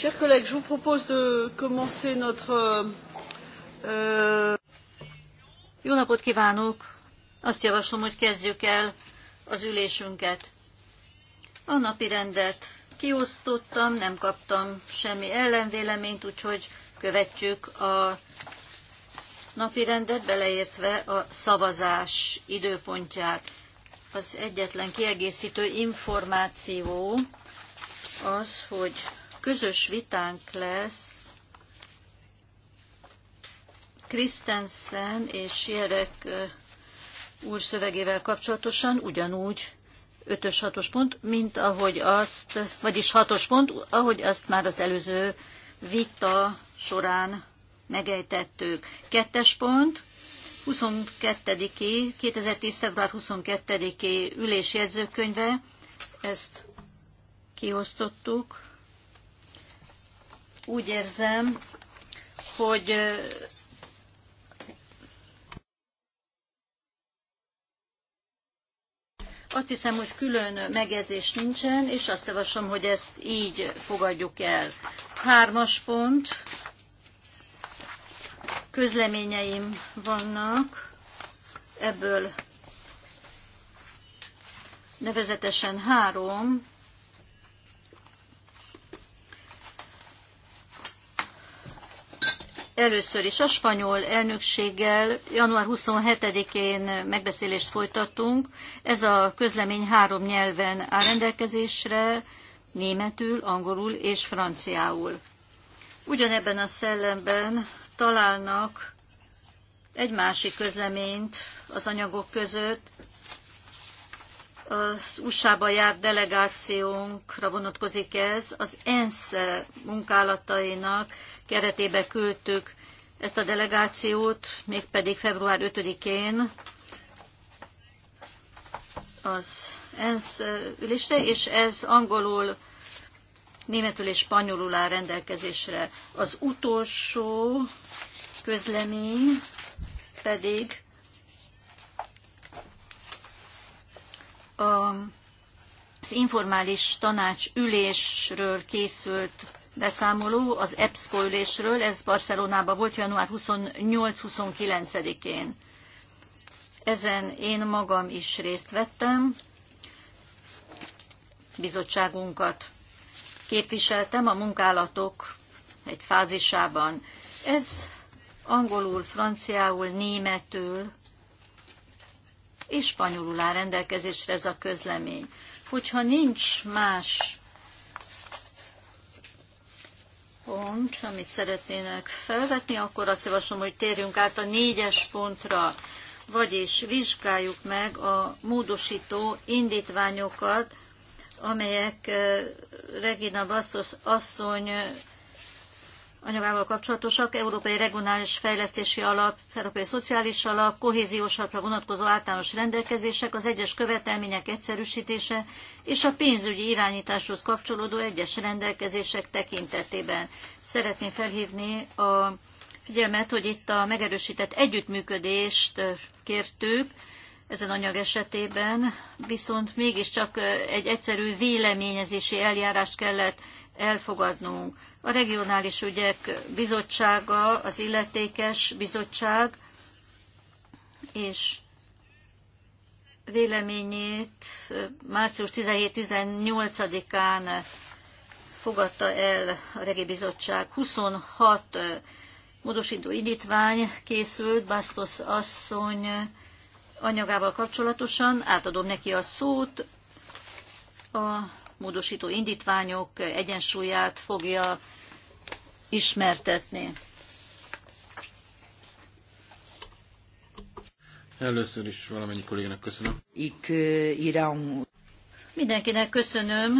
Chers collègues, je vous propose de commencer notre. Euh... Jó napot kívánok! Azt javaslom, hogy kezdjük el az ülésünket. A napi rendet kiosztottam, nem kaptam semmi ellenvéleményt, úgyhogy követjük a napi rendet, beleértve a szavazás időpontját. Az egyetlen kiegészítő információ az, hogy közös vitánk lesz Krisztensen és Jerek úr szövegével kapcsolatosan, ugyanúgy 5-ös 6 pont, mint ahogy azt, vagyis 6 pont, ahogy azt már az előző vita során megejtettük. Kettes pont, 22 2010. február 22-i ülés ezt kiosztottuk. Úgy érzem, hogy Azt hiszem, hogy külön megjegyzés nincsen, és azt javaslom, hogy ezt így fogadjuk el. Hármas pont. Közleményeim vannak. Ebből nevezetesen három Először is a spanyol elnökséggel január 27-én megbeszélést folytattunk. Ez a közlemény három nyelven áll rendelkezésre, németül, angolul és franciául. Ugyanebben a szellemben találnak egy másik közleményt az anyagok között, az USA-ba járt delegációnkra vonatkozik ez, az ENSZ munkálatainak keretébe küldtük ezt a delegációt, mégpedig február 5-én az ENSZ ülésre, és ez angolul, németül és spanyolul áll rendelkezésre. Az utolsó közlemény pedig az informális tanács ülésről készült beszámoló az EBSCO ülésről, ez Barcelonában volt január 28-29-én. Ezen én magam is részt vettem, bizottságunkat képviseltem a munkálatok egy fázisában. Ez angolul, franciául, németül és spanyolul áll rendelkezésre ez a közlemény. Hogyha nincs más pont, amit szeretnének felvetni, akkor azt javaslom, hogy térjünk át a négyes pontra, vagyis vizsgáljuk meg a módosító indítványokat, amelyek eh, Regina Bastos asszony anyagával kapcsolatosak, Európai Regionális Fejlesztési Alap, Európai Szociális Alap, kohéziós alapra vonatkozó általános rendelkezések, az egyes követelmények egyszerűsítése és a pénzügyi irányításhoz kapcsolódó egyes rendelkezések tekintetében. Szeretném felhívni a figyelmet, hogy itt a megerősített együttműködést kértük, ezen anyag esetében, viszont mégiscsak egy egyszerű véleményezési eljárást kellett elfogadnunk. A Regionális Ügyek Bizottsága, az illetékes bizottság, és véleményét március 17-18-án fogadta el a Regi Bizottság. 26 módosító indítvány készült Bastos asszony anyagával kapcsolatosan. Átadom neki a szót. A módosító indítványok egyensúlyát fogja ismertetni. Először is valamennyi kollégának köszönöm. Ik, eh, irám. Mindenkinek köszönöm,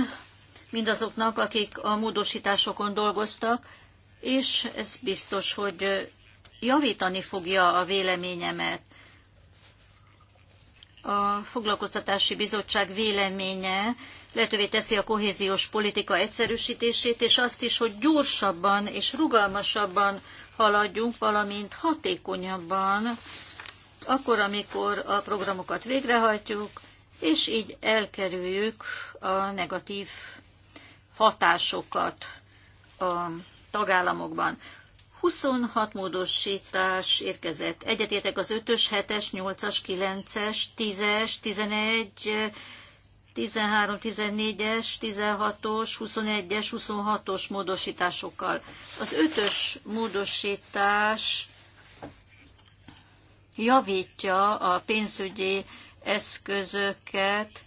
mindazoknak, akik a módosításokon dolgoztak, és ez biztos, hogy javítani fogja a véleményemet a Foglalkoztatási Bizottság véleménye lehetővé teszi a kohéziós politika egyszerűsítését, és azt is, hogy gyorsabban és rugalmasabban haladjunk, valamint hatékonyabban, akkor, amikor a programokat végrehajtjuk, és így elkerüljük a negatív hatásokat a tagállamokban. 26 módosítás érkezett. Egyetértek az 5-ös, 7-es, 8-as, 9-es, 10-es, 11, 13, 14-es, 16-os, 21-es, 26-os módosításokkal. Az 5-ös módosítás javítja a pénzügyi eszközöket,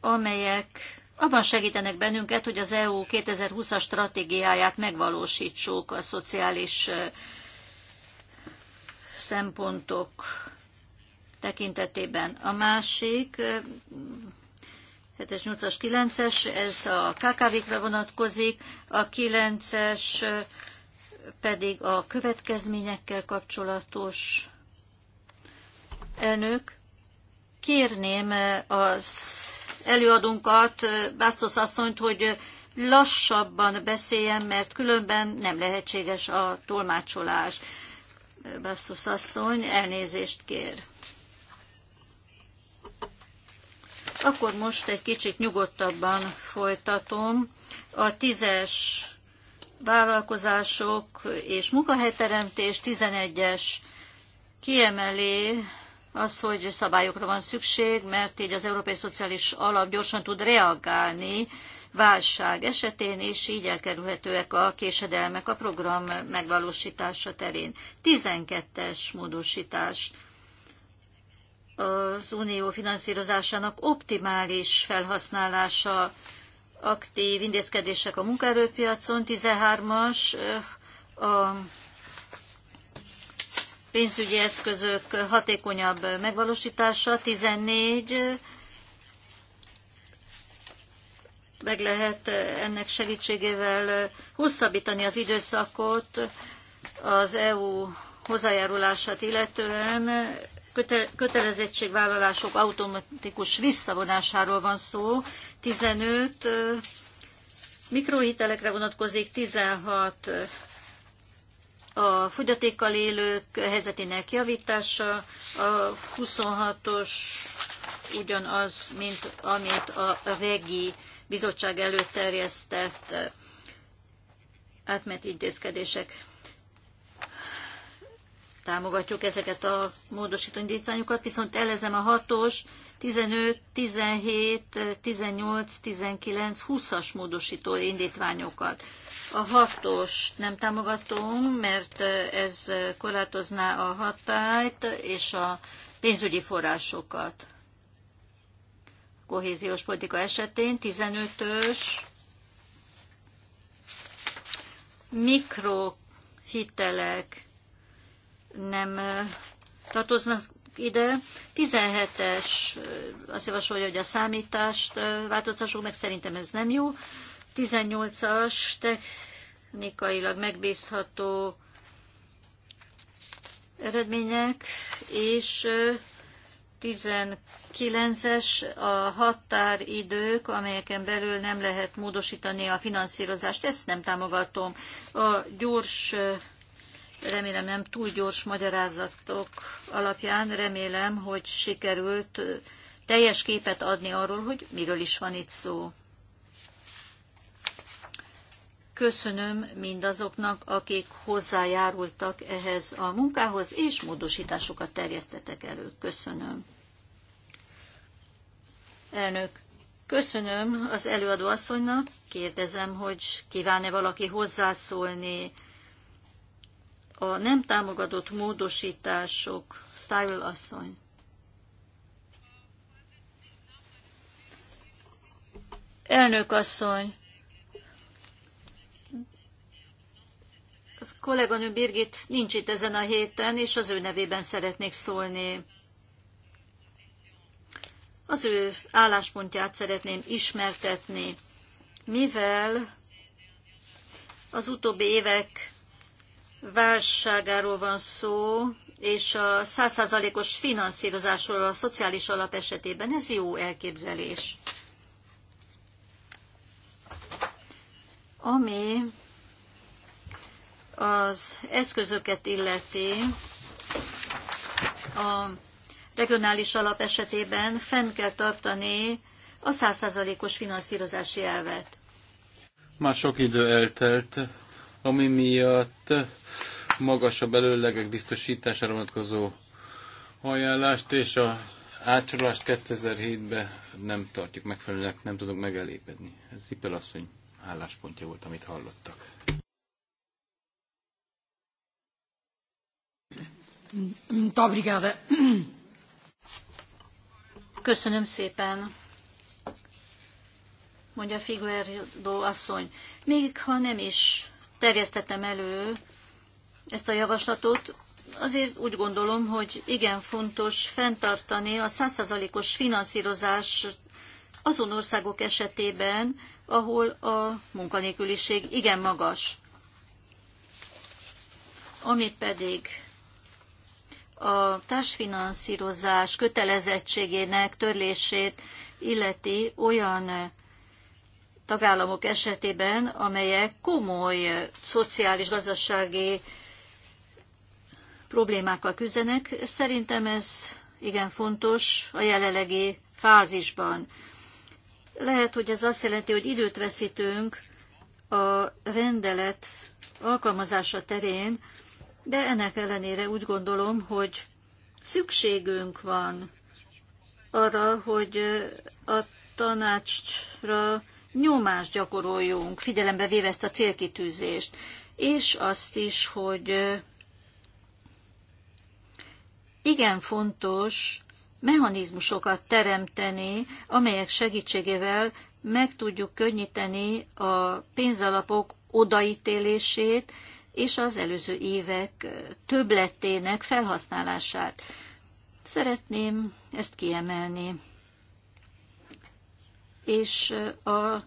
amelyek abban segítenek bennünket, hogy az EU 2020-as stratégiáját megvalósítsuk a szociális szempontok tekintetében. A másik 7-es, 8-as, 9-es, ez a KKV-kra vonatkozik, a 9-es pedig a következményekkel kapcsolatos elnök. Kérném az előadunkat, Bastos asszonyt, hogy lassabban beszéljen, mert különben nem lehetséges a tolmácsolás. Bastos asszony elnézést kér. Akkor most egy kicsit nyugodtabban folytatom. A tízes vállalkozások és munkahelyteremtés 11-es az, hogy szabályokra van szükség, mert így az Európai Szociális Alap gyorsan tud reagálni válság esetén, és így elkerülhetőek a késedelmek a program megvalósítása terén. 12-es módosítás az unió finanszírozásának optimális felhasználása aktív intézkedések a munkaerőpiacon, 13-as a pénzügyi eszközök hatékonyabb megvalósítása, 14 meg lehet ennek segítségével hosszabbítani az időszakot az EU hozzájárulását illetően. Köte- kötelezettségvállalások automatikus visszavonásáról van szó. 15 mikrohitelekre vonatkozik, 16 a fogyatékkal élők helyzetének javítása, a 26-os ugyanaz, mint amit a REGI bizottság előtt terjesztett eh, átmeneti intézkedések. Támogatjuk ezeket a módosító indítványokat, viszont elezem a 6-os, 15, 17, 18, 19, 20-as módosító indítványokat. A hatos nem támogatom, mert ez korlátozná a hatályt és a pénzügyi forrásokat. Kohéziós politika esetén 15-ös mikrohitelek nem tartoznak ide. 17-es azt javasolja, hogy a számítást változtassuk meg, szerintem ez nem jó. 18-as technikailag megbízható eredmények, és 19-es a határidők, amelyeken belül nem lehet módosítani a finanszírozást. Ezt nem támogatom. A gyors, remélem nem túl gyors magyarázatok alapján remélem, hogy sikerült teljes képet adni arról, hogy miről is van itt szó. Köszönöm mindazoknak, akik hozzájárultak ehhez a munkához, és módosításokat terjesztetek elő. Köszönöm. Elnök, köszönöm az előadó asszonynak. Kérdezem, hogy kíván-e valaki hozzászólni a nem támogatott módosítások. Style asszony. Elnök asszony, kolléganő Birgit nincs itt ezen a héten, és az ő nevében szeretnék szólni. Az ő álláspontját szeretném ismertetni, mivel az utóbbi évek válságáról van szó, és a százszázalékos finanszírozásról a szociális alap esetében ez jó elképzelés. Ami az eszközöket illeti, a regionális alap esetében fenn kell tartani a százszázalékos finanszírozási elvet. Már sok idő eltelt, ami miatt magasabb előlegek biztosítására vonatkozó ajánlást és a átcsolást 2007-ben nem tartjuk megfelelőnek, nem tudunk megelépedni. Ez Zipel asszony álláspontja volt, amit hallottak. Köszönöm szépen, mondja Figueredo asszony. Még ha nem is terjesztettem elő ezt a javaslatot, azért úgy gondolom, hogy igen fontos fenntartani a százszázalékos finanszírozás azon országok esetében, ahol a munkanélküliség igen magas. Ami pedig a társfinanszírozás kötelezettségének törlését illeti olyan tagállamok esetében, amelyek komoly szociális, gazdasági problémákkal küzdenek. Szerintem ez igen fontos a jelenlegi fázisban. Lehet, hogy ez azt jelenti, hogy időt veszítünk a rendelet alkalmazása terén, de ennek ellenére úgy gondolom, hogy szükségünk van arra, hogy a tanácsra nyomást gyakoroljunk, figyelembe véve ezt a célkitűzést, és azt is, hogy igen fontos mechanizmusokat teremteni, amelyek segítségével meg tudjuk könnyíteni a pénzalapok odaítélését, és az előző évek többletének felhasználását. Szeretném ezt kiemelni. És a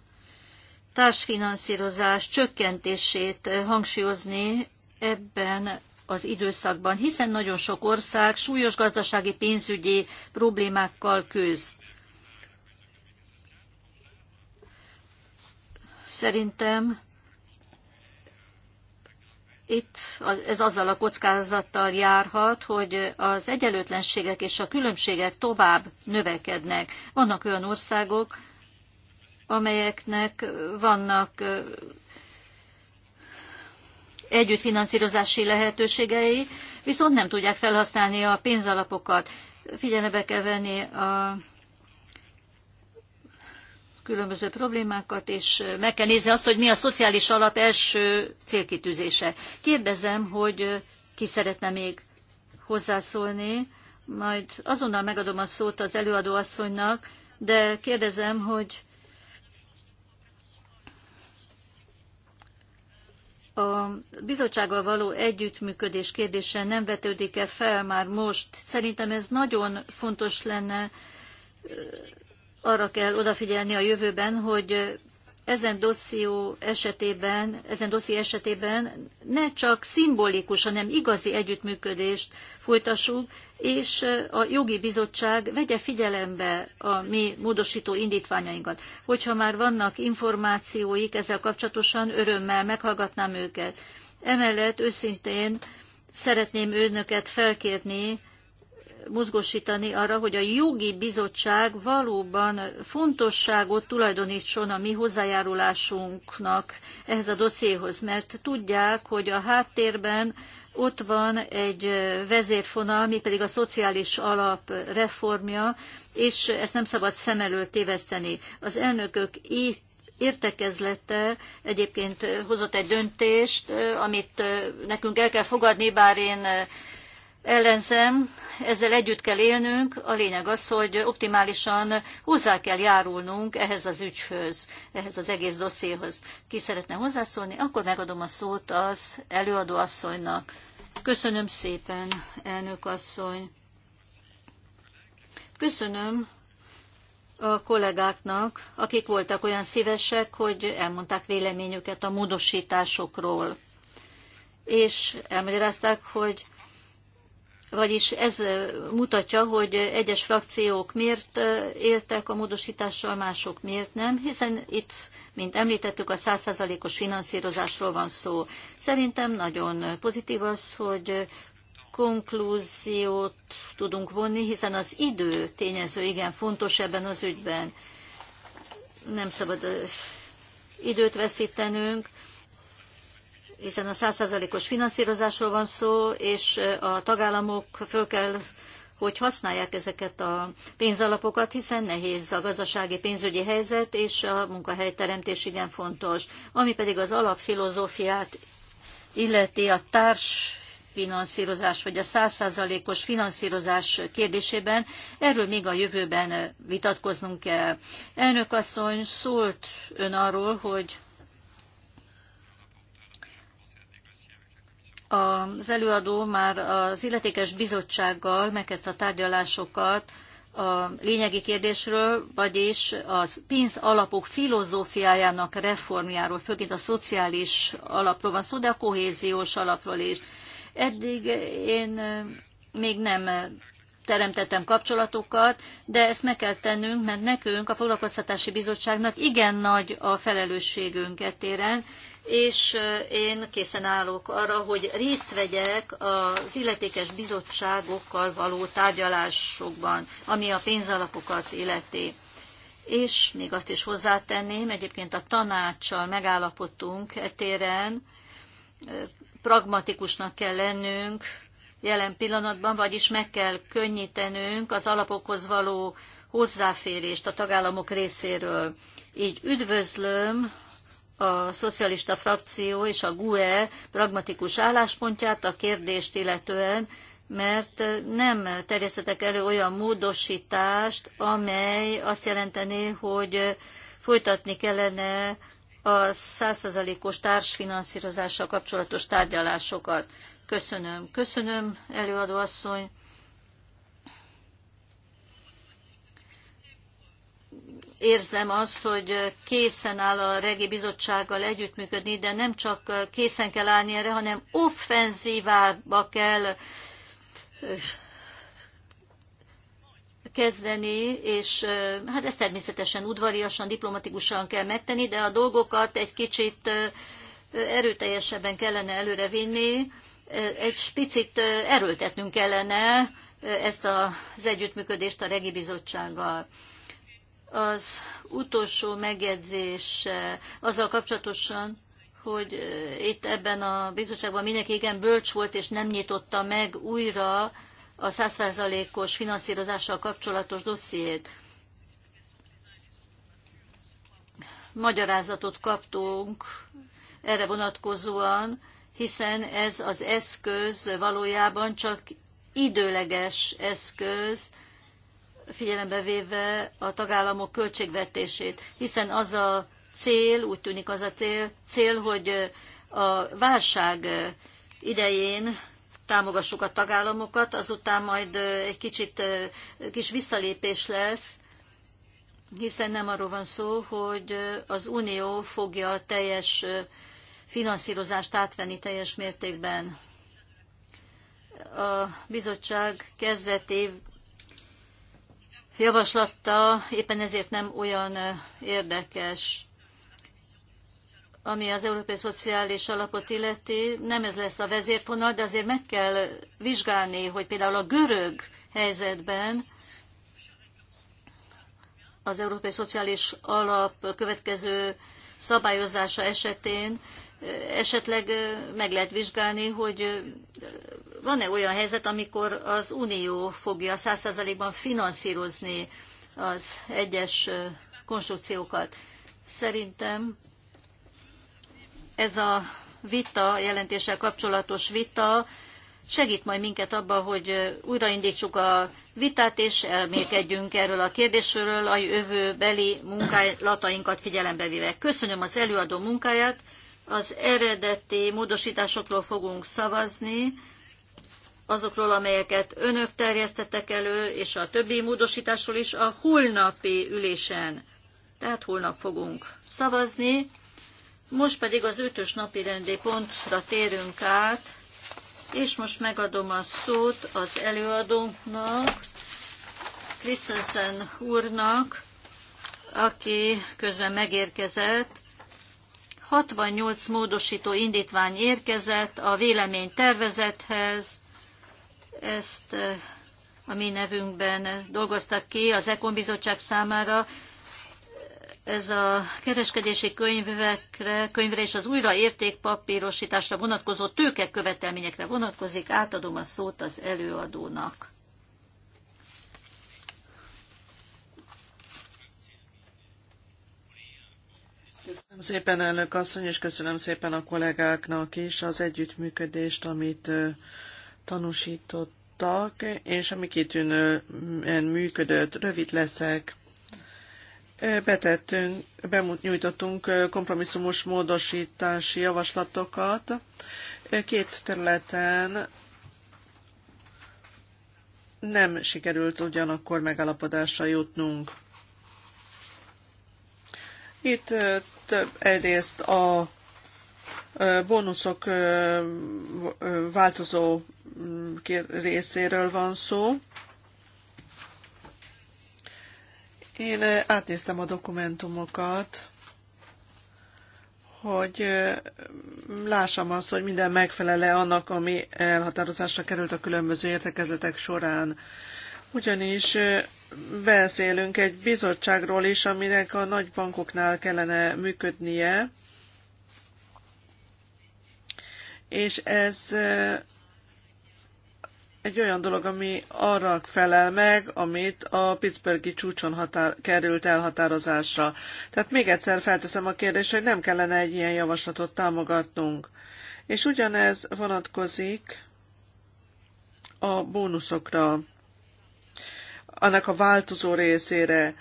társfinanszírozás csökkentését hangsúlyozni ebben az időszakban, hiszen nagyon sok ország súlyos gazdasági pénzügyi problémákkal küzd. Szerintem itt ez azzal a kockázattal járhat, hogy az egyenlőtlenségek és a különbségek tovább növekednek. Vannak olyan országok, amelyeknek vannak együttfinanszírozási lehetőségei, viszont nem tudják felhasználni a pénzalapokat. Figyelembe kell venni a különböző problémákat, és meg kell nézni azt, hogy mi a szociális alap első célkitűzése. Kérdezem, hogy ki szeretne még hozzászólni, majd azonnal megadom a szót az előadó asszonynak, de kérdezem, hogy a bizottsággal való együttműködés kérdése nem vetődik-e fel már most? Szerintem ez nagyon fontos lenne arra kell odafigyelni a jövőben, hogy ezen dosszió esetében, ezen dosszié esetében ne csak szimbolikus, hanem igazi együttműködést folytassunk, és a jogi bizottság vegye figyelembe a mi módosító indítványainkat. Hogyha már vannak információik ezzel kapcsolatosan, örömmel meghallgatnám őket. Emellett őszintén szeretném önöket felkérni mozgósítani arra, hogy a jogi bizottság valóban fontosságot tulajdonítson a mi hozzájárulásunknak ehhez a dossziéhoz, mert tudják, hogy a háttérben ott van egy vezérfonal, mi pedig a szociális alap reformja, és ezt nem szabad szem elől téveszteni. Az elnökök itt értekezlete egyébként hozott egy döntést, amit nekünk el kell fogadni, bár én ellenzem, ezzel együtt kell élnünk. A lényeg az, hogy optimálisan hozzá kell járulnunk ehhez az ügyhöz, ehhez az egész dossziéhoz. Ki szeretne hozzászólni, akkor megadom a szót az előadó asszonynak. Köszönöm szépen, elnök asszony. Köszönöm a kollégáknak, akik voltak olyan szívesek, hogy elmondták véleményüket a módosításokról. És elmagyarázták, hogy vagyis ez mutatja, hogy egyes frakciók miért éltek a módosítással, mások miért nem, hiszen itt, mint említettük, a százszázalékos finanszírozásról van szó. Szerintem nagyon pozitív az, hogy konklúziót tudunk vonni, hiszen az idő tényező igen fontos ebben az ügyben. Nem szabad időt veszítenünk, hiszen a százszázalékos finanszírozásról van szó, és a tagállamok föl kell hogy használják ezeket a pénzalapokat, hiszen nehéz a gazdasági pénzügyi helyzet, és a munkahelyteremtés igen fontos. Ami pedig az alapfilozófiát illeti a társ finanszírozás vagy a százszázalékos finanszírozás kérdésében, erről még a jövőben vitatkoznunk kell. Elnök asszony szólt ön arról, hogy Az előadó már az illetékes bizottsággal megkezdte a tárgyalásokat a lényegi kérdésről, vagyis a pénz alapok filozófiájának reformjáról, főként a szociális alapról van szó, de a kohéziós alapról is. Eddig én még nem teremtettem kapcsolatokat, de ezt meg kell tennünk, mert nekünk, a Foglalkoztatási Bizottságnak igen nagy a felelősségünk e téren, és én készen állok arra, hogy részt vegyek az illetékes bizottságokkal való tárgyalásokban, ami a pénzalapokat illeti. És még azt is hozzátenném, egyébként a tanácssal megállapodtunk e téren, pragmatikusnak kell lennünk jelen pillanatban, vagyis meg kell könnyítenünk az alapokhoz való hozzáférést a tagállamok részéről. Így üdvözlöm a szocialista frakció és a GUE pragmatikus álláspontját a kérdést illetően, mert nem terjesztetek elő olyan módosítást, amely azt jelenteni, hogy folytatni kellene a százszerzalékos társfinanszírozással kapcsolatos tárgyalásokat. Köszönöm. Köszönöm, előadóasszony. érzem azt, hogy készen áll a regi bizottsággal együttműködni, de nem csak készen kell állni erre, hanem offenzívába kell kezdeni, és hát ezt természetesen udvariasan, diplomatikusan kell megtenni, de a dolgokat egy kicsit erőteljesebben kellene előrevinni, egy picit erőltetnünk kellene ezt az együttműködést a regi bizottsággal. Az utolsó megjegyzés azzal kapcsolatosan, hogy itt ebben a bizottságban mindenki igen bölcs volt, és nem nyitotta meg újra a százszázalékos finanszírozással kapcsolatos dossziét. Magyarázatot kaptunk erre vonatkozóan, hiszen ez az eszköz valójában csak időleges eszköz, figyelembe véve a tagállamok költségvetését, hiszen az a cél, úgy tűnik az a cél, hogy a válság idején támogassuk a tagállamokat, azután majd egy kicsit kis visszalépés lesz, hiszen nem arról van szó, hogy az Unió fogja teljes finanszírozást átvenni teljes mértékben. A bizottság kezdeti javaslata éppen ezért nem olyan érdekes ami az Európai Szociális Alapot illeti, nem ez lesz a vezérfonal, de azért meg kell vizsgálni, hogy például a görög helyzetben az Európai Szociális Alap következő szabályozása esetén esetleg meg lehet vizsgálni, hogy van-e olyan helyzet, amikor az Unió fogja 100%-ban finanszírozni az egyes konstrukciókat? Szerintem ez a vita, jelentéssel kapcsolatos vita segít majd minket abban, hogy újraindítsuk a vitát, és elmélkedjünk erről a kérdésről, a jövőbeli munkálatainkat figyelembe véve. Köszönöm az előadó munkáját, az eredeti módosításokról fogunk szavazni, azokról, amelyeket önök terjesztettek elő, és a többi módosításról is a holnapi ülésen. Tehát holnap fogunk szavazni. Most pedig az ötös napi rendi pontra térünk át, és most megadom a szót az előadónknak, krisztensen úrnak, aki közben megérkezett. 68 módosító indítvány érkezett a vélemény tervezethez, ezt eh, a mi nevünkben dolgoztak ki az Ekon Bizottság számára. Ez a kereskedési könyvekre, könyvre és az értékpapírosításra vonatkozó tőkekövetelményekre vonatkozik. Átadom a szót az előadónak. Köszönöm szépen, elnök asszony, és köszönöm szépen a kollégáknak is az együttműködést, amit eh, tanúsítottak, és ami kitűnően működött. Rövid leszek. Betettünk, bemut, kompromisszumos módosítási javaslatokat két területen nem sikerült ugyanakkor megállapodásra jutnunk. Itt több egyrészt a bónuszok változó mm, részéről van szó. Én átnéztem a dokumentumokat, hogy lássam azt, hogy minden megfelele annak, ami elhatározásra került a különböző értekezetek során. Ugyanis beszélünk egy bizottságról is, aminek a nagy bankoknál kellene működnie, és ez egy olyan dolog, ami arra felel meg, amit a Pittsburghi csúcson határ, került elhatározásra. Tehát még egyszer felteszem a kérdést, hogy nem kellene egy ilyen javaslatot támogatnunk. És ugyanez vonatkozik a bónuszokra, annak a változó részére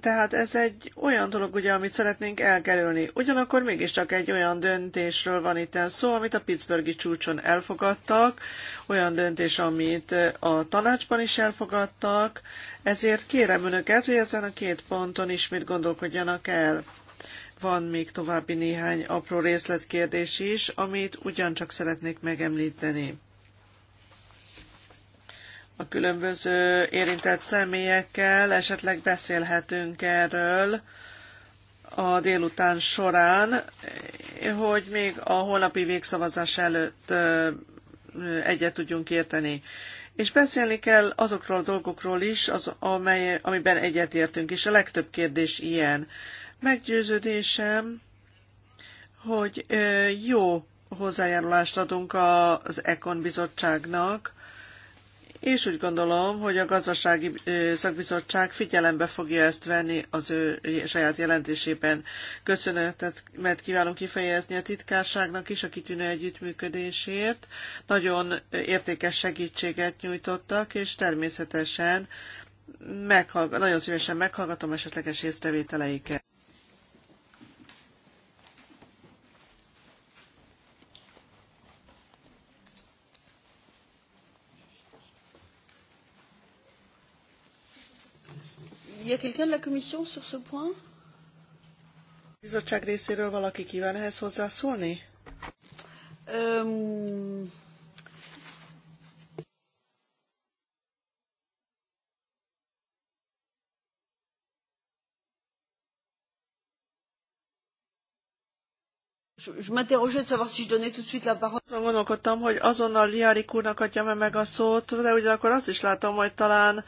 tehát ez egy olyan dolog, ugye, amit szeretnénk elkerülni. Ugyanakkor mégiscsak egy olyan döntésről van itt szó, amit a Pittsburghi csúcson elfogadtak, olyan döntés, amit a tanácsban is elfogadtak, ezért kérem önöket, hogy ezen a két ponton ismét gondolkodjanak el. Van még további néhány apró részletkérdés is, amit ugyancsak szeretnék megemlíteni a különböző érintett személyekkel, esetleg beszélhetünk erről a délután során, hogy még a holnapi végszavazás előtt egyet tudjunk érteni. És beszélni kell azokról a dolgokról is, az, amely, amiben egyetértünk, és a legtöbb kérdés ilyen. Meggyőződésem, hogy jó hozzájárulást adunk az Ekon bizottságnak, és úgy gondolom, hogy a gazdasági szakbizottság figyelembe fogja ezt venni az ő saját jelentésében. Köszönetet, mert kívánom kifejezni a titkárságnak is a kitűnő együttműködésért. Nagyon értékes segítséget nyújtottak, és természetesen meghallg- nagyon szívesen meghallgatom esetleges észrevételeiket. Il y a quelqu'un de la commission sur ce point? Bizottság részéről valaki kíván ehhez hozzászólni? Um, Je m'interrogeais de savoir si je donnais tout de suite la parole. Azon gondolkodtam, hogy azonnal Liárik úrnak adjam -e meg a szót, de ugyanakkor azt is látom, hogy talán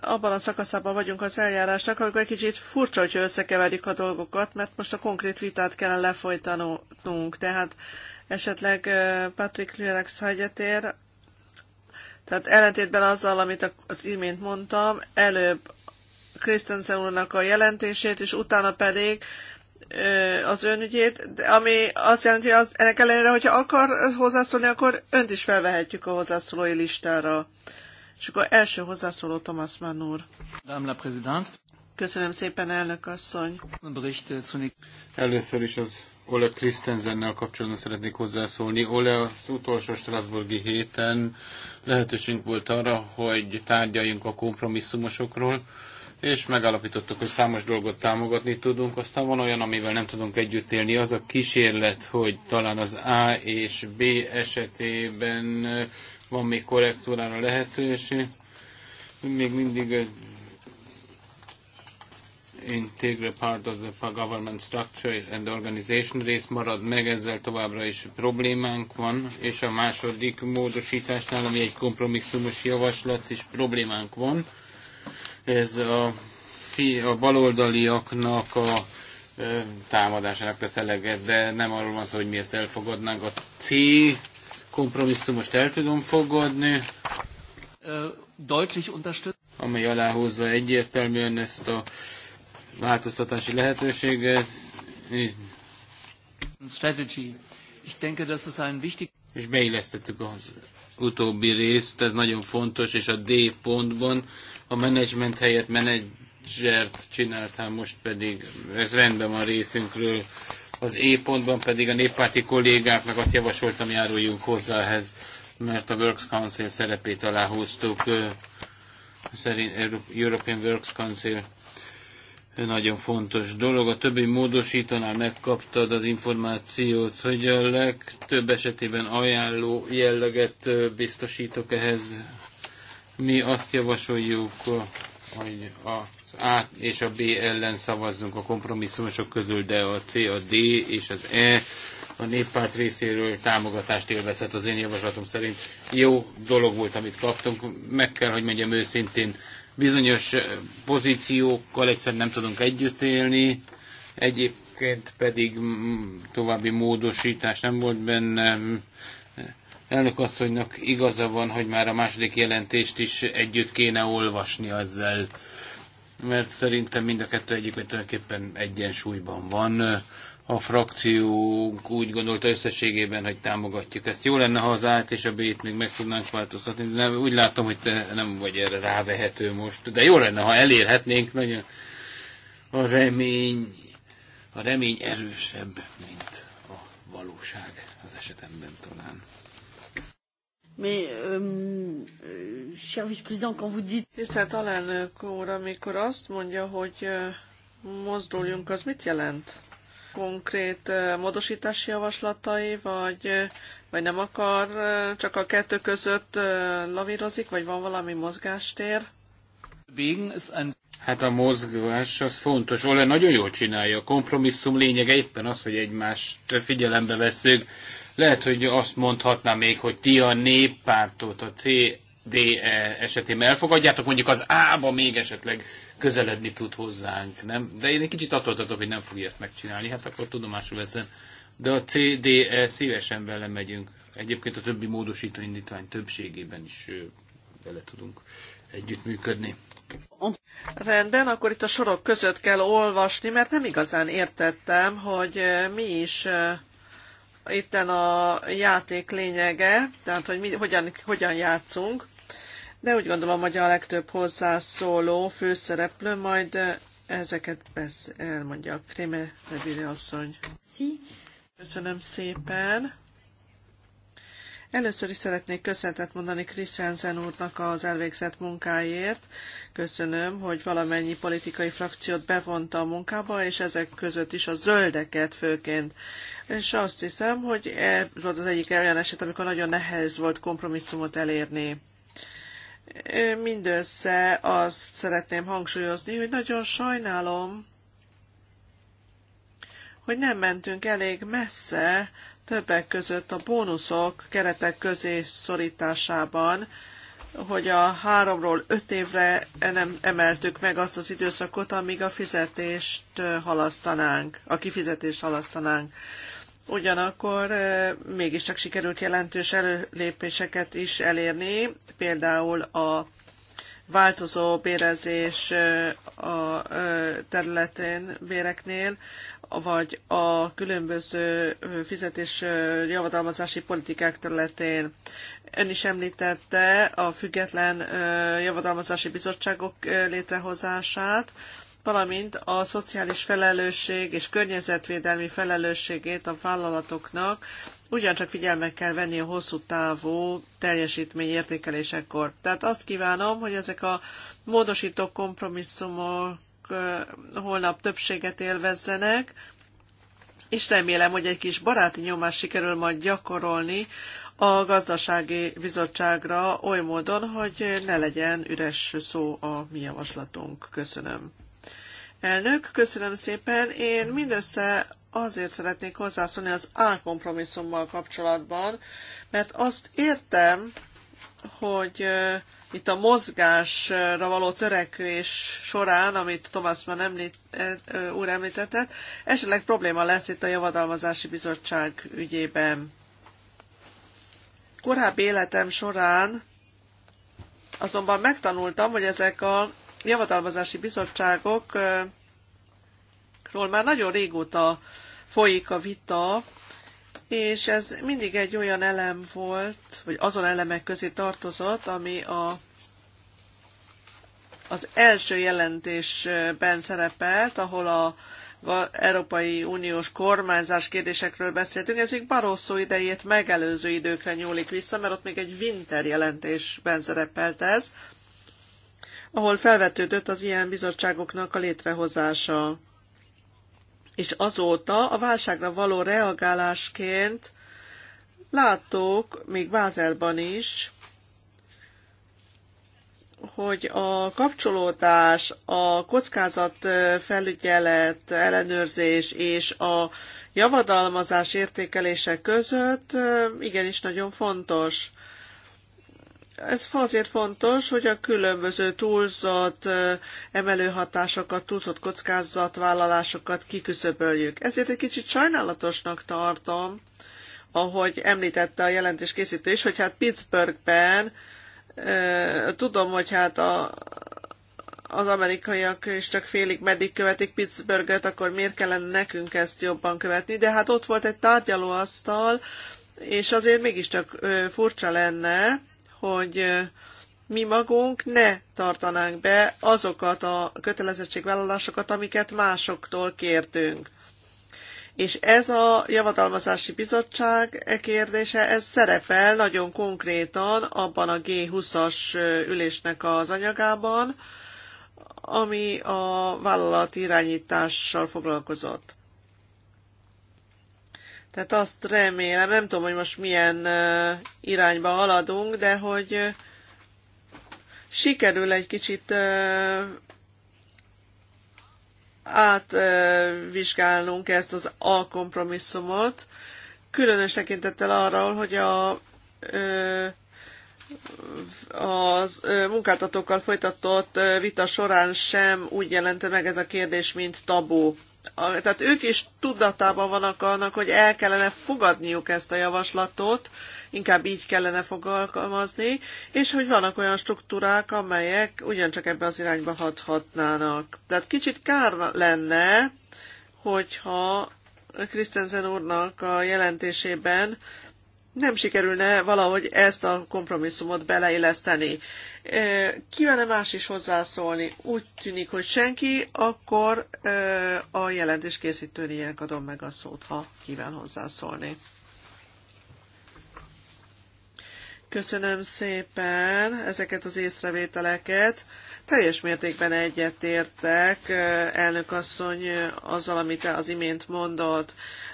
abban a szakaszában vagyunk az eljárásnak, amikor egy kicsit furcsa, hogy összekeverjük a dolgokat, mert most a konkrét vitát kellene lefolytanunk. Tehát esetleg Patrick Lürex egyetér, tehát ellentétben azzal, amit az imént mondtam, előbb Christensen úrnak a jelentését, és utána pedig az önügyét, de ami azt jelenti, az, ennek ellenére, hogyha akar hozzászólni, akkor önt is felvehetjük a hozzászólói listára. És akkor első hozzászóló Thomas Mann úr. Köszönöm szépen, elnök asszony. Äh, Először is az Ole Christensennel kapcsolatban szeretnék hozzászólni. Ole az utolsó Strasburgi héten lehetőségünk volt arra, hogy tárgyaljunk a kompromisszumosokról, és megállapítottuk, hogy számos dolgot támogatni tudunk. Aztán van olyan, amivel nem tudunk együtt élni. Az a kísérlet, hogy talán az A és B esetében van még korrektúrára lehetőség. Még mindig integral part of the government structure and organization rész marad meg, ezzel továbbra is problémánk van, és a második módosításnál, ami egy kompromisszumos javaslat, is problémánk van. Ez a, a baloldaliaknak a eh, támadásának tesz eleget, de nem arról van szó, hogy mi ezt elfogadnánk. A C kompromisszumost el tudom fogadni, amely aláhozza egyértelműen ezt a változtatási lehetőséget. Strategy. Ich denke, das ist ein wichtig és beillesztettük az utóbbi részt, ez nagyon fontos, és a D pontban a menedzsment helyett menedzsert csináltál, most pedig ez rendben van részünkről. Az E pontban pedig a néppárti kollégáknak azt javasoltam, járuljunk hozzá ehhez, mert a Works Council szerepét aláhúztuk, szerint European Works Council nagyon fontos dolog. A többi módosítónál megkaptad az információt, hogy a legtöbb esetében ajánló jelleget biztosítok ehhez. Mi azt javasoljuk, hogy a a és a B ellen szavazzunk a kompromisszumosok közül, de a C, a D és az E a néppárt részéről támogatást élvezhet az én javaslatom szerint. Jó dolog volt, amit kaptunk. Meg kell, hogy mondjam őszintén, bizonyos eh, pozíciókkal egyszer nem tudunk együtt élni. Egyébként pedig mm, további módosítás nem volt benne. Elnök asszonynak igaza van, hogy már a második jelentést is együtt kéne olvasni ezzel mert szerintem mind a kettő egyébként tulajdonképpen egyensúlyban van. A frakciónk úgy gondolta összességében, hogy támogatjuk ezt. Jó lenne, ha az át és a B-t még meg tudnánk változtatni, de nem, úgy látom, hogy te nem vagy erre rávehető most, de jó lenne, ha elérhetnénk nagyon a remény, a remény erősebb, mint a valóság az esetemben talán. Mais, euh, cher vice-président, quand vous dites... Tisztelt alelnök úr, amikor azt mondja, hogy mozduljunk, az mit jelent? Konkrét módosítási javaslatai, vagy, vagy nem akar, csak a kettő között lavírozik, vagy van valami mozgástér? Hát a mozgás az fontos. Ole nagyon jól csinálja. A kompromisszum lényege éppen az, hogy egymást figyelembe veszünk. Lehet, hogy azt mondhatnám még, hogy ti a néppártot, a CDE esetében elfogadjátok, mondjuk az A-ba még esetleg közeledni tud hozzánk, nem? De én egy kicsit attól tartok, hogy nem fogja ezt megcsinálni, hát akkor tudomásul veszem. De a CDE szívesen vele megyünk. Egyébként a többi módosító indítvány többségében is vele tudunk együttműködni. Rendben, akkor itt a sorok között kell olvasni, mert nem igazán értettem, hogy mi is itten a játék lényege, tehát hogy mi, hogyan, hogyan játszunk, de úgy gondolom, hogy a legtöbb hozzászóló főszereplő majd ezeket besz- elmondja. Kréme Levile asszony. Sí. Köszönöm szépen. Először is szeretnék köszöntet mondani Krisztenzen úrnak az elvégzett munkáért köszönöm, hogy valamennyi politikai frakciót bevonta a munkába, és ezek között is a zöldeket főként. És azt hiszem, hogy ez volt az egyik olyan eset, amikor nagyon nehéz volt kompromisszumot elérni. Mindössze azt szeretném hangsúlyozni, hogy nagyon sajnálom, hogy nem mentünk elég messze többek között a bónuszok keretek közé szorításában, hogy a háromról öt évre nem emeltük meg azt az időszakot, amíg a fizetést halasztanánk, a kifizetést halasztanánk. Ugyanakkor mégiscsak sikerült jelentős előlépéseket is elérni, például a változó bérezés a területén béreknél, vagy a különböző fizetés javadalmazási politikák területén. Ön is említette a független javadalmazási bizottságok létrehozását, valamint a szociális felelősség és környezetvédelmi felelősségét a vállalatoknak ugyancsak figyelme kell venni a hosszú távú értékelésekor. Tehát azt kívánom, hogy ezek a módosító kompromisszumok holnap többséget élvezzenek, és remélem, hogy egy kis baráti nyomás sikerül majd gyakorolni a gazdasági bizottságra oly módon, hogy ne legyen üres szó a mi javaslatunk. Köszönöm. Elnök, köszönöm szépen. Én mindössze azért szeretnék hozzászólni az A kompromisszummal kapcsolatban, mert azt értem, hogy itt a mozgásra való törekvés során, amit Thomas már említ, e, úr említetett, esetleg probléma lesz itt a Javadalmazási Bizottság ügyében. Korábbi életem során azonban megtanultam, hogy ezek a javadalmazási bizottságokról már nagyon régóta folyik a vita, és ez mindig egy olyan elem volt, vagy azon elemek közé tartozott, ami a, az első jelentésben szerepelt, ahol a Európai Uniós kormányzás kérdésekről beszéltünk. Ez még Barroso idejét megelőző időkre nyúlik vissza, mert ott még egy winter jelentésben szerepelt ez, ahol felvetődött az ilyen bizottságoknak a létrehozása és azóta a válságra való reagálásként láttuk, még Bázelban is, hogy a kapcsolódás, a kockázat felügyelet, ellenőrzés és a javadalmazás értékelése között igenis nagyon fontos ez azért fontos, hogy a különböző túlzott hatásokat, túlzott kockázatvállalásokat kiküszöböljük. Ezért egy kicsit sajnálatosnak tartom, ahogy említette a jelentés készítő is, hogy hát Pittsburghben tudom, hogy hát a, az amerikaiak is csak félig meddig követik Pittsburghet, akkor miért kellene nekünk ezt jobban követni? De hát ott volt egy tárgyalóasztal, és azért mégiscsak furcsa lenne, hogy mi magunk ne tartanánk be azokat a kötelezettségvállalásokat, amiket másoktól kértünk. És ez a javatalmazási bizottság e kérdése, ez szerepel nagyon konkrétan abban a G20-as ülésnek az anyagában, ami a vállalati irányítással foglalkozott. Tehát azt remélem, nem tudom, hogy most milyen irányba haladunk, de hogy sikerül egy kicsit átvizsgálnunk ezt az A kompromisszumot, különös tekintettel arra, hogy a az munkáltatókkal folytatott vita során sem úgy jelente meg ez a kérdés, mint tabu. Tehát ők is tudatában vannak annak, hogy el kellene fogadniuk ezt a javaslatot, inkább így kellene fogalmazni, és hogy vannak olyan struktúrák, amelyek ugyancsak ebbe az irányba hathatnának. Tehát kicsit kár lenne, hogyha Krisztenzen úrnak a jelentésében nem sikerülne valahogy ezt a kompromisszumot beleilleszteni. Kívánne más is hozzászólni? Úgy tűnik, hogy senki, akkor a jelentés készítőnének adom meg a szót, ha kivel hozzászólni. Köszönöm szépen ezeket az észrevételeket. Teljes mértékben egyetértek elnök asszony azzal, amit az imént mondott.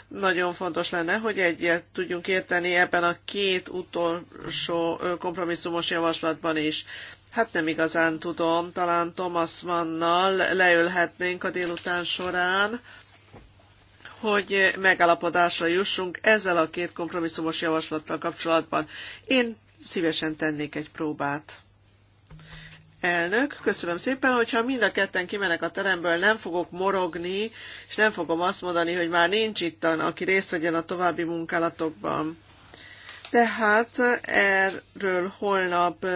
Nagyon fontos lenne, hogy egyet tudjunk érteni ebben a két utolsó kompromisszumos javaslatban is. Hát nem igazán tudom, talán Thomas Mannal leülhetnénk a délután során, hogy megállapodásra jussunk ezzel a két kompromisszumos javaslattal kapcsolatban. Én szívesen tennék egy próbát. Elnök, köszönöm szépen, hogyha mind a ketten kimenek a teremből, nem fogok morogni, és nem fogom azt mondani, hogy már nincs itt, aki részt vegyen a további munkálatokban. Tehát erről holnap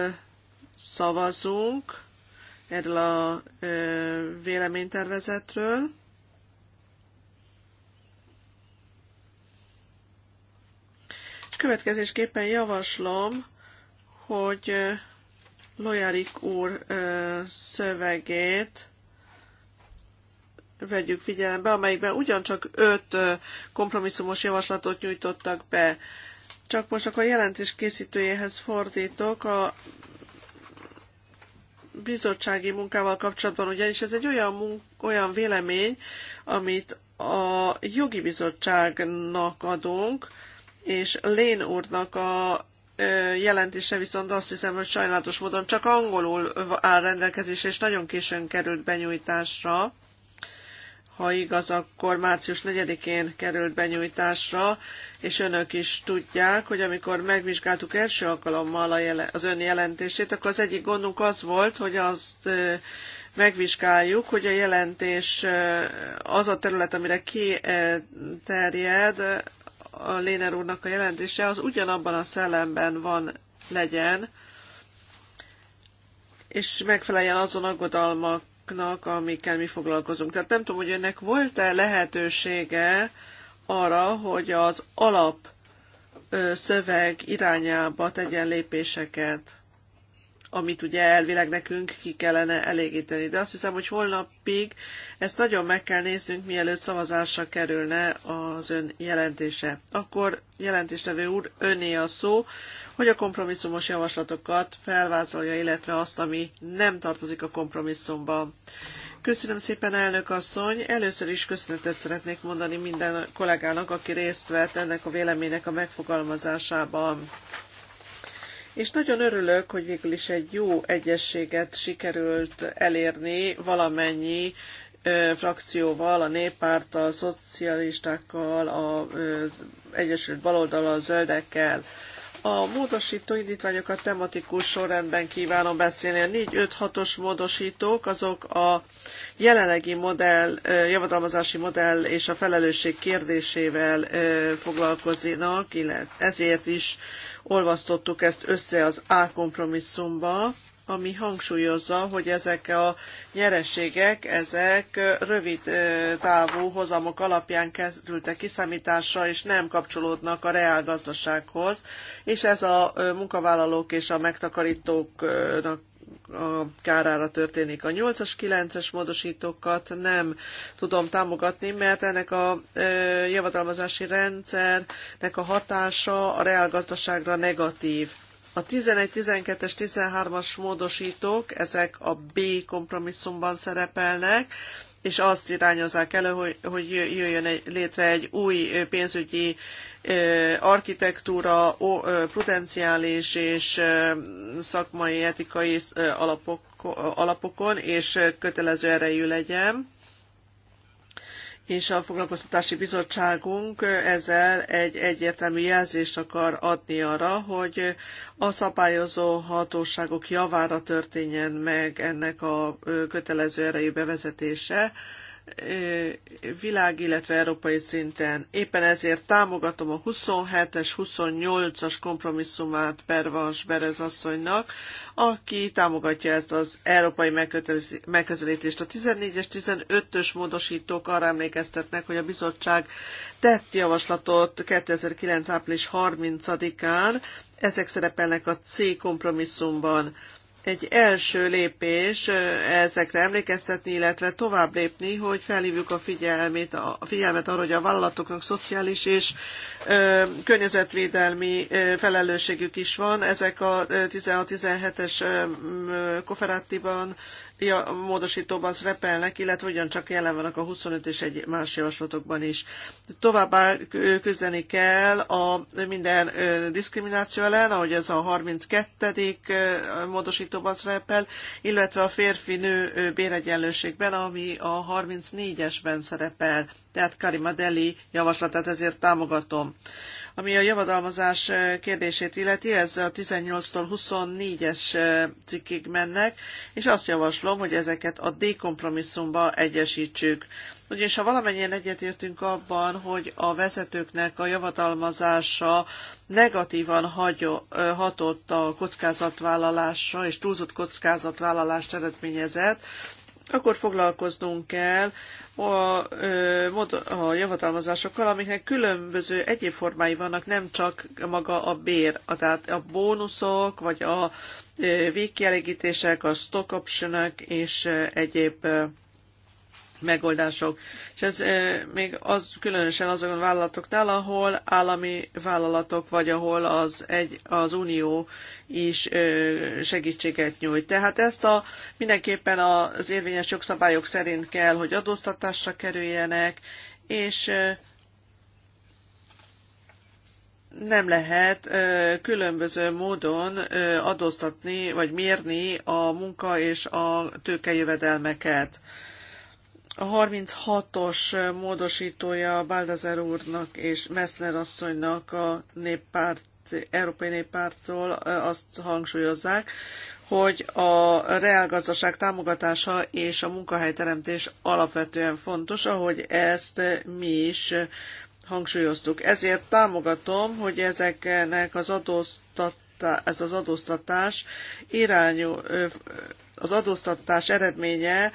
szavazunk, erről a véleménytervezetről. Következésképpen javaslom, hogy Lojárik úr ö, szövegét vegyük figyelembe, amelyikben ugyancsak öt ö, kompromisszumos javaslatot nyújtottak be. Csak most akkor jelentés készítőjéhez fordítok a bizottsági munkával kapcsolatban, ugyanis ez egy olyan, munk, olyan vélemény, amit a jogi bizottságnak adunk, és Lén úrnak a jelentése viszont azt hiszem, hogy sajnálatos módon csak angolul áll rendelkezésre, és nagyon későn került benyújtásra. Ha igaz, akkor március 4-én került benyújtásra, és önök is tudják, hogy amikor megvizsgáltuk első alkalommal az ön jelentését, akkor az egyik gondunk az volt, hogy azt megvizsgáljuk, hogy a jelentés az a terület, amire kiterjed, a Léner úrnak a jelentése, az ugyanabban a szellemben van legyen, és megfeleljen azon aggodalmaknak, amikkel mi foglalkozunk. Tehát nem tudom, hogy önnek volt-e lehetősége arra, hogy az alap szöveg irányába tegyen lépéseket amit ugye elvileg nekünk ki kellene elégíteni. De azt hiszem, hogy holnapig ezt nagyon meg kell néznünk, mielőtt szavazásra kerülne az ön jelentése. Akkor jelentéstevő úr, öné a szó, hogy a kompromisszumos javaslatokat felvázolja, illetve azt, ami nem tartozik a kompromisszumba. Köszönöm szépen, elnök asszony. Először is köszönetet szeretnék mondani minden kollégának, aki részt vett ennek a véleménynek a megfogalmazásában és nagyon örülök, hogy végül is egy jó egyességet sikerült elérni valamennyi frakcióval, a néppárttal, a szocialistákkal, az Egyesült Baloldal, a zöldekkel. A módosító indítványokat tematikus sorrendben kívánom beszélni. A 4-5-6-os módosítók azok a jelenlegi modell, javadalmazási modell és a felelősség kérdésével foglalkozinak, illetve ezért is olvasztottuk ezt össze az A kompromisszumba, ami hangsúlyozza, hogy ezek a nyereségek, ezek rövid távú hozamok alapján kerültek kiszámításra, és nem kapcsolódnak a reálgazdasághoz, és ez a munkavállalók és a megtakarítóknak a kárára történik. A 8-as, 9-es módosítókat nem tudom támogatni, mert ennek a ö, javadalmazási rendszernek a hatása a reálgazdaságra negatív. A 11, 12-es, 13-as módosítók, ezek a B kompromisszumban szerepelnek, és azt irányozzák elő, hogy, hogy jöjjön egy, létre egy új pénzügyi architektúra, potenciális és szakmai etikai alapok, alapokon, és kötelező erejű legyen és a foglalkoztatási bizottságunk ezzel egy egyértelmű jelzést akar adni arra, hogy a szabályozó hatóságok javára történjen meg ennek a kötelező erejű bevezetése, világ, illetve európai szinten. Éppen ezért támogatom a 27-es, 28-as kompromisszumát Pervans Berez asszonynak, aki támogatja ezt az európai megközelítést. A 14-es, 15-ös módosítók arra emlékeztetnek, hogy a bizottság tett javaslatot 2009. április 30-án, ezek szerepelnek a C kompromisszumban egy első lépés ezekre emlékeztetni, illetve tovább lépni, hogy felhívjuk a figyelmet a figyelmet arra, hogy a vállalatoknak szociális és ö, környezetvédelmi ö, felelősségük is van. Ezek a 16-17-es koferátiban a módosítóban szerepelnek, illetve ugyancsak jelen vannak a 25 és egy más javaslatokban is. Továbbá küzdeni kell a minden diszkrimináció ellen, ahogy ez a 32. módosítóban szerepel, illetve a férfi-nő béregyenlőségben, ami a 34-esben szerepel, tehát Karima Deli javaslatát ezért támogatom. Ami a javadalmazás eh, kérdését illeti, ez a 18-tól 24-es eh, cikkig mennek, és azt javaslom, hogy ezeket a D-kompromisszumba egyesítsük. Ugyanis ha valamennyien egyetértünk abban, hogy a vezetőknek a javadalmazása negatívan hagyó, eh, hatott a kockázatvállalásra, és túlzott kockázatvállalást eredményezett, akkor foglalkoznunk kell a, a javatalmazásokkal, amiknek különböző egyéb formái vannak, nem csak maga a bér, a, tehát a bónuszok, vagy a végkielégítések, a stock optionok és egyéb megoldások. És ez még az különösen azokon a vállalatoknál, ahol állami vállalatok, vagy ahol az, egy, az Unió is segítséget nyújt. Tehát ezt a, mindenképpen az érvényes jogszabályok szerint kell, hogy adóztatásra kerüljenek, és nem lehet különböző módon adóztatni vagy mérni a munka és a tőkejövedelmeket. A 36-os módosítója a Baldazer úrnak és Messner asszonynak a néppárt, Európai Néppártól azt hangsúlyozzák, hogy a reálgazdaság támogatása és a munkahelyteremtés alapvetően fontos, ahogy ezt mi is hangsúlyoztuk. Ezért támogatom, hogy ezeknek az adóztatás, ez az adóztatás irányú, az adóztatás eredménye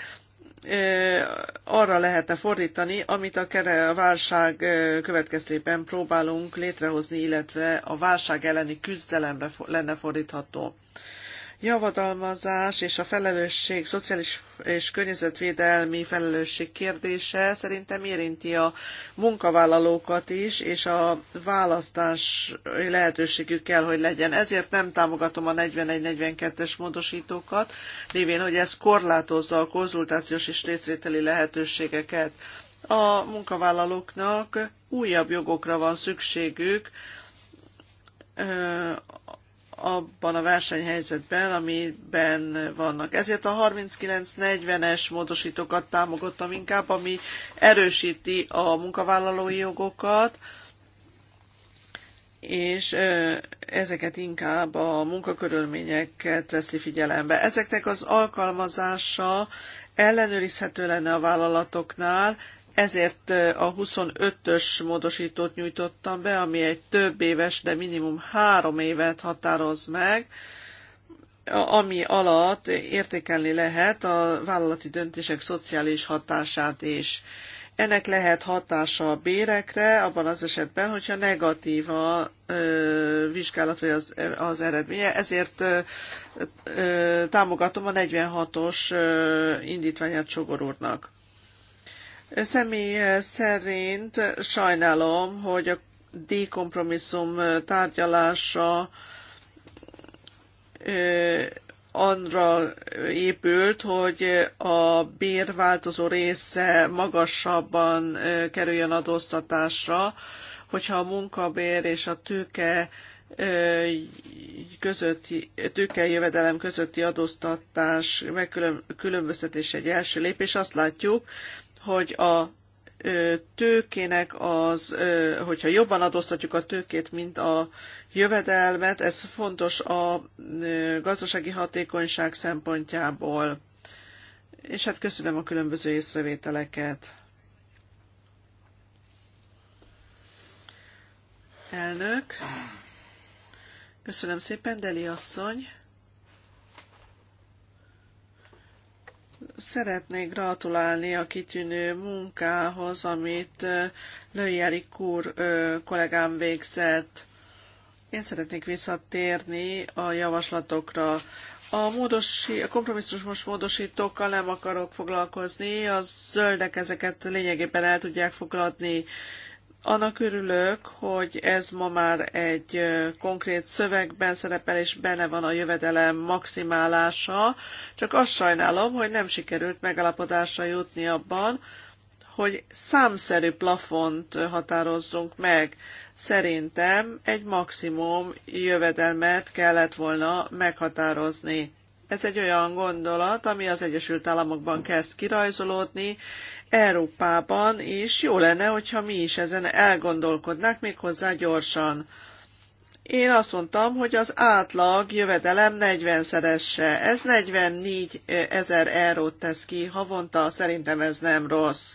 arra lehetne fordítani, amit a, válság következtében próbálunk létrehozni, illetve a válság elleni küzdelemre lenne fordítható javadalmazás és a felelősség, szociális és környezetvédelmi felelősség kérdése szerintem érinti a munkavállalókat is, és a választás lehetőségük kell, hogy legyen. Ezért nem támogatom a 41-42-es módosítókat, lévén, hogy ez korlátozza a konzultációs és részvételi lehetőségeket. A munkavállalóknak újabb jogokra van szükségük, abban a versenyhelyzetben, amiben vannak. Ezért a 39-40-es módosítókat támogattam inkább, ami erősíti a munkavállalói jogokat, és ezeket inkább a munkakörülményeket veszi figyelembe. Ezeknek az alkalmazása ellenőrizhető lenne a vállalatoknál, ezért a 25-ös módosítót nyújtottam be, ami egy több éves, de minimum három évet határoz meg, ami alatt értékelni lehet a vállalati döntések szociális hatását is. Ennek lehet hatása a bérekre, abban az esetben, hogyha negatív a ö, vizsgálat vagy az, az eredménye, ezért ö, ö, támogatom a 46-os indítványát Csogor úrnak. Személy szerint sajnálom, hogy a D-kompromisszum tárgyalása arra épült, hogy a bér változó része magasabban kerüljön adóztatásra, hogyha a munkabér és a tőke közötti, tőkejövedelem közötti adóztatás megkülönböztetés egy első lépés. Azt látjuk, hogy a tőkének az, hogyha jobban adóztatjuk a tőkét, mint a jövedelmet, ez fontos a gazdasági hatékonyság szempontjából. És hát köszönöm a különböző észrevételeket. Elnök. Köszönöm szépen, Deli asszony. Szeretnék gratulálni a kitűnő munkához, amit Löjjeli Kúr kollégám végzett. Én szeretnék visszatérni a javaslatokra. A, módosi, a most módosítókkal nem akarok foglalkozni, a zöldek ezeket lényegében el tudják foglalni. Annak örülök, hogy ez ma már egy konkrét szövegben szerepel, és benne van a jövedelem maximálása, csak azt sajnálom, hogy nem sikerült megállapodásra jutni abban, hogy számszerű plafont határozzunk meg. Szerintem egy maximum jövedelmet kellett volna meghatározni. Ez egy olyan gondolat, ami az Egyesült Államokban kezd kirajzolódni, Európában is jó lenne, hogyha mi is ezen elgondolkodnánk méghozzá gyorsan. Én azt mondtam, hogy az átlag jövedelem 40-szeresse. Ez 44 ezer eurót tesz ki havonta, szerintem ez nem rossz.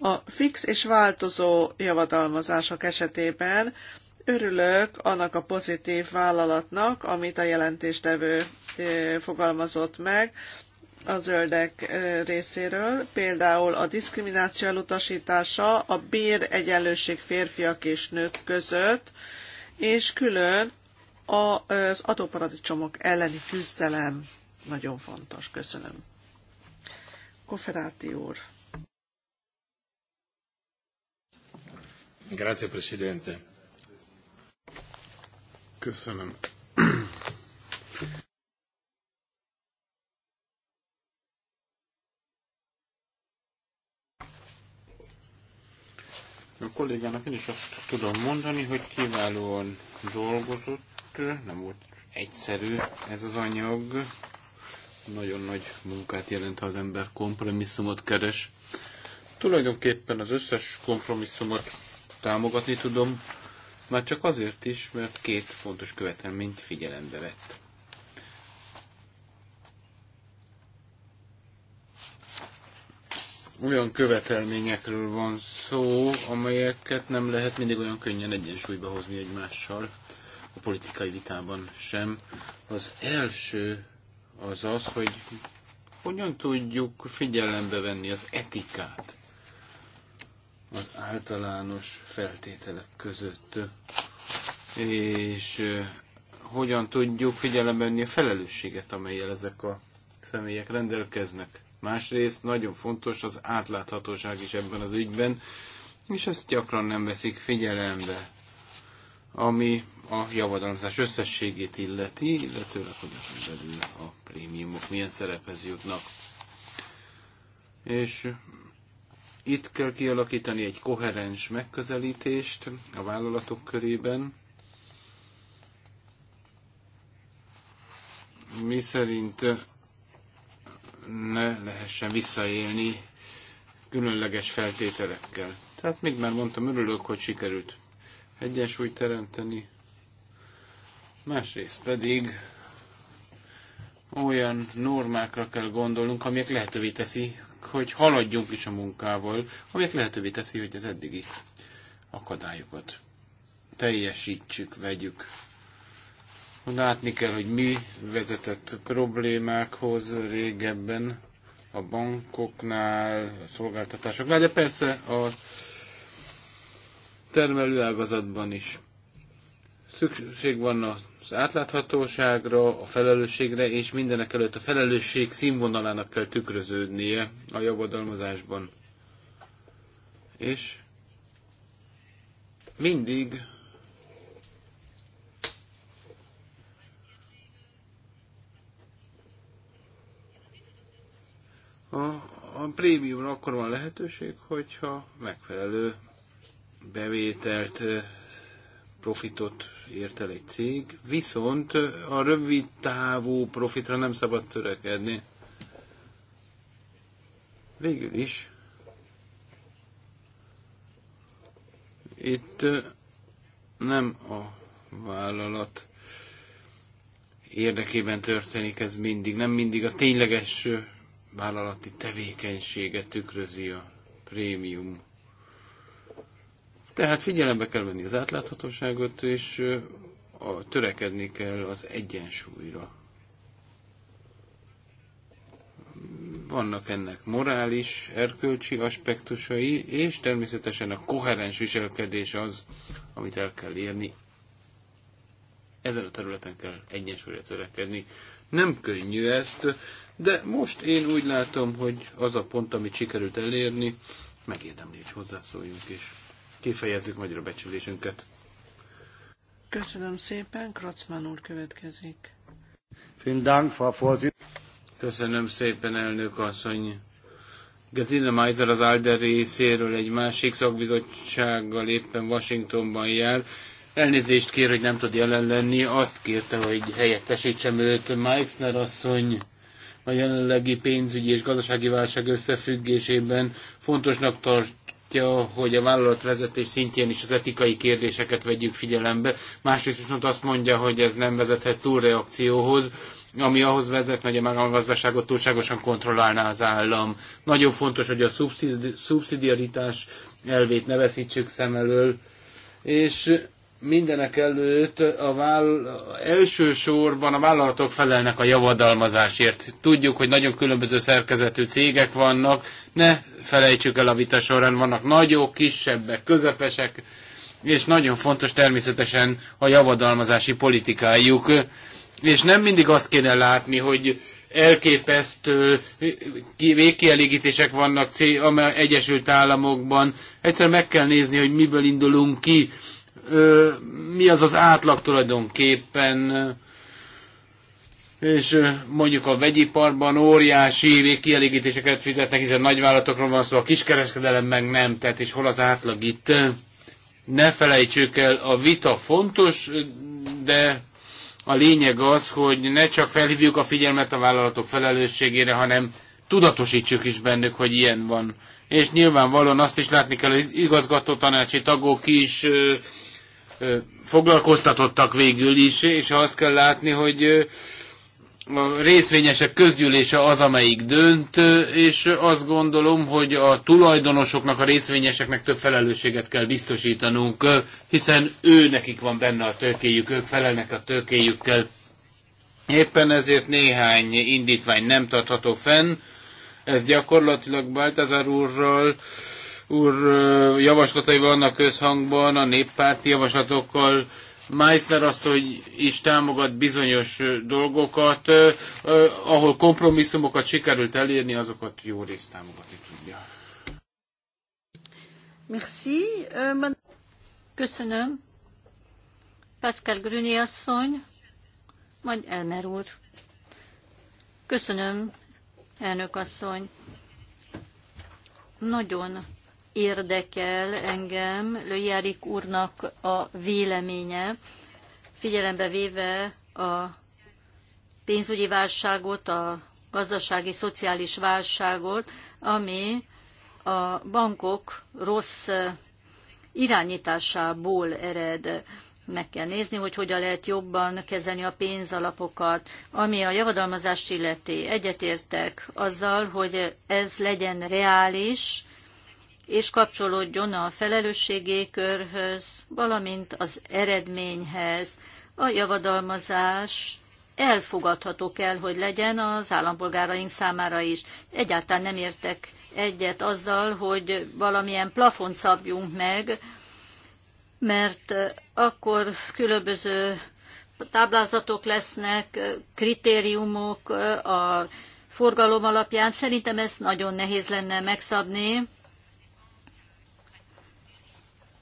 A fix és változó javadalmazások esetében örülök annak a pozitív vállalatnak, amit a jelentéstevő eh, fogalmazott meg, a zöldek részéről, például a diszkrimináció elutasítása, a bér egyenlőség férfiak és nők között, és külön az adóparadicsomok elleni küzdelem nagyon fontos. Köszönöm. Koferáti úr. Grazie, Presidente. Köszönöm, A kollégának én is azt tudom mondani, hogy kiválóan dolgozott, nem volt egyszerű ez az anyag. Nagyon nagy munkát jelent, ha az ember kompromisszumot keres. Tulajdonképpen az összes kompromisszumot támogatni tudom, már csak azért is, mert két fontos követelményt figyelembe vett. olyan követelményekről van szó, amelyeket nem lehet mindig olyan könnyen egyensúlyba hozni egymással, a politikai vitában sem. Az első az az, hogy hogyan tudjuk figyelembe venni az etikát az általános feltételek között, és hogyan tudjuk figyelembe venni a felelősséget, amelyel ezek a személyek rendelkeznek. Másrészt nagyon fontos az átláthatóság is ebben az ügyben, és ezt gyakran nem veszik figyelembe, ami a javadalmazás összességét illeti, illetőleg, hogy azon belül a prémiumok milyen szerephez jutnak. És itt kell kialakítani egy koherens megközelítést a vállalatok körében, mi szerint ne lehessen visszaélni különleges feltételekkel. Tehát még már mondtam, örülök, hogy sikerült egyensúlyt teremteni. Másrészt pedig olyan normákra kell gondolnunk, amik lehetővé teszi, hogy haladjunk is a munkával, amik lehetővé teszi, hogy az eddigi akadályokat teljesítsük, vegyük Látni kell, hogy mi vezetett problémákhoz régebben a bankoknál, a szolgáltatásoknál, de persze a termelőágazatban is. Szükség van az átláthatóságra, a felelősségre, és mindenek előtt a felelősség színvonalának kell tükröződnie a javadalmazásban. És mindig A, a prémiumra akkor van lehetőség, hogyha megfelelő bevételt, profitot ért el egy cég, viszont a rövid távú profitra nem szabad törekedni. Végül is itt nem a vállalat érdekében történik ez mindig, nem mindig a tényleges vállalati tevékenysége tükrözi a prémium. Tehát figyelembe kell venni az átláthatóságot, és a, törekedni kell az egyensúlyra. Vannak ennek morális, erkölcsi aspektusai, és természetesen a koherens viselkedés az, amit el kell érni. Ezen a területen kell egyensúlyra törekedni. Nem könnyű ezt, de most én úgy látom, hogy az a pont, amit sikerült elérni, megérdemli, hogy hozzászóljunk és kifejezzük magyar becsülésünket. Köszönöm szépen, Kracman úr következik. Köszönöm szépen, elnök asszony. Gazina Meiser az Alder részéről egy másik szakbizottsággal éppen Washingtonban jár. Elnézést kér, hogy nem tud jelen lenni. Azt kérte, hogy helyettesítsem őt. Meixner asszony a jelenlegi pénzügyi és gazdasági válság összefüggésében fontosnak tart hogy a vállalatvezetés szintjén is az etikai kérdéseket vegyük figyelembe. Másrészt viszont azt mondja, hogy ez nem vezethet túlreakcióhoz, ami ahhoz vezet, hogy a magángazdaságot túlságosan kontrollálná az állam. Nagyon fontos, hogy a szubszidiaritás elvét ne veszítsük szem elől, és mindenek előtt a váll- elsősorban a vállalatok felelnek a javadalmazásért. Tudjuk, hogy nagyon különböző szerkezetű cégek vannak, ne felejtsük el a vita során, vannak nagyok, kisebbek, közepesek, és nagyon fontos természetesen a javadalmazási politikájuk. És nem mindig azt kéne látni, hogy elképesztő végkielégítések vannak Egyesült Államokban. Egyszerűen meg kell nézni, hogy miből indulunk ki mi az az átlag tulajdonképpen, és mondjuk a vegyiparban óriási kielégítéseket fizetnek, hiszen nagyvállalatokról van szó, a kiskereskedelem meg nem, tehát és hol az átlag itt. Ne felejtsük el, a vita fontos, de a lényeg az, hogy ne csak felhívjuk a figyelmet a vállalatok felelősségére, hanem tudatosítsuk is bennük, hogy ilyen van. És nyilvánvalóan azt is látni kell, hogy igazgató tanácsi tagok is foglalkoztatottak végül is, és azt kell látni, hogy a részvényesek közgyűlése az, amelyik dönt, és azt gondolom, hogy a tulajdonosoknak, a részvényeseknek több felelősséget kell biztosítanunk, hiszen ő nekik van benne a tőkéjük, ők felelnek a tőkéjükkel. Éppen ezért néhány indítvány nem tartható fenn, ez gyakorlatilag Baltazar úrral úr javaslatai vannak közhangban, a néppárti javaslatokkal, Meissner az, hogy is támogat bizonyos dolgokat, ahol kompromisszumokat sikerült elérni, azokat jó részt támogatni tudja. Merci. Köszönöm. Pascal Grüni asszony, majd Elmer úr. Köszönöm, elnök asszony. Nagyon érdekel engem Lőjárik úrnak a véleménye, figyelembe véve a pénzügyi válságot, a gazdasági, szociális válságot, ami a bankok rossz irányításából ered. Meg kell nézni, hogy hogyan lehet jobban kezelni a pénzalapokat. Ami a javadalmazást illeti, egyetértek azzal, hogy ez legyen reális, és kapcsolódjon a felelősségé körhöz, valamint az eredményhez. A javadalmazás elfogadható kell, hogy legyen az állampolgáraink számára is. Egyáltalán nem értek egyet azzal, hogy valamilyen plafont szabjunk meg, mert akkor különböző táblázatok lesznek, kritériumok a forgalom alapján. Szerintem ezt nagyon nehéz lenne megszabni,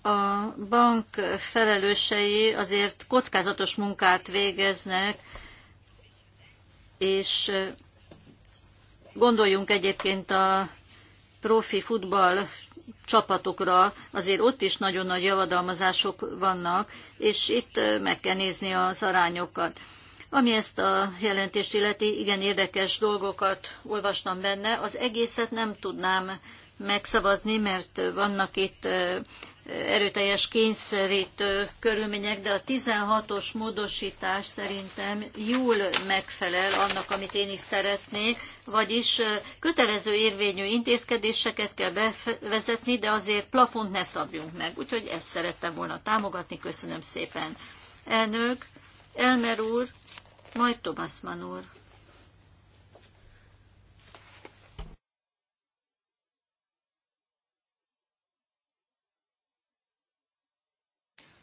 a bank felelősei azért kockázatos munkát végeznek, és gondoljunk egyébként a profi futball csapatokra, azért ott is nagyon nagy javadalmazások vannak, és itt meg kell nézni az arányokat. Ami ezt a jelentést illeti, igen érdekes dolgokat olvastam benne. Az egészet nem tudnám megszavazni, mert vannak itt erőteljes kényszerítő körülmények, de a 16-os módosítás szerintem jól megfelel annak, amit én is szeretnék, vagyis kötelező érvényű intézkedéseket kell bevezetni, de azért plafont ne szabjunk meg. Úgyhogy ezt szerettem volna támogatni. Köszönöm szépen. Elnök, Elmer úr, majd úr.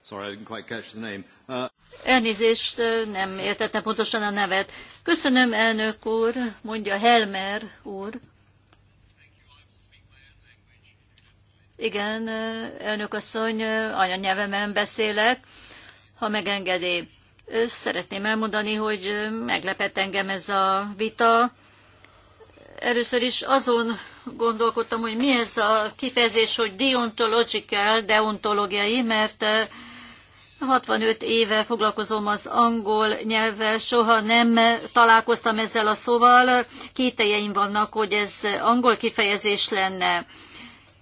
Sorry, I didn't quite catch the name. Uh... Elnézést, nem értettem pontosan a nevet. Köszönöm, elnök úr, mondja Helmer úr. Igen, elnök asszony, anyanyelvemen beszélek, ha megengedi. Szeretném elmondani, hogy meglepett engem ez a vita. Először is azon gondolkodtam, hogy mi ez a kifejezés, hogy deontological, deontológiai, mert 65 éve foglalkozom az angol nyelvvel, soha nem találkoztam ezzel a szóval. Kételjeim vannak, hogy ez angol kifejezés lenne.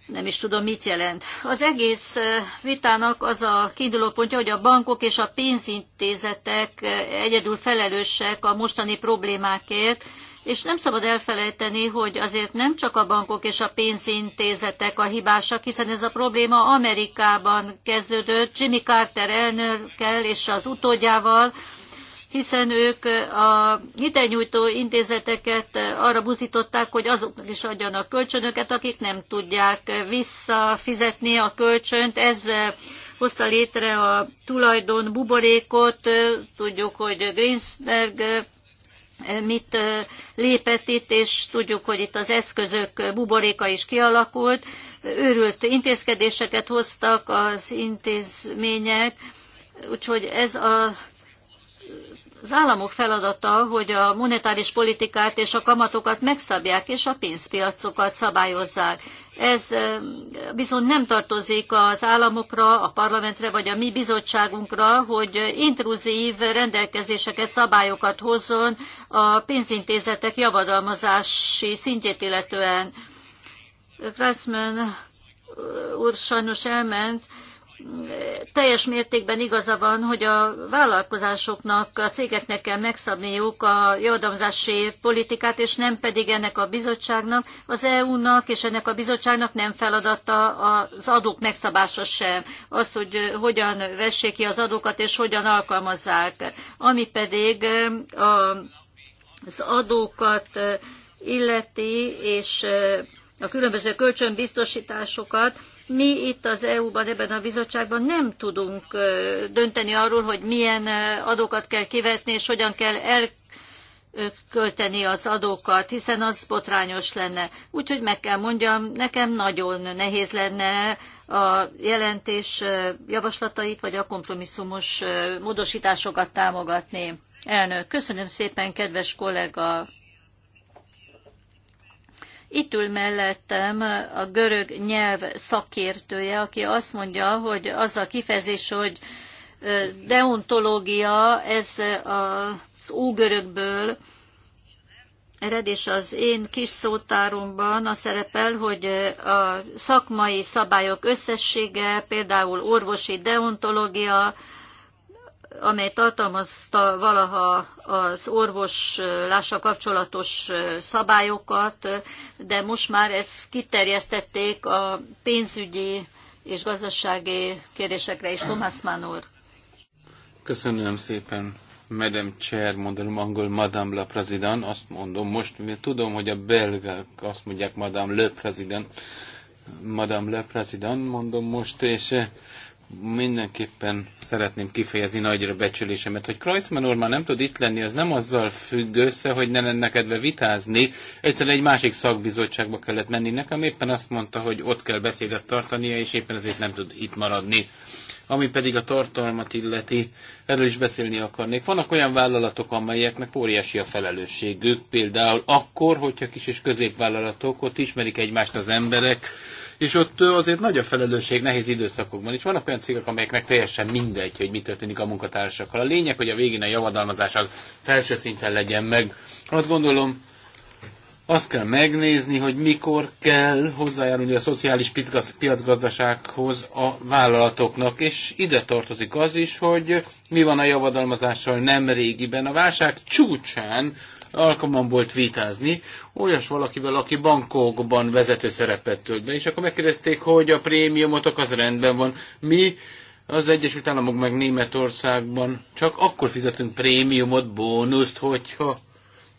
Nem is tudom, mit jelent. Az egész vitának az a kiinduló pontja, hogy a bankok és a pénzintézetek egyedül felelősek a mostani problémákért, és nem szabad elfelejteni, hogy azért nem csak a bankok és a pénzintézetek a hibásak, hiszen ez a probléma Amerikában kezdődött Jimmy Carter elnökkel és az utódjával, hiszen ők a hitelnyújtó intézeteket arra buzították, hogy azoknak is adjanak kölcsönöket, akik nem tudják visszafizetni a kölcsönt. Ez hozta létre a tulajdon buborékot. Tudjuk, hogy Greensberg mit lépett itt, és tudjuk, hogy itt az eszközök buboréka is kialakult. Őrült intézkedéseket hoztak az intézmények, úgyhogy ez a az államok feladata, hogy a monetáris politikát és a kamatokat megszabják, és a pénzpiacokat szabályozzák. Ez viszont nem tartozik az államokra, a parlamentre vagy a mi bizottságunkra, hogy intruzív rendelkezéseket, szabályokat hozzon a pénzintézetek javadalmazási szintjét illetően. Krasman úr sajnos elment, teljes mértékben igaza van, hogy a vállalkozásoknak, a cégeknek kell megszabniuk a javadalmazási politikát, és nem pedig ennek a bizottságnak, az EU-nak és ennek a bizottságnak nem feladata az adók megszabása sem. Az, hogy hogyan vessék ki az adókat és hogyan alkalmazzák. Ami pedig az adókat illeti, és a különböző kölcsönbiztosításokat, mi itt az EU-ban, ebben a bizottságban nem tudunk dönteni arról, hogy milyen adókat kell kivetni, és hogyan kell elkölteni az adókat, hiszen az botrányos lenne. Úgyhogy meg kell mondjam, nekem nagyon nehéz lenne a jelentés javaslatait, vagy a kompromisszumos módosításokat támogatni. Elnök, köszönöm szépen, kedves kollega itt ül mellettem a görög nyelv szakértője, aki azt mondja, hogy az a kifejezés, hogy deontológia, ez az ógörökből ered, és az én kis szótáromban a szerepel, hogy a szakmai szabályok összessége, például orvosi deontológia, amely tartalmazta valaha az orvoslással kapcsolatos szabályokat, de most már ezt kiterjesztették a pénzügyi és gazdasági kérdésekre is. Thomas Mann úr. Köszönöm szépen. Madame Chair, mondom angol Madame la President, azt mondom most, mert tudom, hogy a belgák azt mondják Madame le President, Madame le President, mondom most, és mindenképpen szeretném kifejezni nagyra becsülésemet, hogy Kreuzmann úr már nem tud itt lenni, az nem azzal függ össze, hogy ne lenne kedve vitázni. Egyszerűen egy másik szakbizottságba kellett menni. Nekem éppen azt mondta, hogy ott kell beszédet tartania, és éppen ezért nem tud itt maradni. Ami pedig a tartalmat illeti, erről is beszélni akarnék. Vannak olyan vállalatok, amelyeknek óriási a felelősségük, például akkor, hogyha kis és középvállalatok, ott ismerik egymást az emberek, és ott azért nagy a felelősség nehéz időszakokban is. Vannak olyan cégek, amelyeknek teljesen mindegy, hogy mi történik a munkatársakkal. A lényeg, hogy a végén a javadalmazás az felső szinten legyen meg. Azt gondolom, azt kell megnézni, hogy mikor kell hozzájárulni a szociális piacgazdasághoz a vállalatoknak, és ide tartozik az is, hogy mi van a javadalmazással nem régiben. A válság csúcsán alkalmam volt vitázni olyas valakivel, aki bankokban vezető szerepet tölt be, és akkor megkérdezték, hogy a prémiumotok az rendben van. Mi az Egyesült Államok meg Németországban csak akkor fizetünk prémiumot, bónuszt, hogyha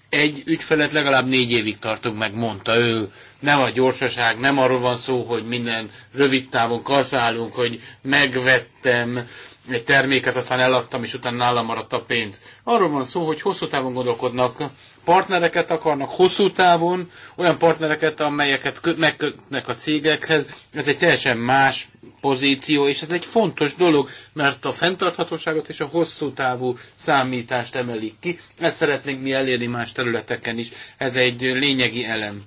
egy ügyfelet legalább négy évig tartunk meg, mondta ő. Nem a gyorsaság, nem arról van szó, hogy minden rövid távon kaszálunk, hogy megvettem, egy terméket, aztán eladtam, és utána nálam maradt a pénz. Arról van szó, hogy hosszú távon gondolkodnak, partnereket akarnak hosszú távon, olyan partnereket, amelyeket megkötnek a cégekhez. Ez egy teljesen más pozíció, és ez egy fontos dolog, mert a fenntarthatóságot és a hosszú távú számítást emelik ki. Ezt szeretnénk mi elérni más területeken is. Ez egy lényegi elem.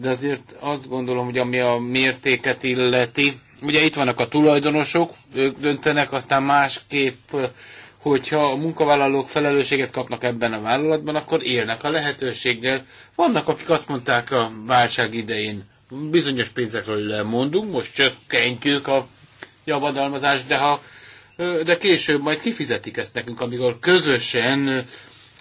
De azért azt gondolom, hogy ami a mértéket illeti, Ugye itt vannak a tulajdonosok, ők döntenek, aztán másképp, hogyha a munkavállalók felelősséget kapnak ebben a vállalatban, akkor élnek a lehetőséggel. Vannak, akik azt mondták a válság idején, bizonyos pénzekről lemondunk, most csökkentjük a javadalmazást, de ha de később majd kifizetik ezt nekünk, amikor közösen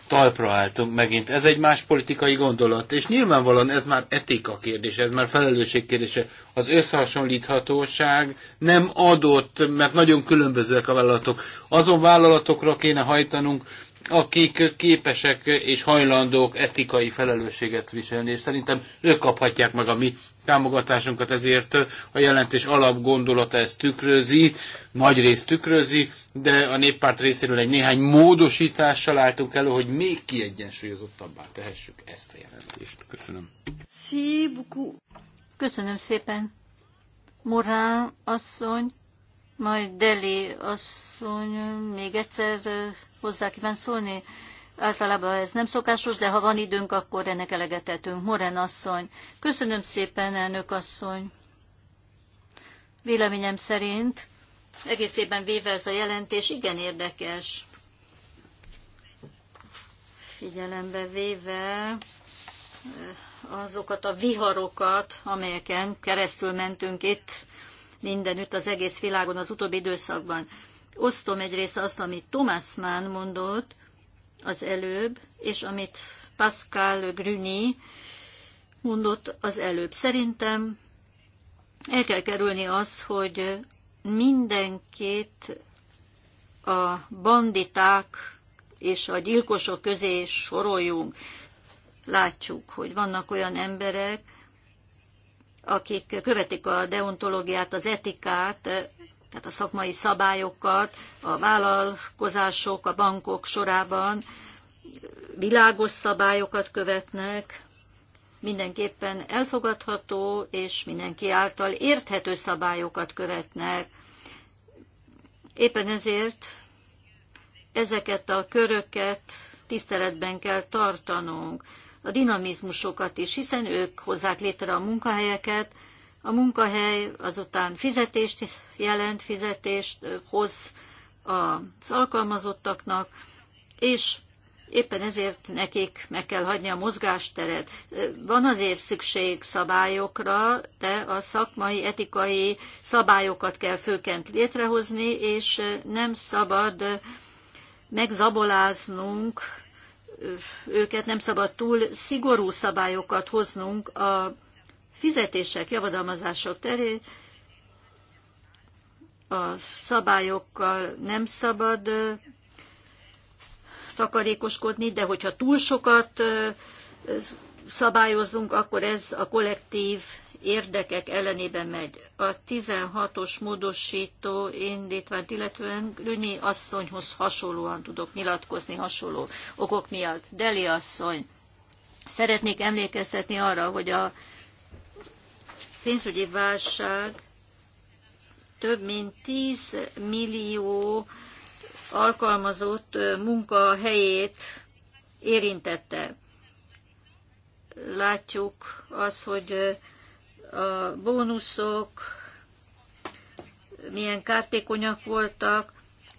talpra álltunk megint. Ez egy más politikai gondolat, és nyilvánvalóan ez már etika kérdése, ez már felelősség kérdése. Az összehasonlíthatóság nem adott, mert nagyon különbözőek a vállalatok. Azon vállalatokra kéne hajtanunk, akik képesek és hajlandók etikai felelősséget viselni, és szerintem ők kaphatják meg a mi támogatásunkat, ezért a jelentés alapgondolata ezt tükrözi, nagy részt tükrözi, de a néppárt részéről egy néhány módosítással álltunk elő, hogy még kiegyensúlyozottabbá tehessük ezt a jelentést. Köszönöm. Köszönöm szépen. Morán asszony, majd Deli asszony még egyszer hozzá kíván szólni. Általában ez nem szokásos, de ha van időnk, akkor ennek elegetetünk. Moren asszony. Köszönöm szépen, elnök asszony. Véleményem szerint évben véve ez a jelentés igen érdekes. Figyelembe véve azokat a viharokat, amelyeken keresztül mentünk itt mindenütt az egész világon az utóbbi időszakban. Osztom egyrészt azt, amit Thomas Mann mondott az előbb, és amit Pascal Gruny mondott az előbb. Szerintem el kell kerülni az, hogy mindenkit a banditák és a gyilkosok közé soroljunk. Látjuk, hogy vannak olyan emberek, akik követik a deontológiát, az etikát, tehát a szakmai szabályokat, a vállalkozások, a bankok sorában világos szabályokat követnek, mindenképpen elfogadható és mindenki által érthető szabályokat követnek. Éppen ezért ezeket a köröket tiszteletben kell tartanunk a dinamizmusokat is, hiszen ők hozzák létre a munkahelyeket, a munkahely azután fizetést jelent, fizetést hoz az alkalmazottaknak, és éppen ezért nekik meg kell hagyni a mozgásteret. Van azért szükség szabályokra, de a szakmai, etikai szabályokat kell főként létrehozni, és nem szabad megzaboláznunk őket, nem szabad túl szigorú szabályokat hoznunk a fizetések, javadalmazások terén. A szabályokkal nem szabad szakarékoskodni, de hogyha túl sokat szabályozunk, akkor ez a kollektív érdekek ellenében megy. A 16-os módosító indítványt, illetően Lüni asszonyhoz hasonlóan tudok nyilatkozni hasonló okok miatt. Deli asszony, szeretnék emlékeztetni arra, hogy a pénzügyi válság több mint 10 millió alkalmazott munkahelyét érintette. Látjuk az, hogy a bónuszok milyen kártékonyak voltak,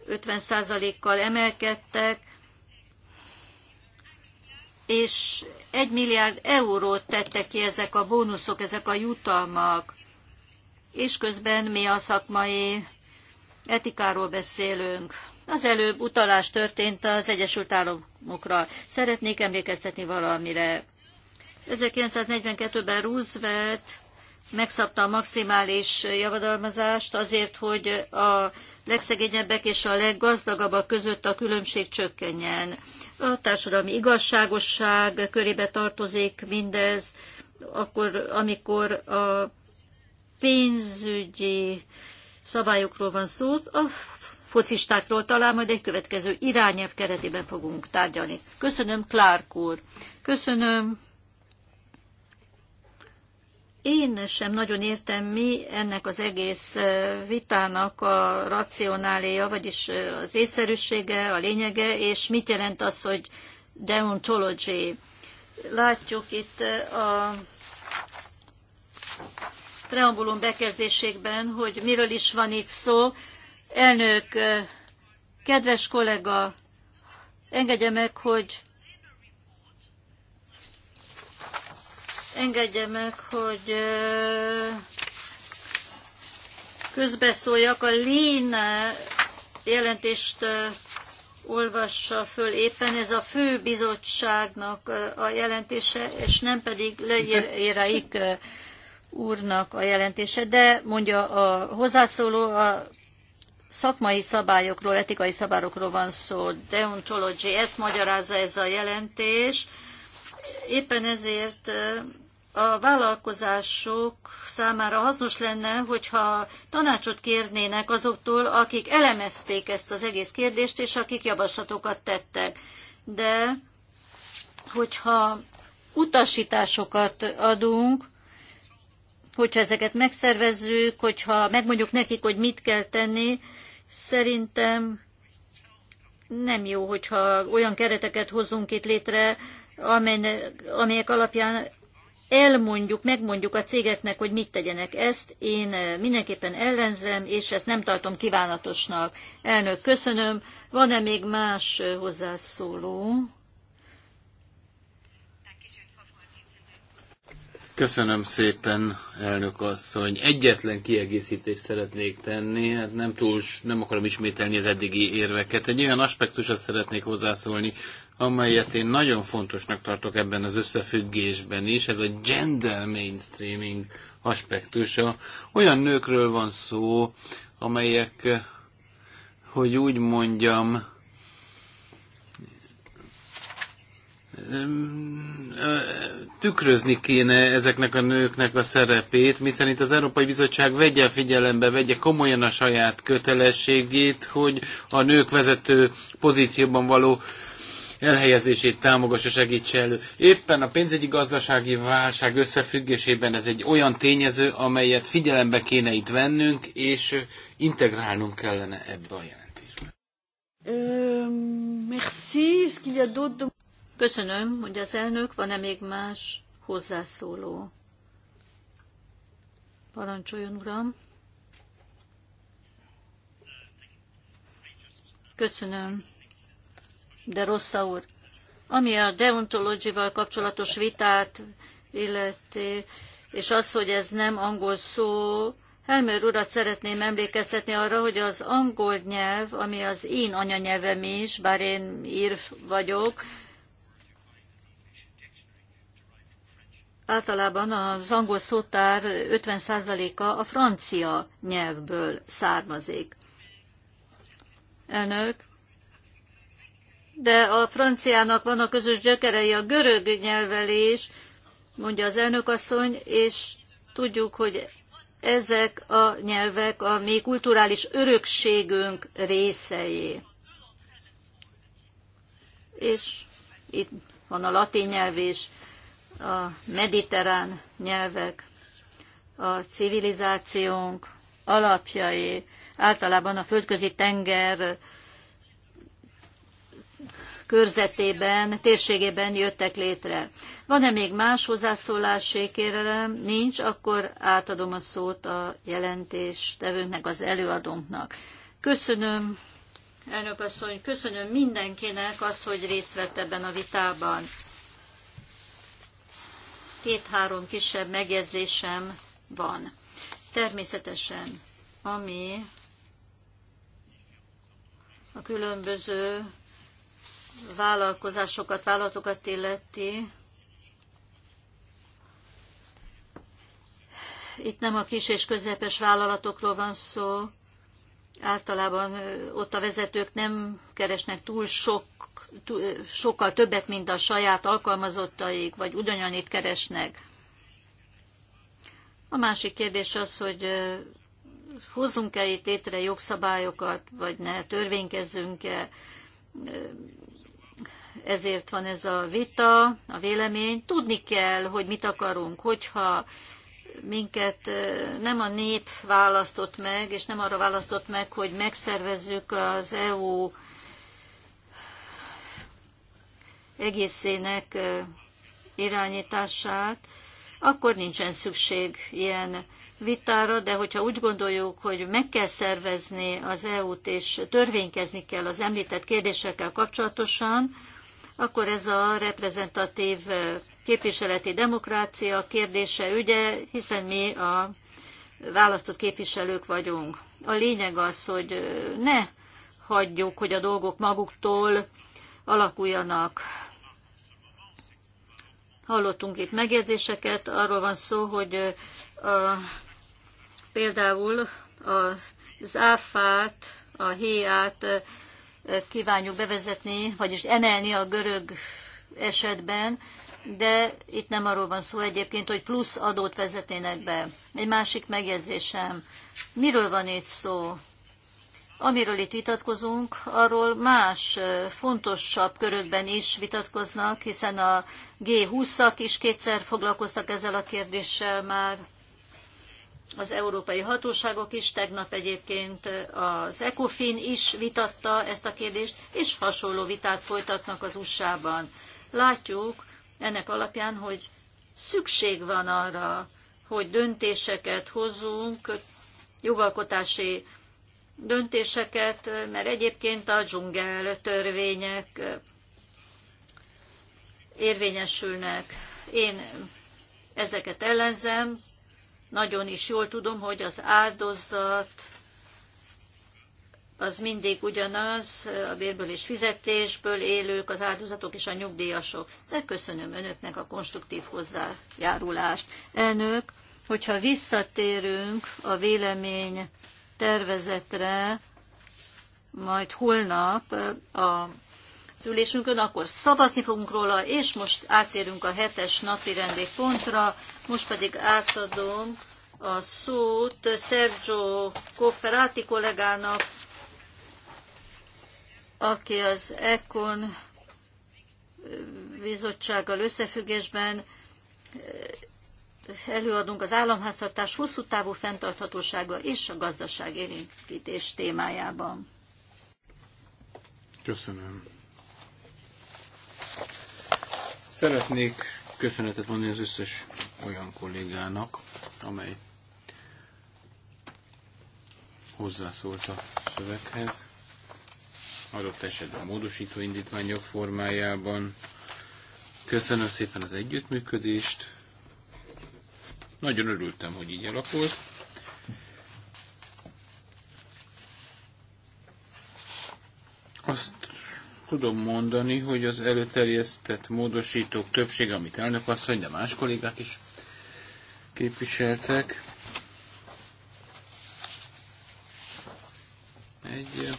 50%-kal emelkedtek, és egy milliárd eurót tettek ki ezek a bónuszok, ezek a jutalmak, és közben mi a szakmai etikáról beszélünk. Az előbb utalás történt az Egyesült Államokra. Szeretnék emlékeztetni valamire. 1942-ben Roosevelt megszabta a maximális javadalmazást azért, hogy a legszegényebbek és a leggazdagabbak között a különbség csökkenjen. A társadalmi igazságosság körébe tartozik mindez, akkor, amikor a pénzügyi szabályokról van szó, a focistákról talán majd egy következő irányelv keretében fogunk tárgyalni. Köszönöm, Klárk úr. Köszönöm, én sem nagyon értem, mi ennek az egész vitának a racionáléja, vagyis az észszerűsége, a lényege, és mit jelent az, hogy deontology. Látjuk itt a preambulum bekezdésékben, hogy miről is van itt szó. Elnök, kedves kollega, engedje meg, hogy Engedje meg, hogy közbeszóljak. A Léne jelentést olvassa föl éppen, ez a fő bizottságnak a jelentése, és nem pedig leíráik úrnak a jelentése, de mondja a hozzászóló a szakmai szabályokról, etikai szabályokról van szó, deontology, ezt magyarázza ez a jelentés, Éppen ezért a vállalkozások számára hasznos lenne, hogyha tanácsot kérnének azoktól, akik elemezték ezt az egész kérdést, és akik javaslatokat tettek. De hogyha utasításokat adunk, hogyha ezeket megszervezzük, hogyha megmondjuk nekik, hogy mit kell tenni, szerintem nem jó, hogyha olyan kereteket hozunk itt létre, amelyek alapján elmondjuk, megmondjuk a cégeknek, hogy mit tegyenek ezt. Én eh, mindenképpen ellenzem, és ezt nem tartom kívánatosnak. Elnök, köszönöm. Van-e még más eh, hozzászóló? Köszönöm szépen, elnök asszony. Egyetlen kiegészítést szeretnék tenni, hát nem túl, nem akarom ismételni az eddigi érveket. Egy olyan aspektusra szeretnék hozzászólni, amelyet én nagyon fontosnak tartok ebben az összefüggésben is, ez a gender mainstreaming aspektusa. Olyan nőkről van szó, amelyek, hogy úgy mondjam, tükrözni kéne ezeknek a nőknek a szerepét, miszerint az Európai Bizottság vegye figyelembe, vegye komolyan a saját kötelességét, hogy a nők vezető pozícióban való elhelyezését támogassa, segítse elő. Éppen a pénzügyi gazdasági válság összefüggésében ez egy olyan tényező, amelyet figyelembe kéne itt vennünk, és integrálnunk kellene ebbe a jelentésbe. Köszönöm, hogy az elnök, van-e még más hozzászóló? Parancsoljon, uram! Köszönöm de Rossza úr, ami a deontology kapcsolatos vitát illeti, és az, hogy ez nem angol szó, Helmer urat szeretném emlékeztetni arra, hogy az angol nyelv, ami az én anyanyelvem is, bár én ír vagyok, általában az angol szótár 50%-a a francia nyelvből származik. Elnök, de a franciának van a közös gyökerei a görög nyelvelés, mondja az elnökasszony, és tudjuk, hogy ezek a nyelvek a mi kulturális örökségünk részei. És itt van a latin nyelv és a mediterrán nyelvek, a civilizációnk alapjai, általában a földközi tenger körzetében, térségében jöttek létre. Van-e még más hozzászólási kérelem? Nincs, akkor átadom a szót a jelentéstevőnknek, az előadónknak. Köszönöm, elnök asszony, köszönöm mindenkinek az, hogy részt vett ebben a vitában. Két-három kisebb megjegyzésem van. Természetesen, ami a különböző vállalkozásokat, vállalatokat illeti, itt nem a kis és közepes vállalatokról van szó, általában ott a vezetők nem keresnek túl sok, sokkal többet, mint a saját alkalmazottaik, vagy ugyanannyit keresnek. A másik kérdés az, hogy hozunk e itt létre jogszabályokat, vagy ne, törvénykezzünk-e, ezért van ez a vita, a vélemény. Tudni kell, hogy mit akarunk, hogyha minket nem a nép választott meg, és nem arra választott meg, hogy megszervezzük az EU egészének irányítását, akkor nincsen szükség ilyen vitára, de hogyha úgy gondoljuk, hogy meg kell szervezni az EU-t, és törvénykezni kell az említett kérdésekkel kapcsolatosan, akkor ez a reprezentatív képviseleti demokrácia kérdése ügye, hiszen mi a választott képviselők vagyunk. A lényeg az, hogy ne hagyjuk, hogy a dolgok maguktól alakuljanak. Hallottunk itt megjegyzéseket, arról van szó, hogy a, például az áfát, a héját kívánjuk bevezetni, vagyis emelni a görög esetben, de itt nem arról van szó egyébként, hogy plusz adót vezetnének be. Egy másik megjegyzésem. Miről van itt szó? Amiről itt vitatkozunk, arról más fontosabb körökben is vitatkoznak, hiszen a G20-ak is kétszer foglalkoztak ezzel a kérdéssel már az európai hatóságok is, tegnap egyébként az ECOFIN is vitatta ezt a kérdést, és hasonló vitát folytatnak az USA-ban. Látjuk ennek alapján, hogy szükség van arra, hogy döntéseket hozzunk, jogalkotási döntéseket, mert egyébként a dzsungel törvények érvényesülnek. Én ezeket ellenzem, nagyon is jól tudom, hogy az áldozat az mindig ugyanaz, a bérből és fizetésből élők, az áldozatok és a nyugdíjasok. De köszönöm önöknek a konstruktív hozzájárulást. Elnök, hogyha visszatérünk a vélemény tervezetre, majd holnap a az ülésünkön, akkor szavazni fogunk róla, és most átérünk a hetes napi rendi pontra, most pedig átadom a szót Sergio Cofferati kollégának, aki az ECON bizottsággal összefüggésben eh, előadunk az államháztartás hosszú távú fenntarthatósága és a gazdaság élénkítés témájában. Köszönöm. Szeretnék köszönetet mondani az összes olyan kollégának, amely hozzászólt a szöveghez, adott esetben módosító indítványok formájában. Köszönöm szépen az együttműködést. Nagyon örültem, hogy így alakult. Azt tudom mondani, hogy az előterjesztett módosítók többsége, amit elnök asszony, de más kollégák is képviseltek, egy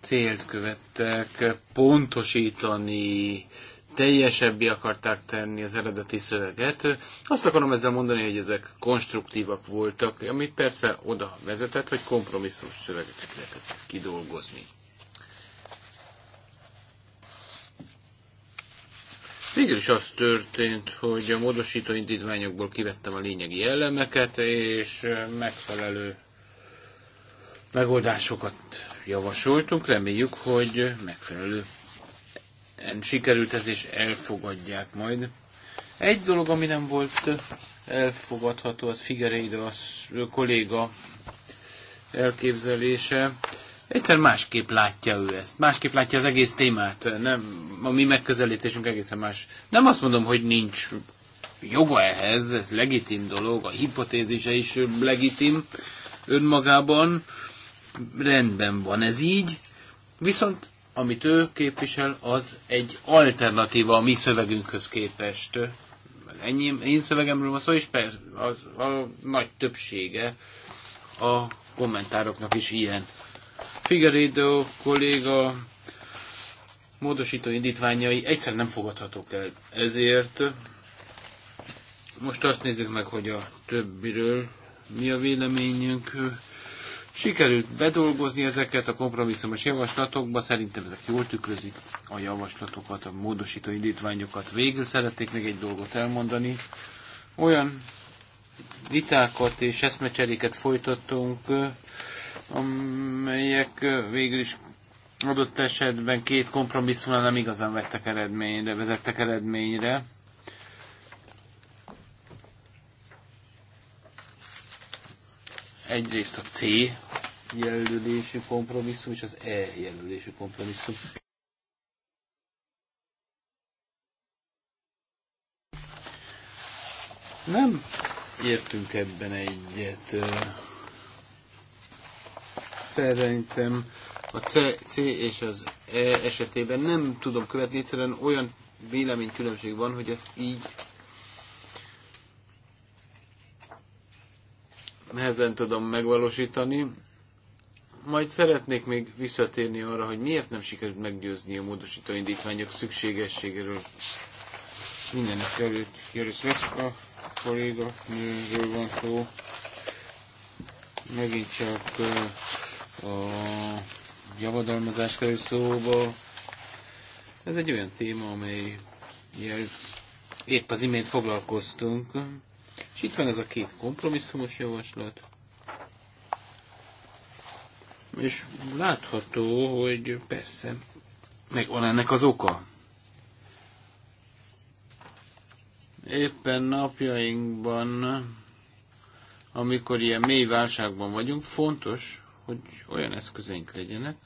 célt követtek, pontosítani, teljesebbé akarták tenni az eredeti szöveget. Azt akarom ezzel mondani, hogy ezek konstruktívak voltak, ami persze oda vezetett, hogy kompromisszumos szövegeket lehetett kidolgozni. Végül is az történt, hogy a módosító indítványokból kivettem a lényegi elemeket, és megfelelő megoldásokat javasoltunk. Reméljük, hogy megfelelő sikerült ez, és elfogadják majd. Egy dolog, ami nem volt elfogadható, az Figueiredo az kolléga elképzelése egyszer másképp látja ő ezt, másképp látja az egész témát, nem, a mi megközelítésünk egészen más. Nem azt mondom, hogy nincs joga ehhez, ez legitim dolog, a hipotézise is legitim önmagában, rendben van ez így, viszont amit ő képvisel, az egy alternatíva a mi szövegünkhöz képest. Ennyi, én szövegemről van szó, és persze, az, a nagy többsége a kommentároknak is ilyen. Figueredo kolléga módosító indítványai egyszer nem fogadhatók el. Ezért most azt nézzük meg, hogy a többiről mi a véleményünk. Sikerült bedolgozni ezeket a kompromisszumos javaslatokba, szerintem ezek jól tükrözik a javaslatokat, a módosító indítványokat. Végül szeretnék még egy dolgot elmondani. Olyan vitákat és eszmecseréket folytattunk, amelyek végül is adott esetben két kompromisszumnál nem igazán vettek eredményre, vezettek eredményre. Egyrészt a C jelölésű kompromisszum és az E jelölésű kompromisszum. Nem értünk ebben egyet Szerintem a C, C és az E esetében nem tudom követni, egyszerűen olyan véleménykülönbség van, hogy ezt így nehezen tudom megvalósítani. Majd szeretnék még visszatérni arra, hogy miért nem sikerült meggyőzni a módosító indítványok szükségességéről. Mindenek előtt Jöris a kolléga nőről van szó. Megint csak a javadalmazás kerül szóba. Ez egy olyan téma, amely épp az imént foglalkoztunk. És itt van ez a két kompromisszumos javaslat. És látható, hogy persze, megvan ennek az oka. Éppen napjainkban, amikor ilyen mély válságban vagyunk, fontos, hogy olyan eszközeink legyenek,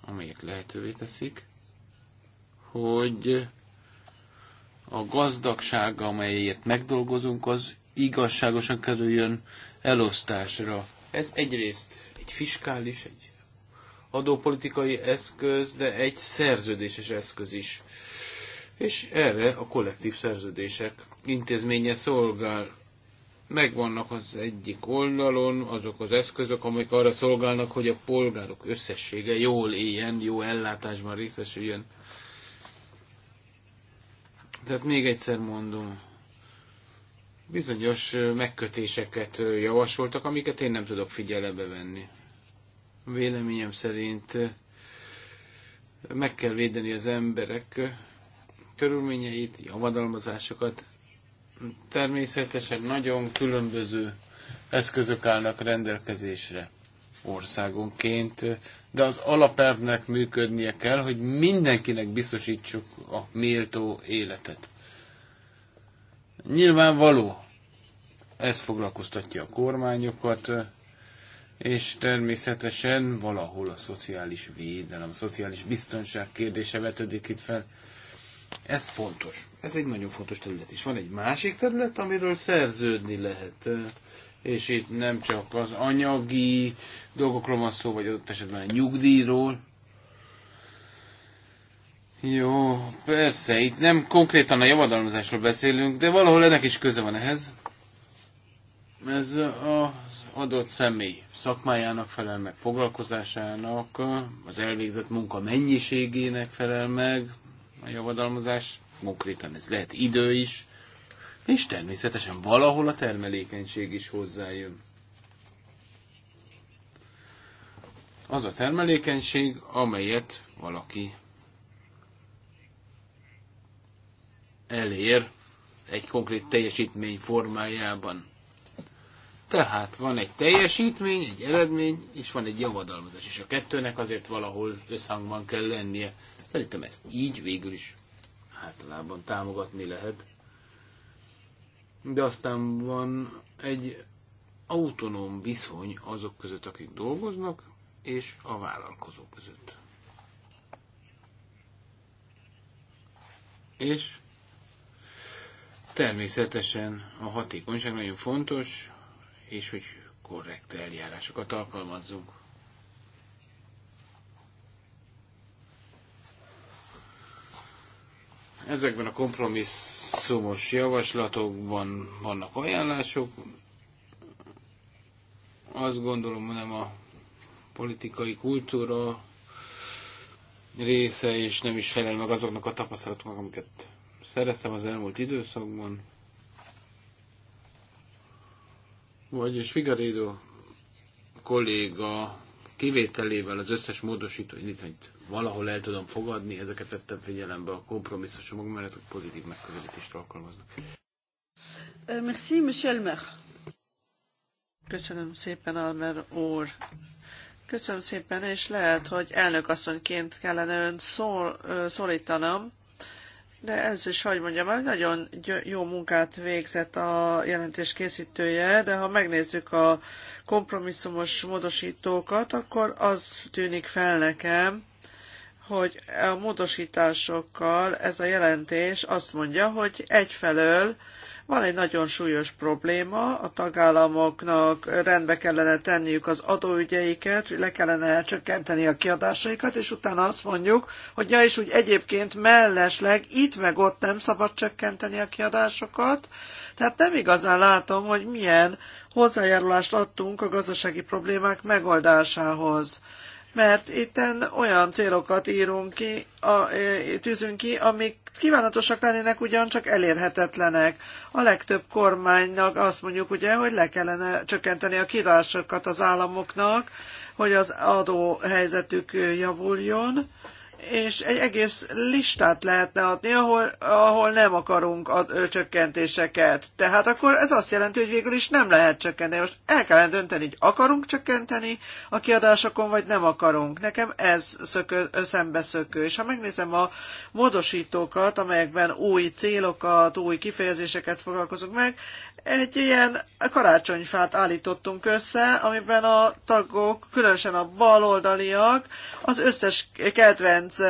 amelyek lehetővé teszik, hogy a gazdagság, amelyet megdolgozunk, az igazságosan kerüljön elosztásra. Ez egyrészt egy fiskális, egy adópolitikai eszköz, de egy szerződéses eszköz is. És erre a kollektív szerződések intézménye szolgál megvannak az egyik oldalon azok az eszközök, amik arra szolgálnak, hogy a polgárok összessége jól éljen, jó ellátásban részesüljön. Tehát még egyszer mondom, bizonyos megkötéseket javasoltak, amiket én nem tudok figyelembe venni. Véleményem szerint meg kell védeni az emberek körülményeit, javadalmazásokat, Természetesen nagyon különböző eszközök állnak rendelkezésre országonként, de az alapelvnek működnie kell, hogy mindenkinek biztosítsuk a méltó életet. Nyilvánvaló, ez foglalkoztatja a kormányokat, és természetesen valahol a szociális védelem, a szociális biztonság kérdése vetődik itt fel. Ez fontos. Ez egy nagyon fontos terület is. Van egy másik terület, amiről szerződni lehet. És itt nem csak az anyagi dolgokról van szó, vagy adott esetben a nyugdíjról. Jó, persze, itt nem konkrétan a javadalmazásról beszélünk, de valahol ennek is köze van ehhez. Ez az adott személy szakmájának felel meg, foglalkozásának, az elvégzett munka mennyiségének felel meg, a javadalmazás, konkrétan ez lehet idő is, és természetesen valahol a termelékenység is hozzájön. Az a termelékenység, amelyet valaki elér egy konkrét teljesítmény formájában. Tehát van egy teljesítmény, egy eredmény, és van egy javadalmazás, és a kettőnek azért valahol összhangban kell lennie. Szerintem ezt így végül is általában támogatni lehet. De aztán van egy autonóm viszony azok között, akik dolgoznak, és a vállalkozók között. És természetesen a hatékonyság nagyon fontos, és hogy korrekt eljárásokat alkalmazzunk. Ezekben a kompromisszumos javaslatokban vannak ajánlások. Azt gondolom, nem a politikai kultúra része, és nem is felel meg azoknak a tapasztalatoknak, amiket szereztem az elmúlt időszakban. Vagyis Figarédo kolléga kivételével az összes módosító indítványt valahol el tudom fogadni, ezeket vettem figyelembe a kompromisszusomokban, mert ezek pozitív megközelítést alkalmaznak. Merci, Michel Mer. Köszönöm szépen, Almer úr. Köszönöm szépen, és lehet, hogy elnökasszonyként kellene ön szól, szólítanom, de először is hogy mondjam, nagyon jó munkát végzett a jelentés készítője, de ha megnézzük a kompromisszumos módosítókat, akkor az tűnik fel nekem, hogy a módosításokkal ez a jelentés azt mondja, hogy egyfelől van egy nagyon súlyos probléma, a tagállamoknak rendbe kellene tenniük az adóügyeiket, le kellene csökkenteni a kiadásaikat, és utána azt mondjuk, hogy ja, és úgy egyébként mellesleg itt meg ott nem szabad csökkenteni a kiadásokat. Tehát nem igazán látom, hogy milyen hozzájárulást adtunk a gazdasági problémák megoldásához mert itten olyan célokat írunk ki, a, tűzünk ki, amik kívánatosak lennének, ugyancsak elérhetetlenek. A legtöbb kormánynak azt mondjuk ugye, hogy le kellene csökkenteni a kiadásokat az államoknak, hogy az adó helyzetük javuljon, és egy egész listát lehetne adni, ahol, ahol nem akarunk a csökkentéseket. Tehát akkor ez azt jelenti, hogy végül is nem lehet csökkenteni. Most el kellene dönteni, hogy akarunk csökkenteni a kiadásokon, vagy nem akarunk. Nekem ez szökő, szembeszökő. És ha megnézem a módosítókat, amelyekben új célokat, új kifejezéseket foglalkozunk meg, egy ilyen karácsonyfát állítottunk össze, amiben a tagok, különösen a baloldaliak, az összes kedvenc ö,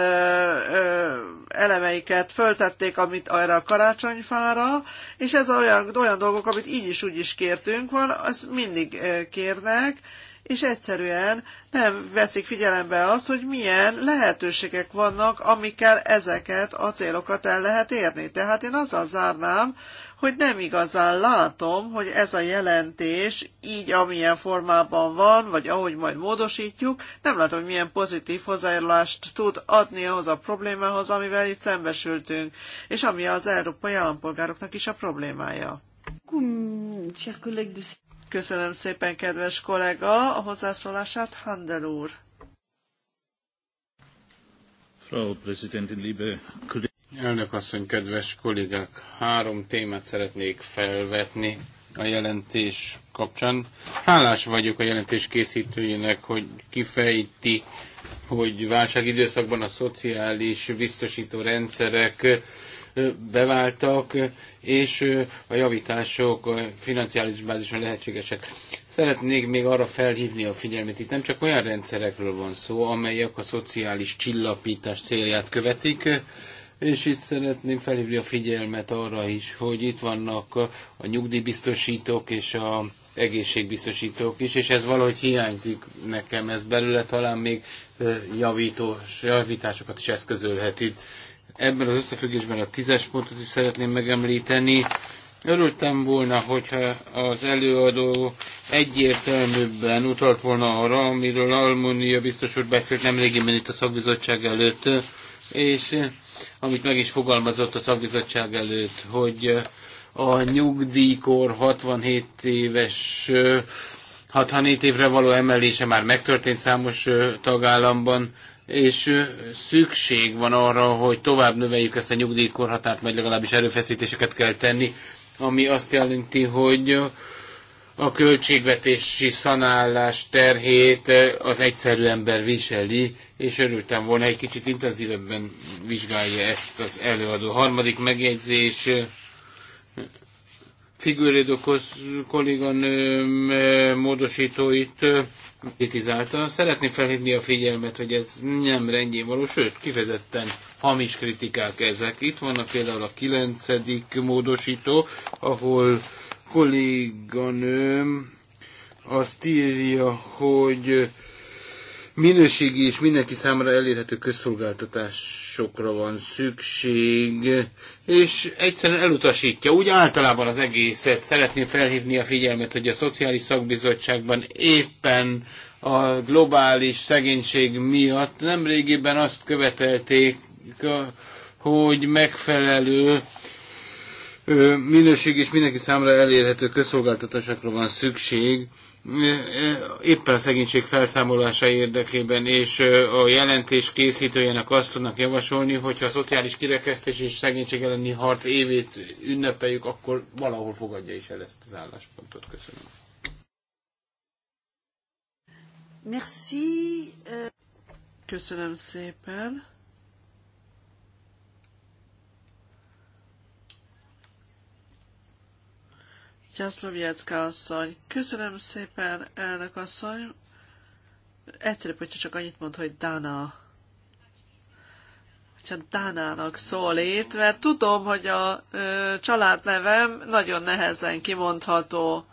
ö, elemeiket föltették, amit erre a karácsonyfára, és ez olyan, olyan dolgok, amit így is úgy is kértünk van, azt mindig kérnek, és egyszerűen nem veszik figyelembe azt, hogy milyen lehetőségek vannak, amikkel ezeket a célokat el lehet érni. Tehát én azzal zárnám, hogy nem igazán látom, hogy ez a jelentés így, amilyen formában van, vagy ahogy majd módosítjuk, nem látom, hogy milyen pozitív hozzájárulást tud adni ahhoz a problémához, amivel itt szembesültünk, és ami az európai állampolgároknak is a problémája. Köszönöm szépen, kedves kollega, a hozzászólását, Handel úr. Frau Präsidentin, liebe Elnök asszony, kedves kollégák, három témát szeretnék felvetni a jelentés kapcsán. Hálás vagyok a jelentés készítőjének, hogy kifejti, hogy válságidőszakban a szociális biztosító rendszerek beváltak, és a javítások a financiális bázison lehetségesek. Szeretnék még arra felhívni a figyelmet, itt nem csak olyan rendszerekről van szó, amelyek a szociális csillapítás célját követik, és itt szeretném felhívni a figyelmet arra is, hogy itt vannak a nyugdíjbiztosítók és a egészségbiztosítók is, és ez valahogy hiányzik nekem, ez belőle talán még javítós, javításokat is eszközölhet itt. Ebben az összefüggésben a tízes pontot is szeretném megemlíteni. Örültem volna, hogyha az előadó egyértelműbben utalt volna arra, amiről Almunia biztos úr beszélt nemrégiben itt a szakbizottság előtt, és amit meg is fogalmazott a szakbizottság előtt, hogy a nyugdíjkor 67 éves 67 évre való emelése már megtörtént számos tagállamban, és szükség van arra, hogy tovább növeljük ezt a nyugdíjkorhatárt, vagy legalábbis erőfeszítéseket kell tenni, ami azt jelenti, hogy a költségvetési szanálás terhét eh, az egyszerű ember viseli, és örültem volna, egy kicsit intenzívebben vizsgálja ezt az előadó. Harmadik megjegyzés, eh, Figueredo kolléganőm eh, módosítóit kritizálta. Szeretném felhívni a figyelmet, hogy ez nem rendjén való, sőt, kifejezetten hamis kritikák ezek. Itt vannak például a kilencedik módosító, ahol kolléganőm azt írja, hogy minőségi és mindenki számára elérhető közszolgáltatásokra van szükség, és egyszerűen elutasítja. Úgy általában az egészet szeretném felhívni a figyelmet, hogy a Szociális Szakbizottságban éppen a globális szegénység miatt nemrégiben azt követelték, hogy megfelelő minőség és mindenki számára elérhető közszolgáltatásokra van szükség, éppen a szegénység felszámolása érdekében, és a jelentés készítőjének azt tudnak javasolni, hogyha a szociális kirekesztés és szegénység elleni harc évét ünnepeljük, akkor valahol fogadja is el ezt az álláspontot. Köszönöm. Merci. Köszönöm szépen. Jaszlovjecka asszony. Köszönöm szépen, elnök asszony. Egyszerűbb, hogyha csak annyit mond, hogy Dana. Hogyha Dánának szólít, mert tudom, hogy a ö, családnevem nagyon nehezen kimondható.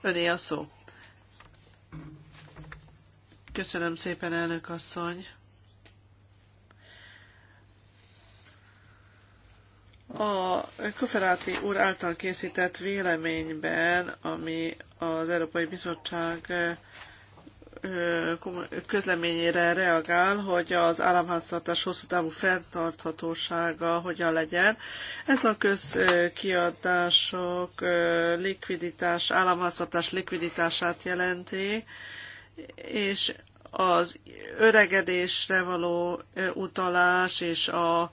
Öné a szó. Köszönöm szépen, elnök asszony. A Kuferáti úr által készített véleményben, ami az Európai Bizottság közleményére reagál, hogy az államháztartás hosszú távú fenntarthatósága hogyan legyen. Ez a közkiadások likviditás, államháztartás likviditását jelenti, és az öregedésre való utalás és a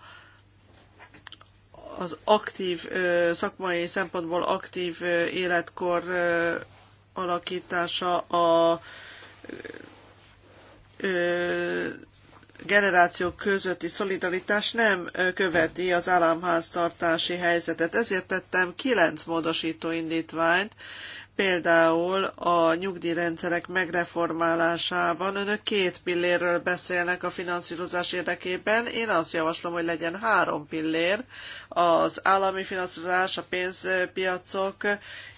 az aktív, szakmai szempontból aktív életkor alakítása a generációk közötti szolidaritás nem követi az államháztartási helyzetet. Ezért tettem kilenc módosító indítványt, Például a nyugdíjrendszerek megreformálásában önök két pillérről beszélnek a finanszírozás érdekében. Én azt javaslom, hogy legyen három pillér, az állami finanszírozás, a pénzpiacok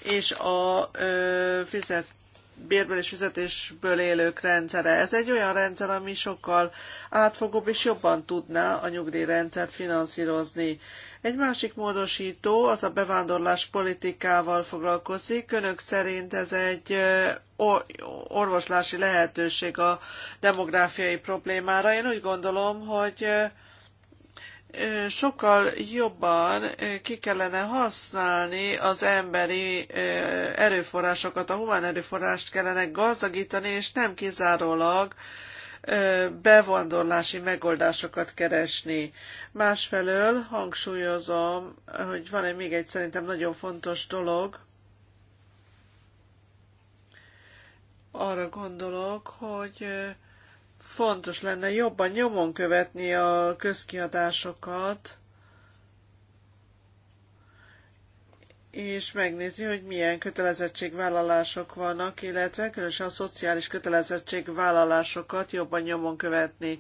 és a ö, fizet bérből és fizetésből élők rendszere. Ez egy olyan rendszer, ami sokkal átfogóbb és jobban tudná a nyugdíjrendszert finanszírozni. Egy másik módosító az a bevándorlás politikával foglalkozik. Önök szerint ez egy orvoslási lehetőség a demográfiai problémára. Én úgy gondolom, hogy sokkal jobban ki kellene használni az emberi erőforrásokat, a humán erőforrást kellene gazdagítani, és nem kizárólag bevándorlási megoldásokat keresni. Másfelől hangsúlyozom, hogy van egy még egy szerintem nagyon fontos dolog, arra gondolok, hogy fontos lenne jobban nyomon követni a közkiadásokat, és megnézi, hogy milyen kötelezettségvállalások vannak, illetve különösen a szociális kötelezettségvállalásokat jobban nyomon követni.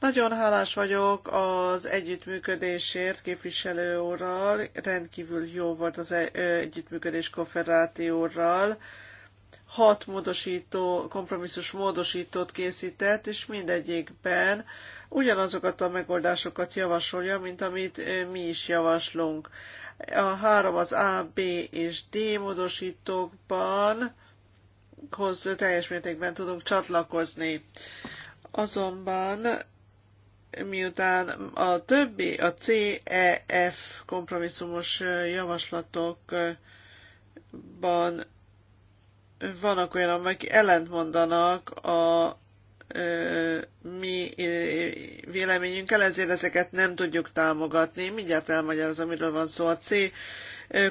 Nagyon hálás vagyok az együttműködésért képviselő úrral, rendkívül jó volt az e- együttműködés konferáti Hat módosító, kompromisszus módosítót készített, és mindegyikben ugyanazokat a megoldásokat javasolja, mint amit mi is javaslunk. A három az A, B és D módosítókban hoz teljes mértékben tudunk csatlakozni. Azonban miután a többi, a C, E, F kompromisszumos javaslatokban vannak olyan, amelyek ellentmondanak a mi véleményünkkel, ezért ezeket nem tudjuk támogatni. Mindjárt elmagyarázom, amiről van szó. A C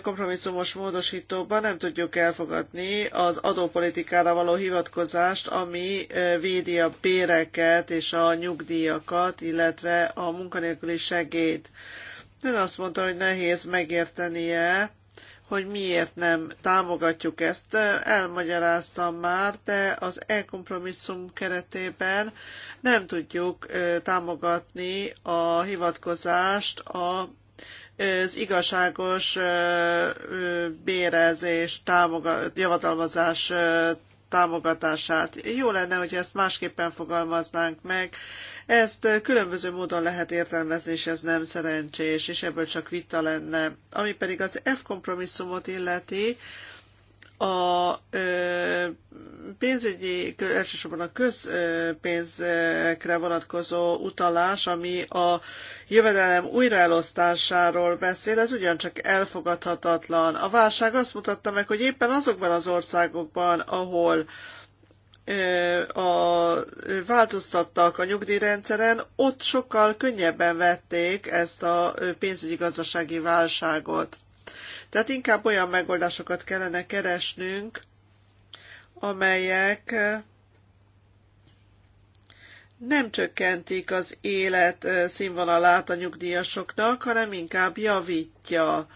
kompromisszumos módosítóban nem tudjuk elfogadni az adópolitikára való hivatkozást, ami védi a béreket és a nyugdíjakat, illetve a munkanélküli segélyt. Ön azt mondta, hogy nehéz megértenie, hogy miért nem támogatjuk ezt. Elmagyaráztam már, de az e-kompromisszum keretében nem tudjuk támogatni a hivatkozást a az igazságos bérezés, támogat, javadalmazás támogatását. Jó lenne, hogy ezt másképpen fogalmaznánk meg, ezt különböző módon lehet értelmezni, és ez nem szerencsés, és ebből csak vita lenne. Ami pedig az F kompromisszumot illeti, a ö, pénzügyi, elsősorban a közpénzekre vonatkozó utalás, ami a jövedelem újraelosztásáról beszél, ez ugyancsak elfogadhatatlan. A válság azt mutatta meg, hogy éppen azokban az országokban, ahol a, változtattak a nyugdíjrendszeren, ott sokkal könnyebben vették ezt a pénzügyi gazdasági válságot. Tehát inkább olyan megoldásokat kellene keresnünk, amelyek nem csökkentik az élet színvonalát a nyugdíjasoknak, hanem inkább javítja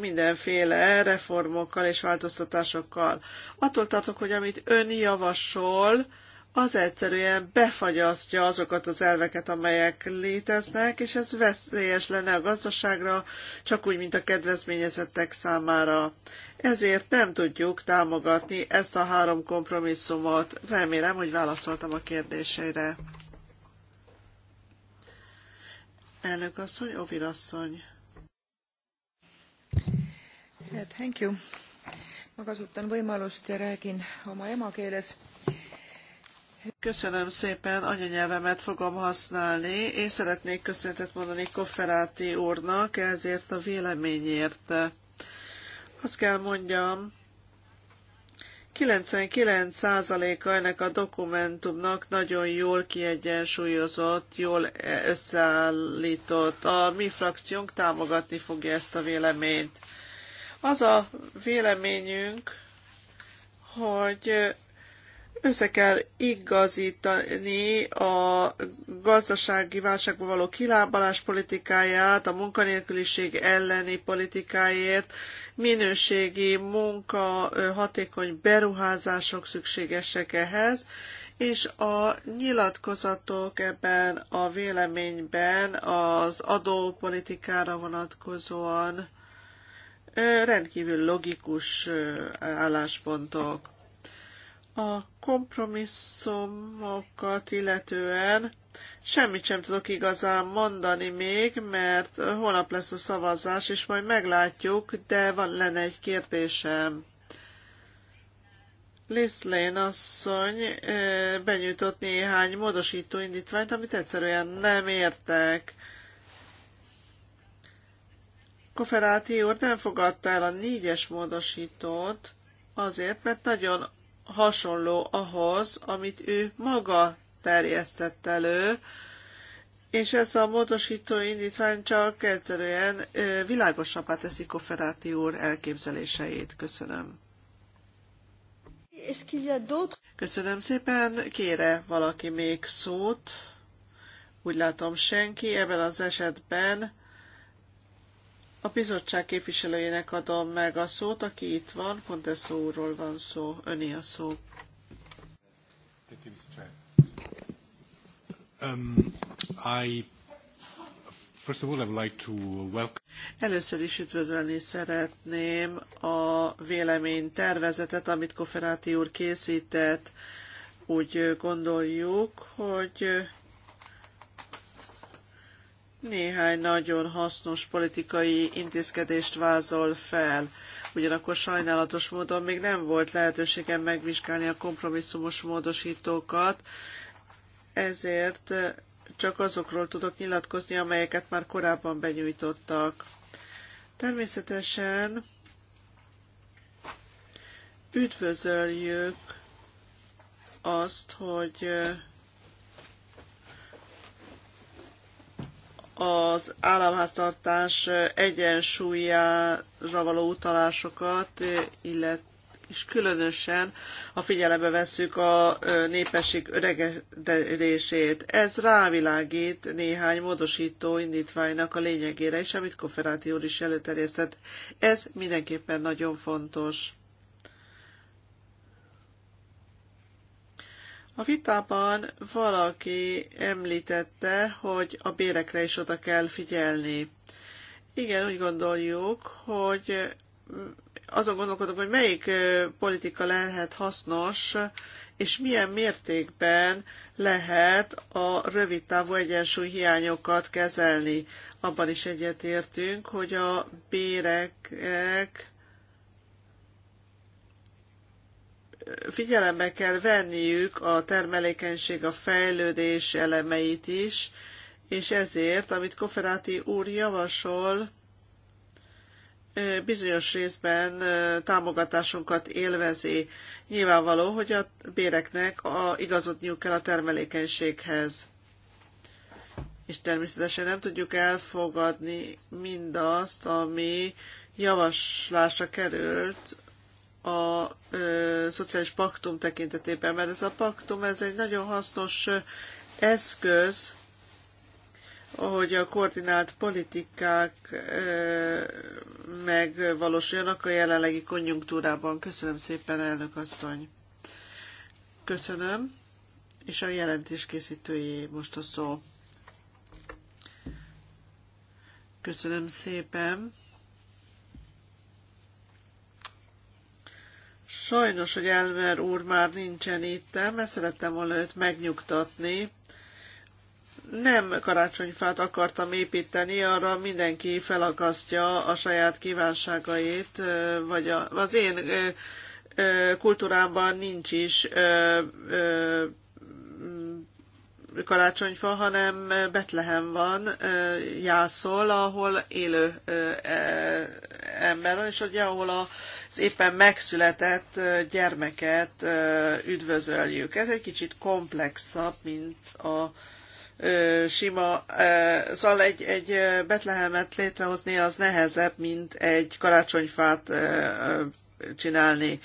mindenféle reformokkal és változtatásokkal. Attól tartok, hogy amit ön javasol, az egyszerűen befagyasztja azokat az elveket, amelyek léteznek, és ez veszélyes lenne a gazdaságra, csak úgy, mint a kedvezményezettek számára. Ezért nem tudjuk támogatni ezt a három kompromisszumot. Remélem, hogy válaszoltam a kérdéseire. Elnök asszony, Ovirasszony. Hát, thank you. Ma kasutan võimalust ja räägin oma emakeeles. Köszönöm szépen, anyanyelvemet fogom használni, és szeretnék köszöntet mondani Kofferáti úrnak ezért a véleményért. Azt kell mondjam, 99%-a ennek a dokumentumnak nagyon jól kiegyensúlyozott, jól összeállított. A mi frakciónk támogatni fogja ezt a véleményt. Az a véleményünk, hogy össze kell igazítani a gazdasági válságba való kilábalás politikáját, a munkanélküliség elleni politikáért, minőségi munka, hatékony beruházások szükségesek ehhez, és a nyilatkozatok ebben a véleményben az adópolitikára vonatkozóan rendkívül logikus álláspontok. A kompromisszumokat illetően semmit sem tudok igazán mondani még, mert holnap lesz a szavazás, és majd meglátjuk, de van lenne egy kérdésem. Liz Lane asszony benyújtott néhány módosító indítványt, amit egyszerűen nem értek. Koferáti úr nem fogadta el a négyes módosítót, azért, mert nagyon hasonló ahhoz, amit ő maga terjesztett elő, és ez a módosító indítvány csak egyszerűen világosabbá teszi Koferáti úr elképzeléseit. Köszönöm. Köszönöm szépen. Kére valaki még szót? Úgy látom senki. Ebben az esetben a bizottság képviselőjének adom meg a szót, aki itt van, Ponteszó úrról van szó, öné a szó. Um, I, first of all, I would like to welcome... Először is üdvözölni szeretném a véleménytervezetet, amit Koferáti úr készített. Úgy gondoljuk, hogy néhány nagyon hasznos politikai intézkedést vázol fel. Ugyanakkor sajnálatos módon még nem volt lehetőségem megvizsgálni a kompromisszumos módosítókat, ezért csak azokról tudok nyilatkozni, amelyeket már korábban benyújtottak. Természetesen üdvözöljük azt, hogy az államháztartás egyensúlyára való utalásokat, illet, és különösen, ha figyelembe vesszük a népesség öregedését. Ez rávilágít néhány módosító indítványnak a lényegére is, amit Koferáti úr is előterjesztett. Ez mindenképpen nagyon fontos. A vitában valaki említette, hogy a bérekre is oda kell figyelni. Igen, úgy gondoljuk, hogy azon gondolkodunk, hogy melyik politika lehet hasznos, és milyen mértékben lehet a rövid távú egyensúly hiányokat kezelni. Abban is egyetértünk, hogy a bérek figyelembe kell venniük a termelékenység, a fejlődés elemeit is, és ezért, amit Koferáti úr javasol, bizonyos részben támogatásunkat élvezi. Nyilvánvaló, hogy a béreknek a, igazodniuk kell a termelékenységhez. És természetesen nem tudjuk elfogadni mindazt, ami javaslásra került a ö, szociális paktum tekintetében, mert ez a paktum ez egy nagyon hasznos eszköz, hogy a koordinált politikák ö, megvalósuljanak a jelenlegi konjunktúrában. Köszönöm szépen, elnök asszony. Köszönöm, és a jelentés készítőjé most a szó. Köszönöm szépen. Sajnos, hogy Elmer úr már nincsen itt, mert szerettem volna őt megnyugtatni. Nem karácsonyfát akartam építeni, arra mindenki felakasztja a saját kívánságait, vagy az én kultúrámban nincs is karácsonyfa, hanem Betlehem van, Jászol, ahol élő e, ember van, és ugye ahol a az éppen megszületett gyermeket üdvözöljük. Ez egy kicsit komplexabb, mint a sima, szóval egy, egy Betlehemet létrehozni az nehezebb, mint egy karácsonyfát csinálni.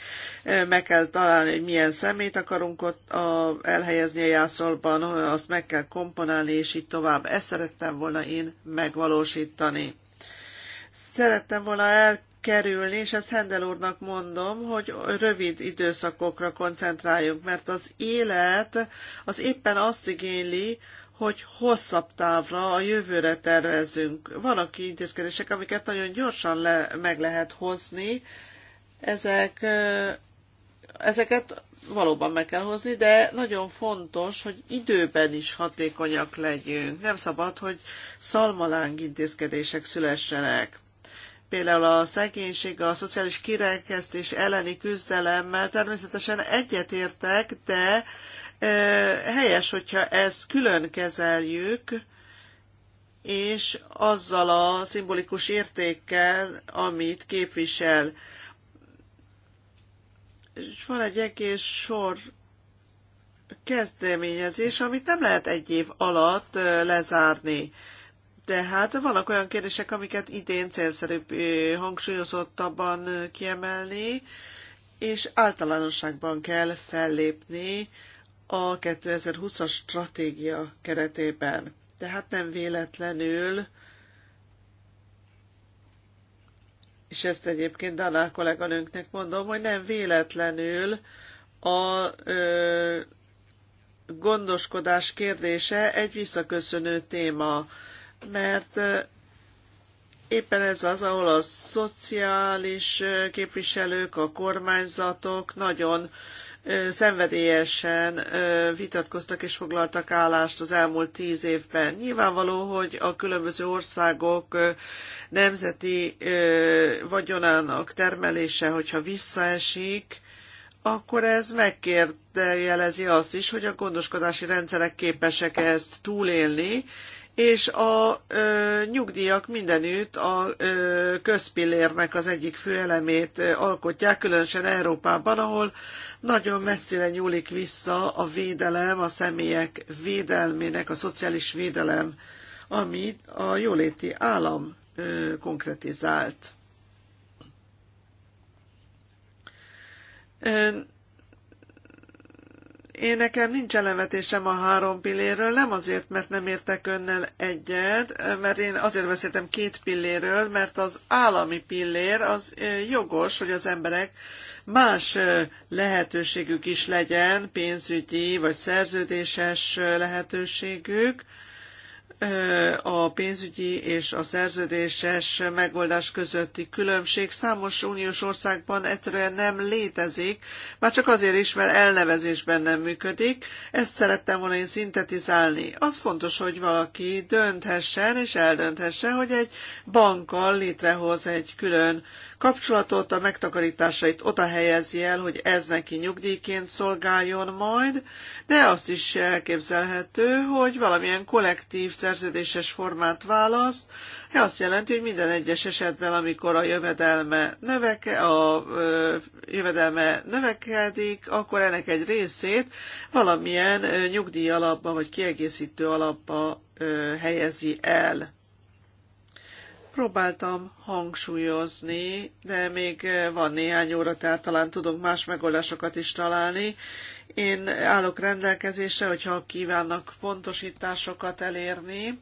Meg kell találni, hogy milyen szemét akarunk ott a, elhelyezni a jászolban, azt meg kell komponálni, és így tovább. Ezt szerettem volna én megvalósítani. Szerettem volna el kerülni, és ezt Hendel úrnak mondom, hogy rövid időszakokra koncentráljunk, mert az élet az éppen azt igényli, hogy hosszabb távra, a jövőre tervezünk. Vannak intézkedések, amiket nagyon gyorsan le, meg lehet hozni, ezek, ezeket valóban meg kell hozni, de nagyon fontos, hogy időben is hatékonyak legyünk. Nem szabad, hogy szalmaláng intézkedések szülessenek például a szegénység, a szociális kirekesztés elleni küzdelemmel természetesen egyetértek, de helyes, hogyha ezt külön kezeljük, és azzal a szimbolikus értékkel, amit képvisel. És van egy egész sor kezdeményezés, amit nem lehet egy év alatt lezárni. Tehát vannak olyan kérdések, amiket idén célszerűbb hangsúlyozottabban kiemelni, és általánosságban kell fellépni a 2020-as stratégia keretében. Tehát nem véletlenül, és ezt egyébként Daná kolléganőnknek mondom, hogy nem véletlenül a ö, gondoskodás kérdése egy visszaköszönő téma mert éppen ez az, ahol a szociális képviselők, a kormányzatok nagyon szenvedélyesen vitatkoztak és foglaltak állást az elmúlt tíz évben. Nyilvánvaló, hogy a különböző országok nemzeti vagyonának termelése, hogyha visszaesik, akkor ez megkérdőjelezi azt is, hogy a gondoskodási rendszerek képesek ezt túlélni, és a ö, nyugdíjak mindenütt a ö, közpillérnek az egyik fő elemét alkotják, különösen Európában, ahol nagyon messzire nyúlik vissza a védelem, a személyek védelmének, a szociális védelem, amit a jóléti állam ö, konkretizált én nekem nincs elemetésem a három pilléről, nem azért, mert nem értek önnel egyet, mert én azért beszéltem két pilléről, mert az állami pillér az jogos, hogy az emberek más lehetőségük is legyen, pénzügyi vagy szerződéses lehetőségük, a pénzügyi és a szerződéses megoldás közötti különbség számos uniós országban egyszerűen nem létezik, már csak azért is, mert elnevezésben nem működik. Ezt szerettem volna én szintetizálni. Az fontos, hogy valaki dönthessen és eldönthesse, hogy egy bankkal létrehoz egy külön kapcsolatot, a megtakarításait oda helyezi el, hogy ez neki nyugdíjként szolgáljon majd, de azt is elképzelhető, hogy valamilyen kollektív szerződés szerződéses formát választ, ez azt jelenti, hogy minden egyes esetben, amikor a jövedelme, növeke, a jövedelme növekedik, akkor ennek egy részét valamilyen nyugdíj alapba vagy kiegészítő alapba helyezi el próbáltam hangsúlyozni, de még van néhány óra, tehát talán tudunk más megoldásokat is találni, én állok rendelkezésre, hogyha kívánnak pontosításokat elérni.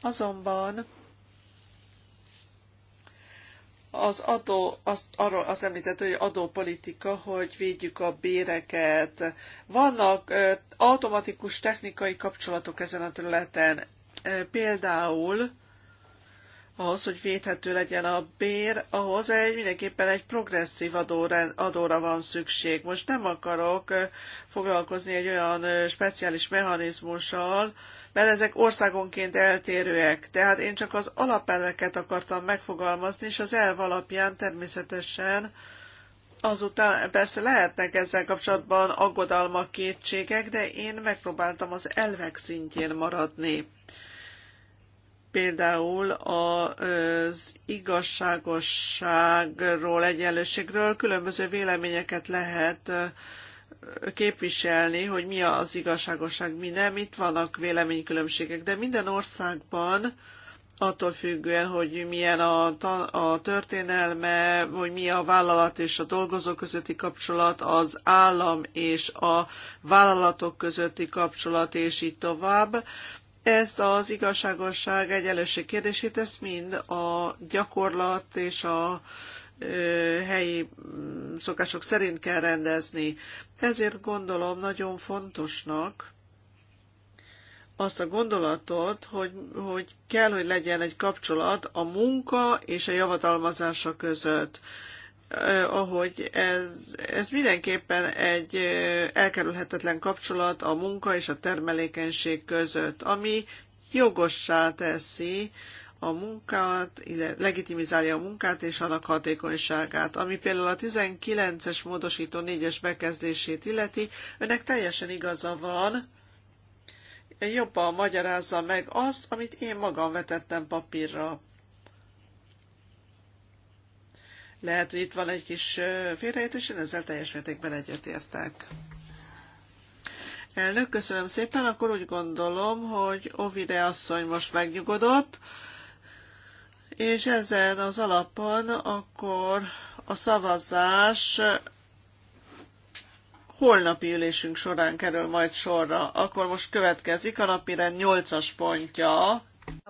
Azonban az adó, azt, arról azt hogy adópolitika, hogy védjük a béreket. Vannak ö, automatikus technikai kapcsolatok ezen a területen. Ö, például ahhoz, hogy védhető legyen a bér, ahhoz egy, mindenképpen egy progresszív adóra, adóra van szükség. Most nem akarok foglalkozni egy olyan speciális mechanizmussal, mert ezek országonként eltérőek. Tehát én csak az alapelveket akartam megfogalmazni, és az elv alapján természetesen Azután persze lehetnek ezzel kapcsolatban aggodalmak, kétségek, de én megpróbáltam az elvek szintjén maradni például az igazságosságról, egyenlőségről különböző véleményeket lehet képviselni, hogy mi az igazságosság, mi nem. Itt vannak véleménykülönbségek, de minden országban attól függően, hogy milyen a, a történelme, hogy mi a vállalat és a dolgozó közötti kapcsolat, az állam és a vállalatok közötti kapcsolat, és így tovább. Ezt az igazságosság, egyenlőség kérdését, ezt mind a gyakorlat és a helyi mm, szokások szerint kell rendezni. Ezért gondolom nagyon fontosnak azt a gondolatot, hogy, hogy kell, hogy legyen egy kapcsolat a munka és a javatalmazása között Eh, ahogy ez, ez mindenképpen egy eh, elkerülhetetlen kapcsolat a munka és a termelékenység között, ami jogossá teszi a munkát, illetve legitimizálja a munkát és annak hatékonyságát. Ami például a 19-es módosító 4-es bekezdését illeti, önnek teljesen igaza van, jobban magyarázza meg azt, amit én magam vetettem papírra. Lehet, hogy itt van egy kis félreértés, én ezzel teljes mértékben egyetértek. Elnök, köszönöm szépen. Akkor úgy gondolom, hogy Ovide asszony most megnyugodott, és ezen az alapon akkor a szavazás holnapi ülésünk során kerül majd sorra. Akkor most következik a napirend 8-as pontja.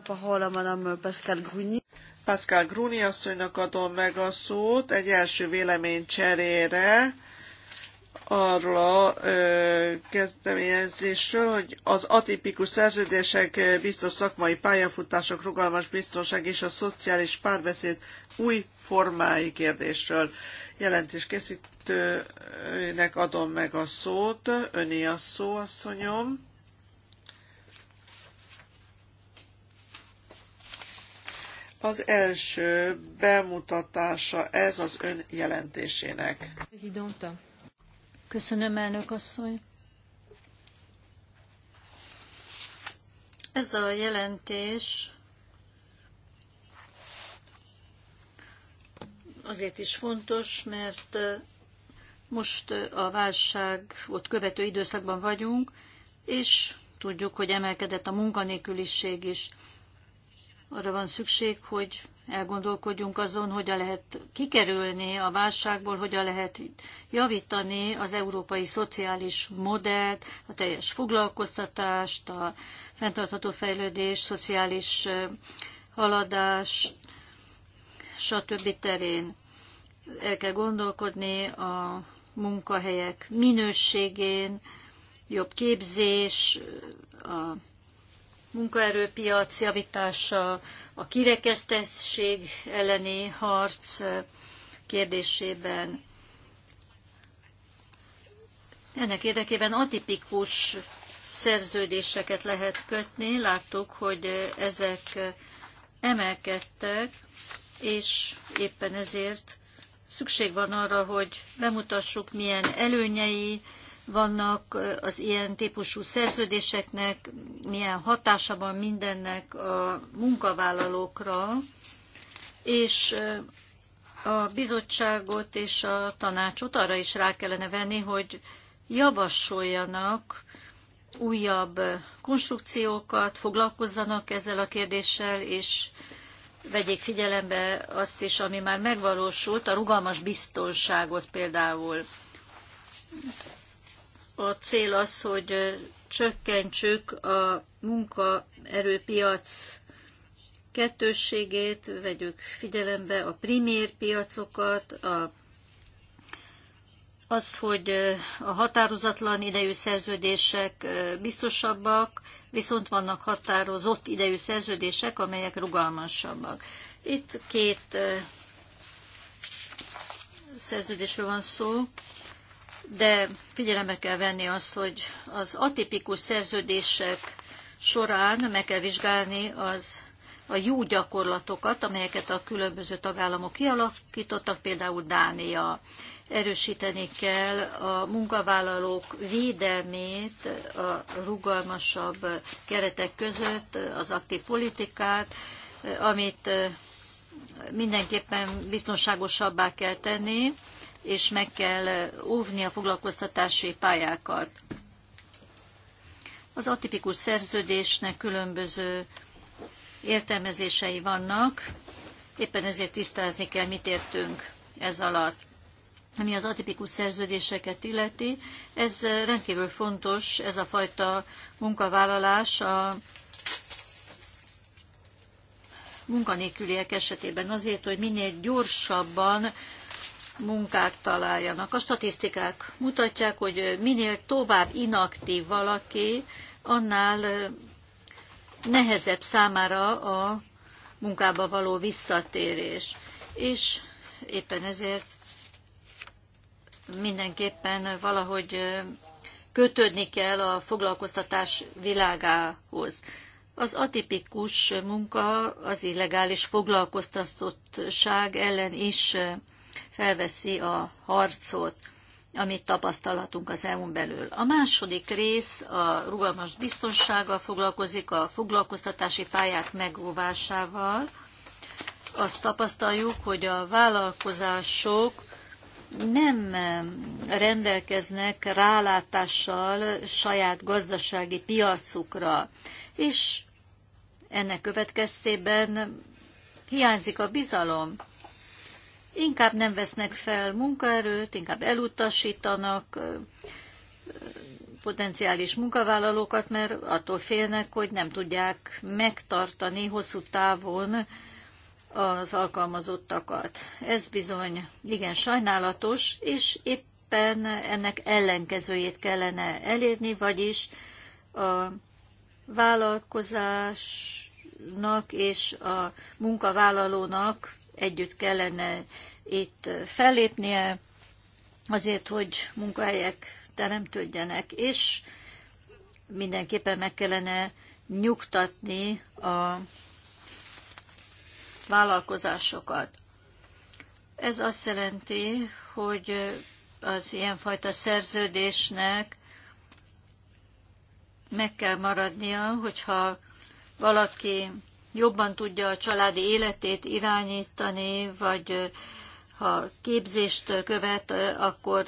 A Pascal Gruni. Pascal Gruni asszonynak adom meg a szót egy első vélemény cserére arról a ö, kezdeményezésről, hogy az atipikus szerződések, biztos szakmai pályafutások, rugalmas biztonság és a szociális párbeszéd új formái kérdésről. Jelentés készítőnek adom meg a szót, öné a szó, asszonyom. Az első bemutatása ez az ön jelentésének. Köszönöm, elnök asszony. Ez a jelentés azért is fontos, mert most a válság ott követő időszakban vagyunk, és tudjuk, hogy emelkedett a munkanélküliség is arra van szükség, hogy elgondolkodjunk azon, hogyan lehet kikerülni a válságból, hogyan lehet javítani az európai szociális modellt, a teljes foglalkoztatást, a fenntartható fejlődés, szociális haladás, stb. terén. El kell gondolkodni a munkahelyek minőségén, jobb képzés, a munkaerőpiac javítása, a kirekesztettség elleni harc kérdésében. Ennek érdekében atipikus szerződéseket lehet kötni. Láttuk, hogy ezek emelkedtek, és éppen ezért szükség van arra, hogy bemutassuk, milyen előnyei, vannak az ilyen típusú szerződéseknek, milyen hatása van mindennek a munkavállalókra, és a bizottságot és a tanácsot arra is rá kellene venni, hogy javasoljanak újabb konstrukciókat, foglalkozzanak ezzel a kérdéssel, és vegyék figyelembe azt is, ami már megvalósult, a rugalmas biztonságot például. A cél az, hogy csökkentsük a munkaerőpiac kettősségét, vegyük figyelembe a primér piacokat, a, azt, hogy a határozatlan idejű szerződések biztosabbak, viszont vannak határozott idejű szerződések, amelyek rugalmasabbak. Itt két szerződésről van szó, de figyelembe kell venni azt, hogy az atipikus szerződések során meg kell vizsgálni az a jó gyakorlatokat, amelyeket a különböző tagállamok kialakítottak, például Dánia. Erősíteni kell a munkavállalók védelmét a rugalmasabb keretek között, az aktív politikát, amit mindenképpen biztonságosabbá kell tenni, és meg kell óvni a foglalkoztatási pályákat. Az atipikus szerződésnek különböző értelmezései vannak, éppen ezért tisztázni kell, mit értünk ez alatt. Ami az atipikus szerződéseket illeti, ez rendkívül fontos, ez a fajta munkavállalás a munkanélküliek esetében azért, hogy minél gyorsabban munkát találjanak. A statisztikák mutatják, hogy minél tovább inaktív valaki, annál nehezebb számára a munkába való visszatérés. És éppen ezért mindenképpen valahogy kötődni kell a foglalkoztatás világához. Az atipikus munka, az illegális foglalkoztatottság ellen is felveszi a harcot, amit tapasztalhatunk az EU-n belül. A második rész a rugalmas biztonsággal foglalkozik, a foglalkoztatási pályák megóvásával. Azt tapasztaljuk, hogy a vállalkozások nem rendelkeznek rálátással saját gazdasági piacukra, és ennek következtében hiányzik a bizalom inkább nem vesznek fel munkaerőt, inkább elutasítanak potenciális munkavállalókat, mert attól félnek, hogy nem tudják megtartani hosszú távon az alkalmazottakat. Ez bizony igen sajnálatos, és éppen ennek ellenkezőjét kellene elérni, vagyis a vállalkozásnak és a munkavállalónak együtt kellene itt fellépnie, azért, hogy munkahelyek teremtődjenek, és mindenképpen meg kellene nyugtatni a vállalkozásokat. Ez azt jelenti, hogy az ilyenfajta szerződésnek meg kell maradnia, hogyha valaki jobban tudja a családi életét irányítani, vagy ha képzést követ, akkor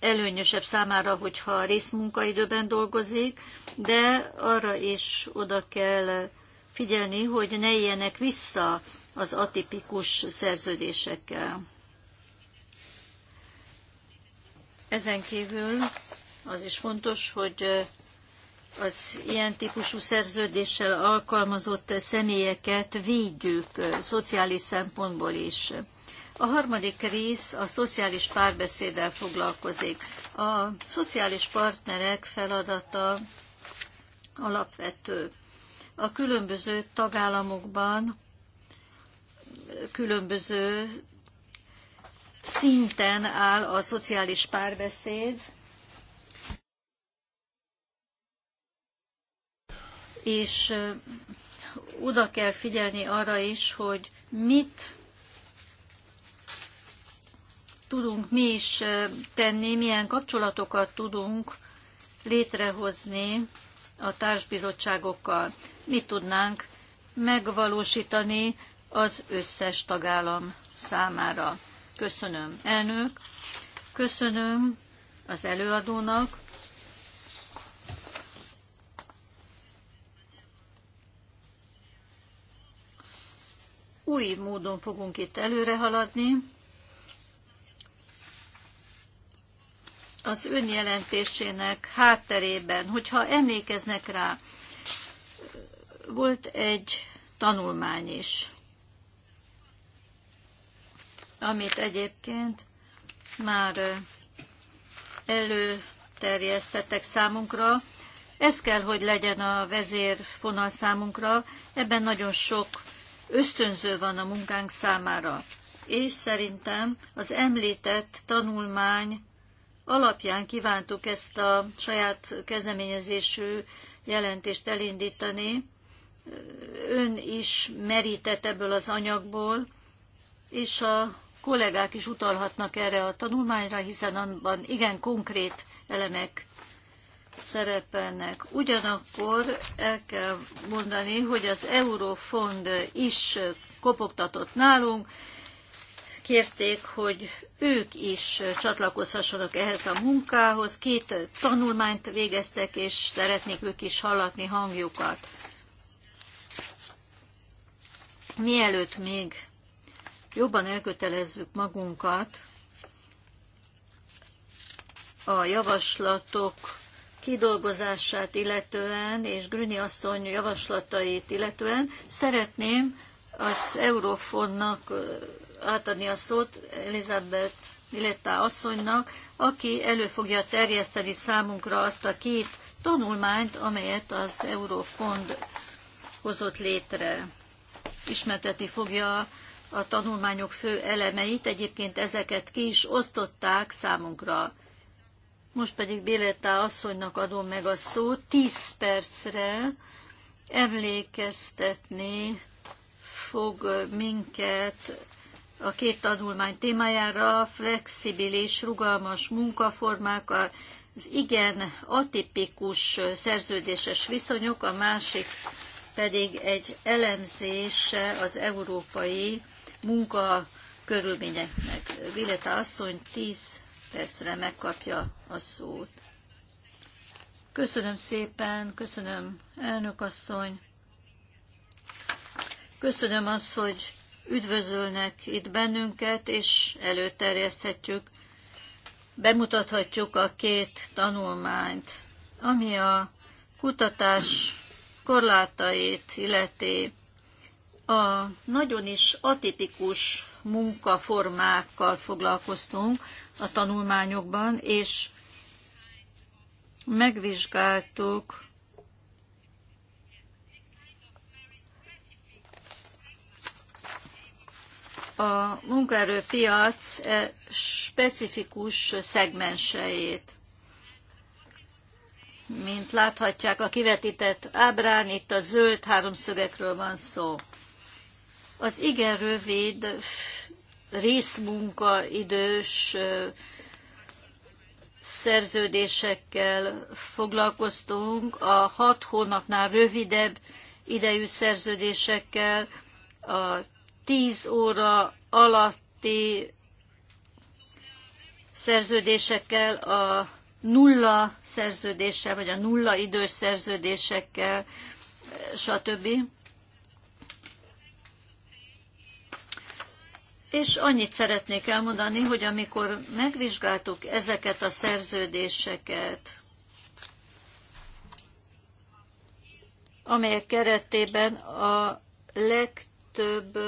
előnyösebb számára, hogyha részmunkaidőben dolgozik, de arra is oda kell figyelni, hogy ne éljenek vissza az atipikus szerződésekkel. Ezen kívül az is fontos, hogy az ilyen típusú szerződéssel alkalmazott személyeket védjük szociális szempontból is. A harmadik rész a szociális párbeszéddel foglalkozik. A szociális partnerek feladata alapvető. A különböző tagállamokban különböző szinten áll a szociális párbeszéd, és oda kell figyelni arra is, hogy mit tudunk mi is tenni, milyen kapcsolatokat tudunk létrehozni a társbizottságokkal. Mit tudnánk megvalósítani az összes tagállam számára. Köszönöm, elnök, köszönöm az előadónak, új módon fogunk itt előre haladni. Az önjelentésének hátterében, hogyha emlékeznek rá, volt egy tanulmány is, amit egyébként már előterjesztettek számunkra. Ez kell, hogy legyen a vezérfonal számunkra. Ebben nagyon sok ösztönző van a munkánk számára. És szerintem az említett tanulmány alapján kívántuk ezt a saját kezdeményezésű jelentést elindítani. Ön is merített ebből az anyagból, és a kollégák is utalhatnak erre a tanulmányra, hiszen abban igen konkrét elemek szerepelnek. Ugyanakkor el kell mondani, hogy az Eurofond is kopogtatott nálunk, kérték, hogy ők is csatlakozhassanak ehhez a munkához. Két tanulmányt végeztek, és szeretnék ők is hallatni hangjukat. Mielőtt még jobban elkötelezzük magunkat a javaslatok kidolgozását illetően és Grüni asszony javaslatait illetően szeretném az Eurofonnak átadni a szót Elizabeth Milettá asszonynak, aki elő fogja terjeszteni számunkra azt a két tanulmányt, amelyet az Eurofond hozott létre. Ismerteti fogja a tanulmányok fő elemeit, egyébként ezeket ki is osztották számunkra. Most pedig Béletá asszonynak adom meg a szót tíz percre emlékeztetni fog minket a két tanulmány témájára, flexibilis, rugalmas munkaformák, az igen atipikus szerződéses viszonyok, a másik pedig egy elemzése az európai munka körülményeknek. Vileta asszony 10 percre megkapja a szót. Köszönöm szépen, köszönöm elnök asszony, köszönöm azt, hogy üdvözölnek itt bennünket, és előterjeszthetjük, bemutathatjuk a két tanulmányt, ami a kutatás korlátait illeti a nagyon is atipikus munkaformákkal foglalkoztunk a tanulmányokban, és megvizsgáltuk a munkaerőpiac specifikus szegmenseit. Mint láthatják a kivetített ábrán, itt a zöld háromszögekről van szó. Az igen rövid részmunkaidős szerződésekkel foglalkoztunk, a hat hónapnál rövidebb idejű szerződésekkel, a tíz óra alatti szerződésekkel, a nulla szerződéssel, vagy a nulla idős szerződésekkel, stb. És annyit szeretnék elmondani, hogy amikor megvizsgáltuk ezeket a szerződéseket, amelyek keretében a legtöbb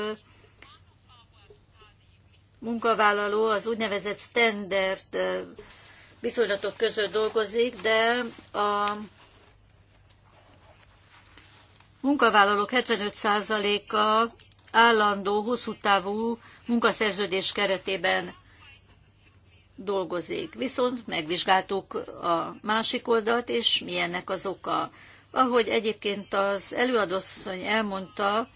munkavállaló az úgynevezett standard viszonylatok között dolgozik, de a munkavállalók 75%-a állandó, hosszú távú munkaszerződés keretében dolgozik. Viszont megvizsgáltuk a másik oldalt, és milyennek az oka. Ahogy egyébként az előadószony elmondta,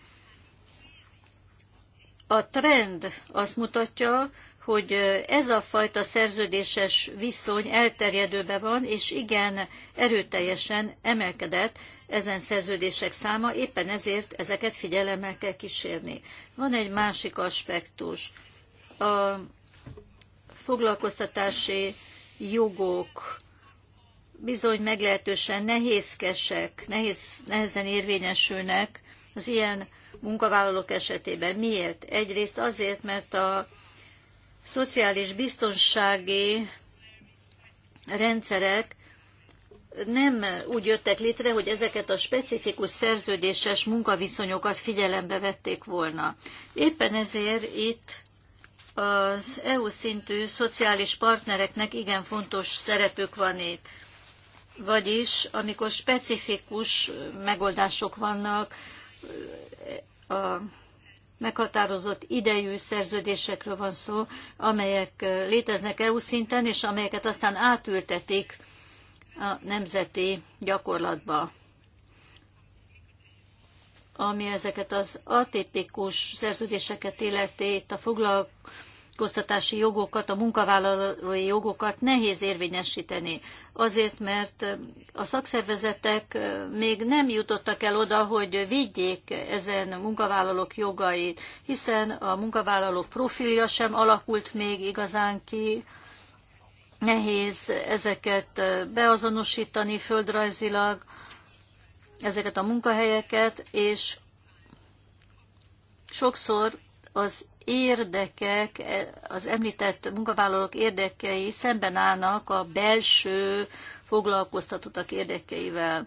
a trend azt mutatja, hogy ez a fajta szerződéses viszony elterjedőben van, és igen erőteljesen emelkedett ezen szerződések száma, éppen ezért ezeket figyelemmel kell kísérni. Van egy másik aspektus. A foglalkoztatási jogok bizony meglehetősen nehézkesek, nehéz, nehezen érvényesülnek az ilyen munkavállalók esetében. Miért? Egyrészt azért, mert a szociális biztonsági rendszerek nem úgy jöttek létre, hogy ezeket a specifikus szerződéses munkaviszonyokat figyelembe vették volna. Éppen ezért itt az EU szintű szociális partnereknek igen fontos szerepük van itt. Vagyis, amikor specifikus megoldások vannak, a meghatározott idejű szerződésekről van szó, amelyek léteznek EU szinten, és amelyeket aztán átültetik a nemzeti gyakorlatba, ami ezeket az atipikus szerződéseket illeti, itt a foglalkoztatási jogokat, a munkavállalói jogokat nehéz érvényesíteni. Azért, mert a szakszervezetek még nem jutottak el oda, hogy védjék ezen a munkavállalók jogait, hiszen a munkavállalók profilja sem alakult még igazán ki, nehéz ezeket beazonosítani földrajzilag, ezeket a munkahelyeket, és sokszor az érdekek, e, az említett munkavállalók érdekei szemben állnak a belső foglalkoztatottak érdekeivel.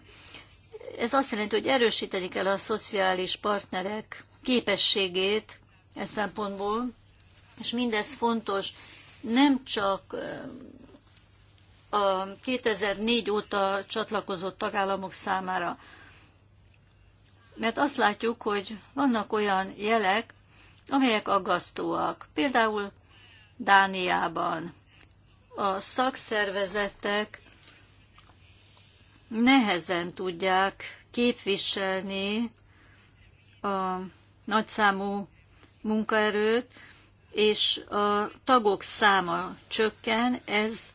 Ez azt jelenti, hogy erősíteni kell a szociális partnerek képességét e szempontból, és mindez fontos nem csak a 2004 óta csatlakozott tagállamok számára. Mert azt látjuk, hogy vannak olyan jelek, amelyek aggasztóak. Például Dániában a szakszervezetek nehezen tudják képviselni a nagyszámú munkaerőt, és a tagok száma csökken, ez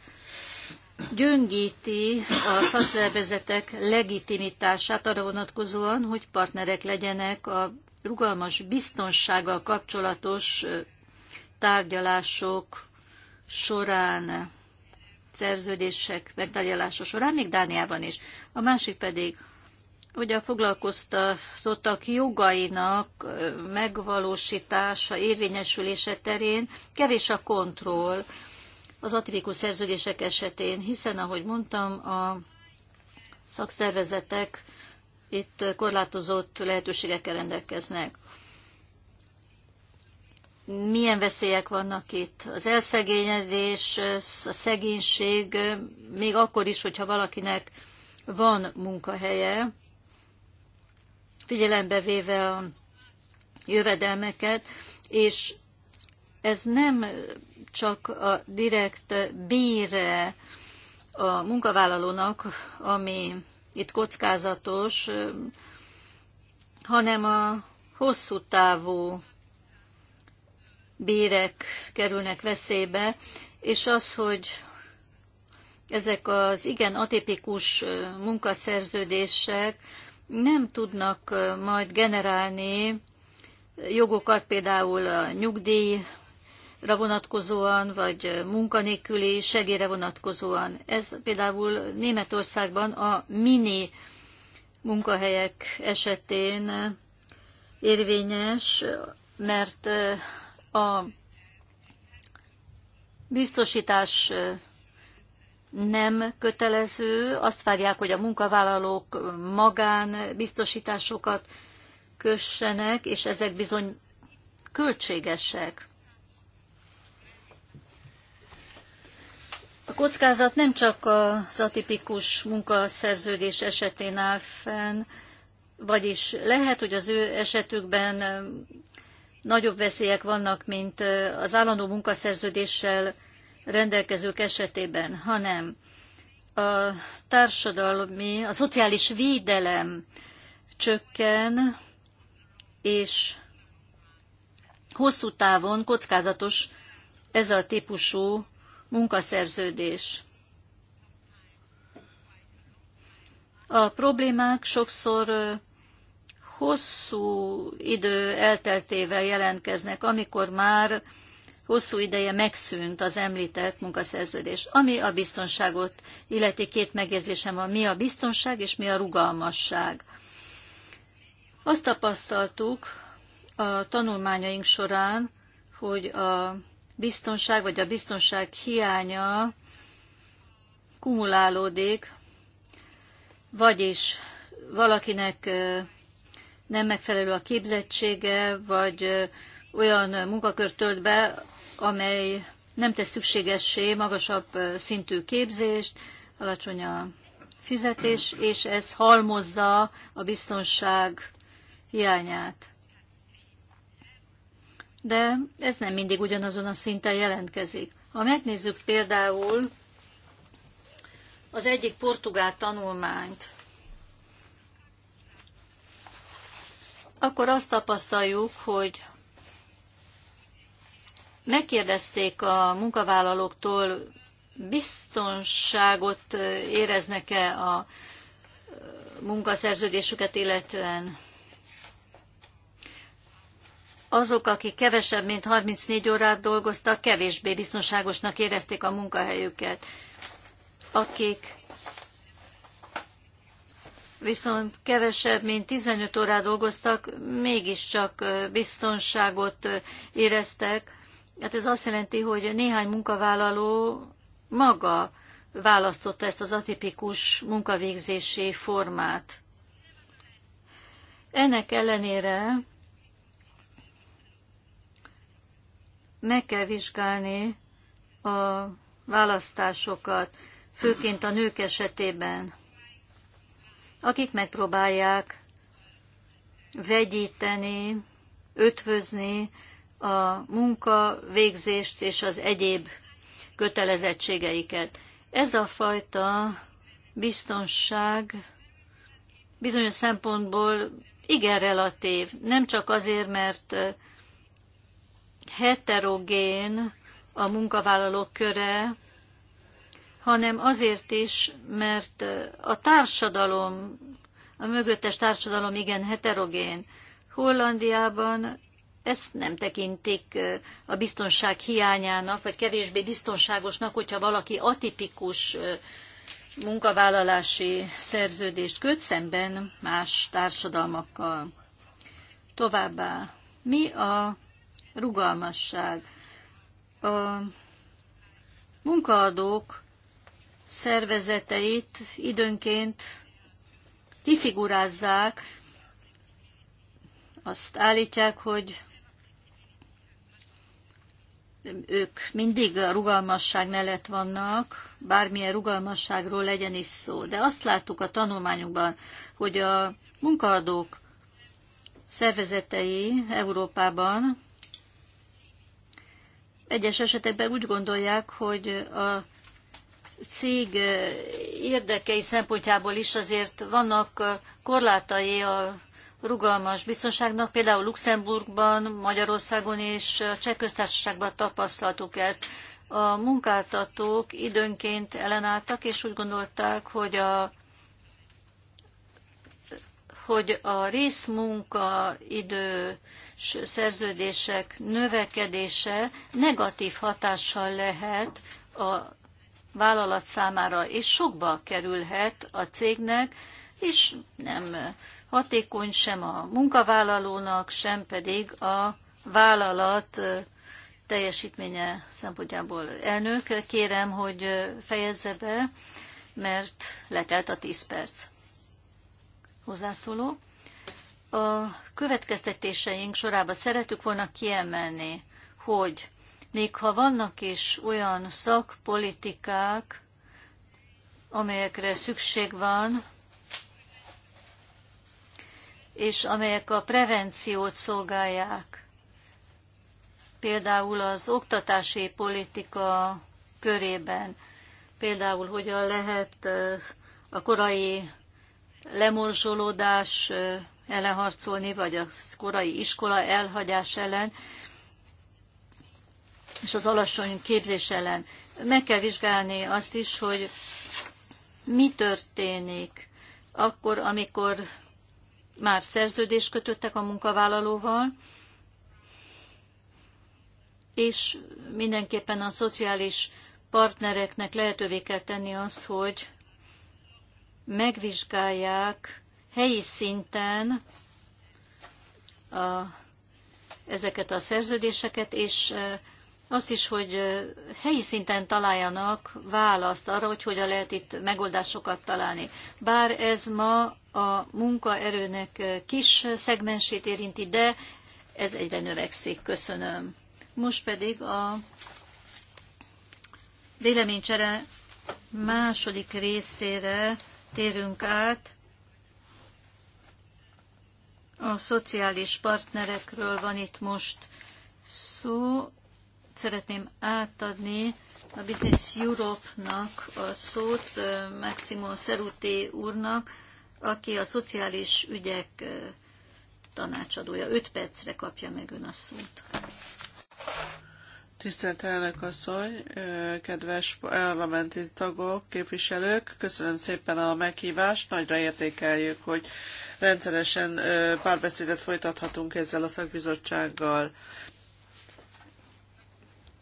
gyöngíti a szakszervezetek legitimitását arra vonatkozóan, hogy partnerek legyenek a rugalmas biztonsággal kapcsolatos tárgyalások során, szerződések megtárgyalása során, még Dániában is. A másik pedig, hogy a foglalkoztatottak jogainak megvalósítása, érvényesülése terén kevés a kontroll az atipikus szerződések esetén, hiszen, ahogy mondtam, a szakszervezetek itt korlátozott lehetőségekkel rendelkeznek. Milyen veszélyek vannak itt? Az elszegényedés, a szegénység, még akkor is, hogyha valakinek van munkahelye, figyelembe véve a jövedelmeket, és ez nem csak a direkt bére a munkavállalónak, ami itt kockázatos, hanem a hosszú távú bérek kerülnek veszélybe, és az, hogy ezek az igen atipikus munkaszerződések nem tudnak majd generálni jogokat, például a nyugdíj vonatkozóan, vagy munkanélküli segélyre vonatkozóan. Ez például Németországban a mini munkahelyek esetén érvényes, mert eh, a biztosítás nem kötelező, azt várják, hogy a munkavállalók magán biztosításokat kössenek, és ezek bizony költségesek. A kockázat nem csak az atipikus munkaszerződés esetén áll fenn, vagyis lehet, hogy az ő esetükben nagyobb veszélyek vannak, mint az állandó munkaszerződéssel rendelkezők esetében, hanem a társadalmi, a szociális védelem csökken, és hosszú távon kockázatos ez a típusú munkaszerződés. A problémák sokszor hosszú idő elteltével jelentkeznek, amikor már hosszú ideje megszűnt az említett munkaszerződés. Ami a biztonságot illeti két megjegyzésem van, mi a biztonság és mi a rugalmasság. Azt tapasztaltuk a tanulmányaink során, hogy a biztonság, vagy a biztonság hiánya kumulálódik, vagyis valakinek nem megfelelő a képzettsége, vagy olyan munkakört tölt be, amely nem tesz szükségessé magasabb szintű képzést, alacsony a fizetés, és ez halmozza a biztonság hiányát de ez nem mindig ugyanazon a szinten jelentkezik. Ha megnézzük például az egyik portugál tanulmányt, akkor azt tapasztaljuk, hogy megkérdezték a munkavállalóktól, biztonságot éreznek-e a munkaszerződésüket illetően azok, akik kevesebb, mint 34 órát dolgoztak, kevésbé biztonságosnak érezték a munkahelyüket. Akik viszont kevesebb, mint 15 órát dolgoztak, mégiscsak biztonságot éreztek. Hát ez azt jelenti, hogy néhány munkavállaló maga választotta ezt az atipikus munkavégzési formát. Ennek ellenére meg kell vizsgálni a választásokat, főként a nők esetében, akik megpróbálják vegyíteni, ötvözni a munka végzést és az egyéb kötelezettségeiket. Ez a fajta biztonság bizonyos szempontból igen relatív. Nem csak azért, mert heterogén a munkavállalók köre, hanem azért is, mert a társadalom, a mögöttes társadalom igen heterogén. Hollandiában ezt nem tekintik a biztonság hiányának, vagy kevésbé biztonságosnak, hogyha valaki atipikus munkavállalási szerződést köt szemben más társadalmakkal. Továbbá, mi a rugalmasság. A munkaadók szervezeteit időnként kifigurázzák, azt állítják, hogy ők mindig a rugalmasság mellett vannak, bármilyen rugalmasságról legyen is szó. De azt láttuk a tanulmányunkban, hogy a munkaadók szervezetei Európában egyes esetekben úgy gondolják, hogy a cég érdekei szempontjából is azért vannak korlátai a rugalmas biztonságnak. Például Luxemburgban, Magyarországon és a Cseh köztársaságban tapasztaltuk ezt. A munkáltatók időnként ellenálltak, és úgy gondolták, hogy a hogy a részmunkaidős szerződések növekedése negatív hatással lehet a vállalat számára, és sokba kerülhet a cégnek, és nem hatékony sem a munkavállalónak, sem pedig a vállalat teljesítménye szempontjából. Elnök, kérem, hogy fejezze be, mert letelt a 10 perc hozzászóló. A következtetéseink sorába szeretük volna kiemelni, hogy még ha vannak is olyan szakpolitikák, amelyekre szükség van, és amelyek a prevenciót szolgálják, például az oktatási politika körében, például hogyan lehet a korai lemorzsolódás ellen harcolni, vagy a korai iskola elhagyás ellen, és az alacsony képzés ellen. Meg kell vizsgálni azt is, hogy mi történik akkor, amikor már szerződést kötöttek a munkavállalóval, és mindenképpen a szociális partnereknek lehetővé kell tenni azt, hogy megvizsgálják helyi szinten a, ezeket a szerződéseket, és azt is, hogy helyi szinten találjanak választ arra, hogy hogyan lehet itt megoldásokat találni. Bár ez ma a munkaerőnek kis szegmensét érinti, de ez egyre növekszik. Köszönöm. Most pedig a véleménycsere második részére térünk át. A szociális partnerekről van itt most szó. Szeretném átadni a Business Europe-nak a szót Maximo Szeruté úrnak, aki a szociális ügyek tanácsadója. 5 percre kapja meg ön a szót. Tisztelt elnök asszony, kedves parlamenti tagok, képviselők, köszönöm szépen a meghívást, nagyra értékeljük, hogy rendszeresen párbeszédet folytathatunk ezzel a szakbizottsággal.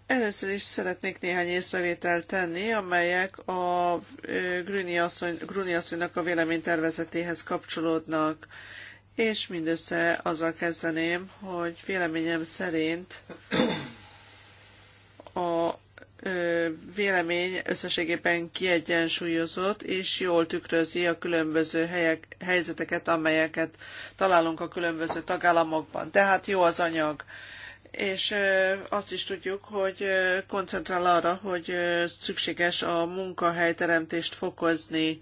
Először is szeretnék néhány észrevételt tenni, amelyek a Gruni, asszony, Gruni asszonynak a véleménytervezetéhez kapcsolódnak, és mindössze azzal kezdeném, hogy véleményem szerint a vélemény összességében kiegyensúlyozott, és jól tükrözi a különböző helyek, helyzeteket, amelyeket találunk a különböző tagállamokban. Tehát jó az anyag. És azt is tudjuk, hogy koncentrál arra, hogy szükséges a munkahelyteremtést fokozni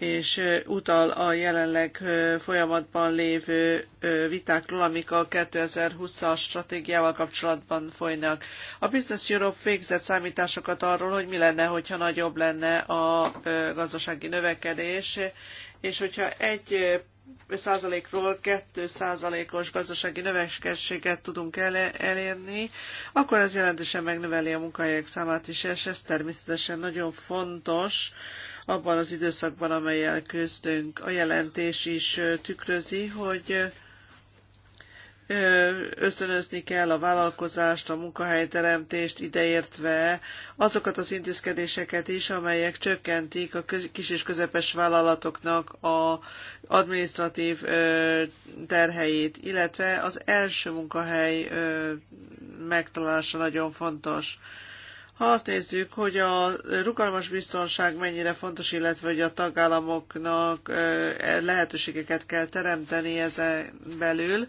és utal a jelenleg folyamatban lévő vitákról, amik a 2020-as stratégiával kapcsolatban folynak. A Business Europe végzett számításokat arról, hogy mi lenne, hogyha nagyobb lenne a gazdasági növekedés, és hogyha egy százalékról 2 százalékos gazdasági növekedéseket tudunk elérni, akkor ez jelentősen megnöveli a munkahelyek számát is, és ez természetesen nagyon fontos abban az időszakban, amelyel küzdünk. A jelentés is tükrözi, hogy ösztönözni kell a vállalkozást, a munkahelyteremtést ideértve azokat az intézkedéseket is, amelyek csökkentik a kis és közepes vállalatoknak a administratív terheit, illetve az első munkahely megtalálása nagyon fontos. Ha azt nézzük, hogy a rugalmas biztonság mennyire fontos, illetve hogy a tagállamoknak e, lehetőségeket kell teremteni ezen belül,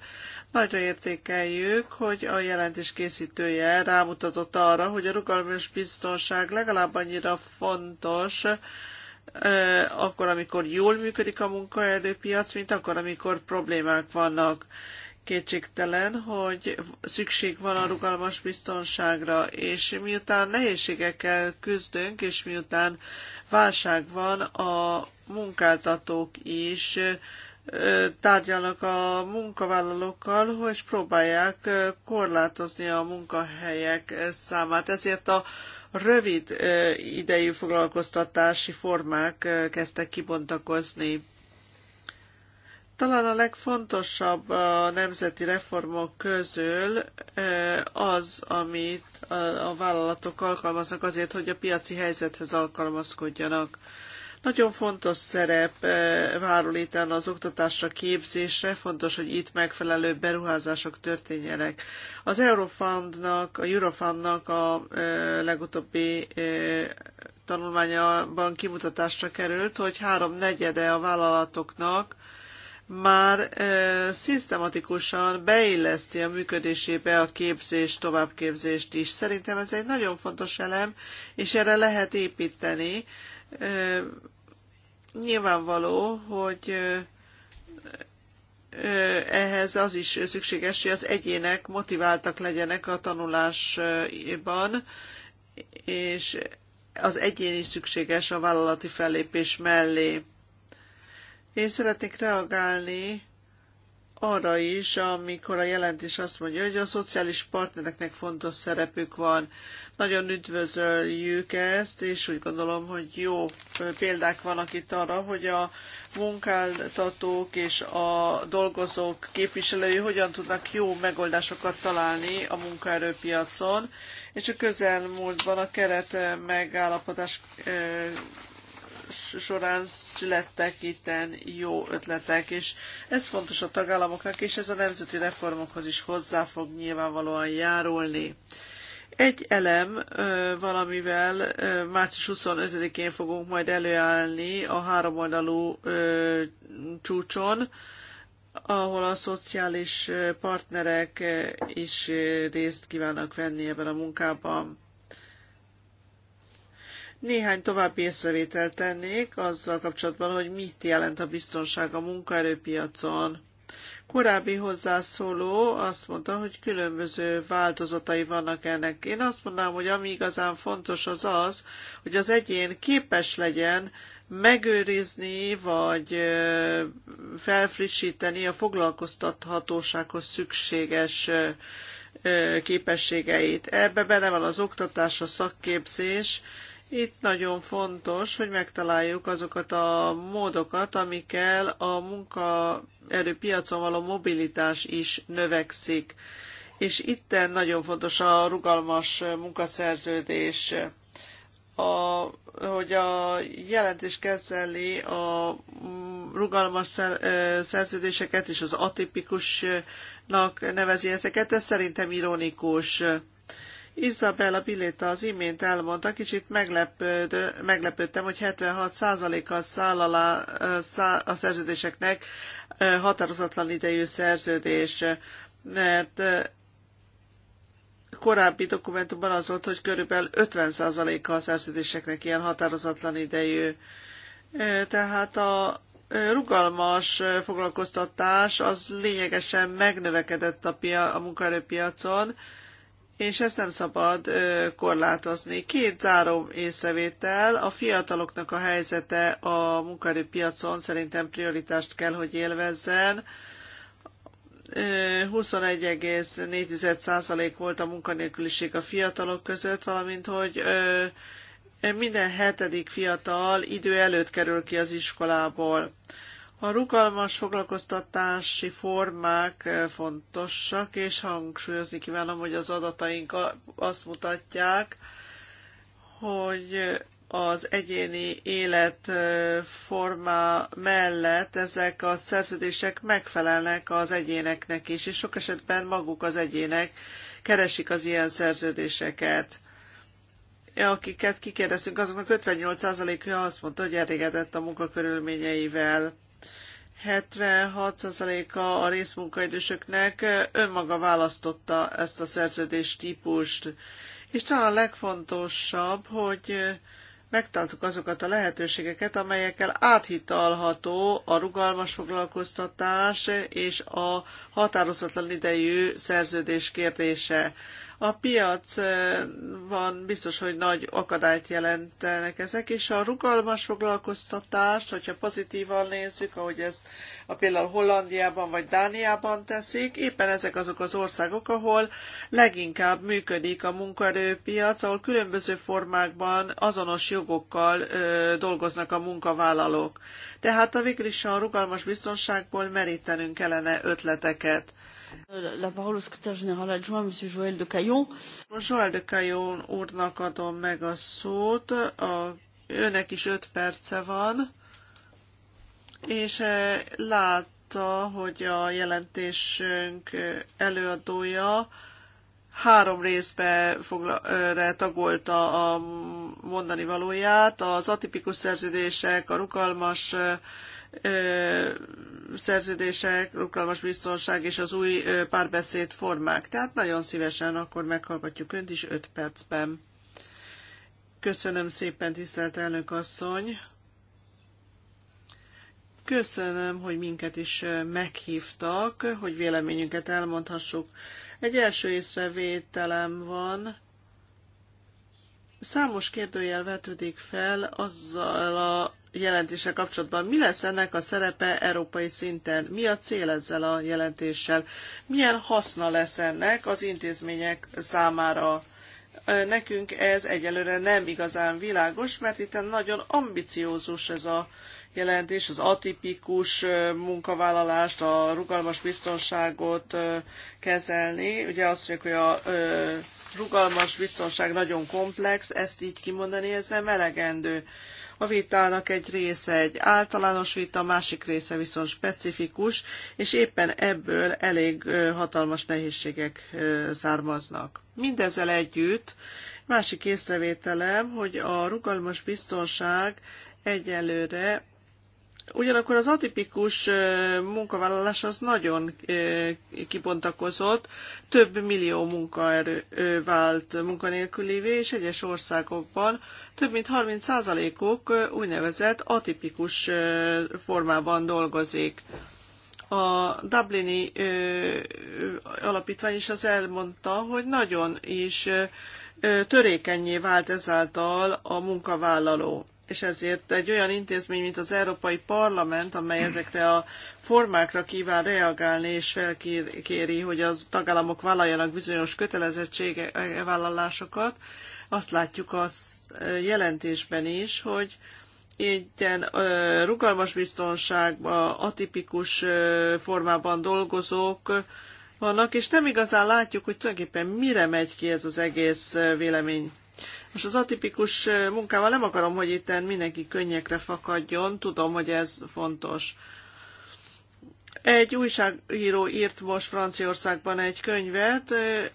Nagyra értékeljük, hogy a jelentés készítője rámutatott arra, hogy a rugalmas biztonság legalább annyira fontos, akkor, amikor jól működik a munkaerőpiac, mint akkor, amikor problémák vannak kétségtelen, hogy szükség van a rugalmas biztonságra, és miután nehézségekkel küzdünk, és miután válság van, a munkáltatók is tárgyalnak a munkavállalókkal, hogy próbálják korlátozni a munkahelyek számát. Ezért a rövid idejű foglalkoztatási formák kezdtek kibontakozni. Talán a legfontosabb a nemzeti reformok közül az, amit a vállalatok alkalmaznak azért, hogy a piaci helyzethez alkalmazkodjanak. Nagyon fontos szerep várul itt az oktatásra, képzésre, fontos, hogy itt megfelelő beruházások történjenek. Az Eurofundnak, a Eurofundnak a legutóbbi tanulmányában kimutatásra került, hogy három negyede a vállalatoknak már ö, szisztematikusan beilleszti a működésébe a képzés, továbbképzést is. Szerintem ez egy nagyon fontos elem, és erre lehet építeni. Ö, nyilvánvaló, hogy ö, ehhez az is szükséges, hogy az egyének motiváltak legyenek a tanulásban, és az egyén is szükséges a vállalati fellépés mellé. Én szeretnék reagálni arra is, amikor a jelentés azt mondja, hogy a szociális partnereknek fontos szerepük van. Nagyon üdvözöljük ezt, és úgy gondolom, hogy jó példák vannak itt arra, hogy a munkáltatók és a dolgozók képviselői hogyan tudnak jó megoldásokat találni a munkaerőpiacon, és a közelmúltban a keret megállapodás eh, során születtek itten jó ötletek, és ez fontos a tagállamoknak, és ez a nemzeti reformokhoz is hozzá fog nyilvánvalóan járulni. Egy elem valamivel március 25-én fogunk majd előállni a háromoldalú csúcson, ahol a szociális partnerek is részt kívánnak venni ebben a munkában. Néhány további észrevételt tennék azzal kapcsolatban, hogy mit jelent a biztonság a munkaerőpiacon. Korábbi hozzászóló azt mondta, hogy különböző változatai vannak ennek. Én azt mondanám, hogy ami igazán fontos az az, hogy az egyén képes legyen megőrizni vagy felfrissíteni a foglalkoztathatósághoz szükséges képességeit. Ebbe bele van az oktatás, a szakképzés, itt nagyon fontos, hogy megtaláljuk azokat a módokat, amikkel a munkaerőpiacon való mobilitás is növekszik. És itten nagyon fontos a rugalmas munkaszerződés a, hogy a jelentés kezeli a rugalmas szer, szerződéseket és az atipikusnak nevezi ezeket, ez szerintem ironikus. Isabella Biléta az imént elmondta, kicsit meglepődtem, hogy 76%-a alá a szerződéseknek határozatlan idejű szerződés, mert korábbi dokumentumban az volt, hogy körülbelül 50%-a a szerződéseknek ilyen határozatlan idejű. Tehát a rugalmas foglalkoztatás az lényegesen megnövekedett a, pia- a munkaerőpiacon, és ezt nem szabad korlátozni. Két záró észrevétel. A fiataloknak a helyzete a munkaerőpiacon szerintem prioritást kell, hogy élvezzen. 21,4% volt a munkanélküliség a fiatalok között, valamint hogy minden hetedik fiatal idő előtt kerül ki az iskolából. A rugalmas foglalkoztatási formák eh, fontosak, és hangsúlyozni kívánom, hogy az adataink azt mutatják, hogy az egyéni életforma eh, mellett ezek a szerződések megfelelnek az egyéneknek is, és sok esetben maguk az egyének keresik az ilyen szerződéseket. Akiket kikérdeztünk, azoknak 58%-a azt mondta, hogy elégedett a munkakörülményeivel. 76%-a a részmunkaidősöknek önmaga választotta ezt a szerződés típust. És talán a legfontosabb, hogy megtaláltuk azokat a lehetőségeket, amelyekkel áthitalható a rugalmas foglalkoztatás és a határozatlan idejű szerződés kérdése. A piac van biztos, hogy nagy akadályt jelentenek ezek, és a rugalmas foglalkoztatást, hogyha pozitívan nézzük, ahogy ezt a például Hollandiában vagy Dániában teszik, éppen ezek azok az országok, ahol leginkább működik a munkaerőpiac, ahol különböző formákban azonos jogokkal ö, dolgoznak a munkavállalók. Tehát a végül is a rugalmas biztonságból merítenünk kellene ötleteket. Euh, la parole au secrétaire général adjoint, M. Joël de Caillon. Joël de Caillon úrnak adom meg a szót, a, őnek is öt perce van, és eh, látta, hogy a jelentésünk eh, előadója három részbe foglalra eh, tagolta a mondani valóját, az atipikus szerződések, a rugalmas szerződések, rugalmas biztonság és az új párbeszéd formák. Tehát nagyon szívesen akkor meghallgatjuk Önt is 5 percben. Köszönöm szépen, tisztelt elnök asszony! Köszönöm, hogy minket is meghívtak, hogy véleményünket elmondhassuk. Egy első észrevételem van. Számos kérdőjel vetődik fel azzal a jelentéssel kapcsolatban. Mi lesz ennek a szerepe európai szinten? Mi a cél ezzel a jelentéssel? Milyen haszna lesz ennek az intézmények számára? Nekünk ez egyelőre nem igazán világos, mert itt nagyon ambiciózus ez a jelentés, az atipikus munkavállalást, a rugalmas biztonságot kezelni. Ugye azt mondjuk, hogy a rugalmas biztonság nagyon komplex, ezt így kimondani, ez nem elegendő. A vitának egy része egy általános vita, a másik része viszont specifikus, és éppen ebből elég hatalmas nehézségek származnak. Mindezzel együtt másik észrevételem, hogy a rugalmas biztonság egyelőre Ugyanakkor az atipikus munkavállalás az nagyon kibontakozott, több millió munkaerő vált munkanélkülévé, és egyes országokban több mint 30 százalékok úgynevezett atipikus formában dolgozik. A Dublini alapítvány is az elmondta, hogy nagyon is törékenyé vált ezáltal a munkavállaló és ezért egy olyan intézmény, mint az Európai Parlament, amely ezekre a formákra kíván reagálni, és felkéri, hogy az tagállamok vállaljanak bizonyos kötelezettségvállalásokat, eh, azt látjuk a eh, jelentésben is, hogy ilyen eh, rugalmas biztonságban, atipikus formában dolgozók vannak, és nem igazán látjuk, hogy tulajdonképpen mire megy ki ez az egész vélemény most az atipikus eh, munkával nem akarom, hogy itt mindenki könnyekre fakadjon, tudom, hogy ez fontos. Egy újságíró írt most Franciaországban egy könyvet, eh,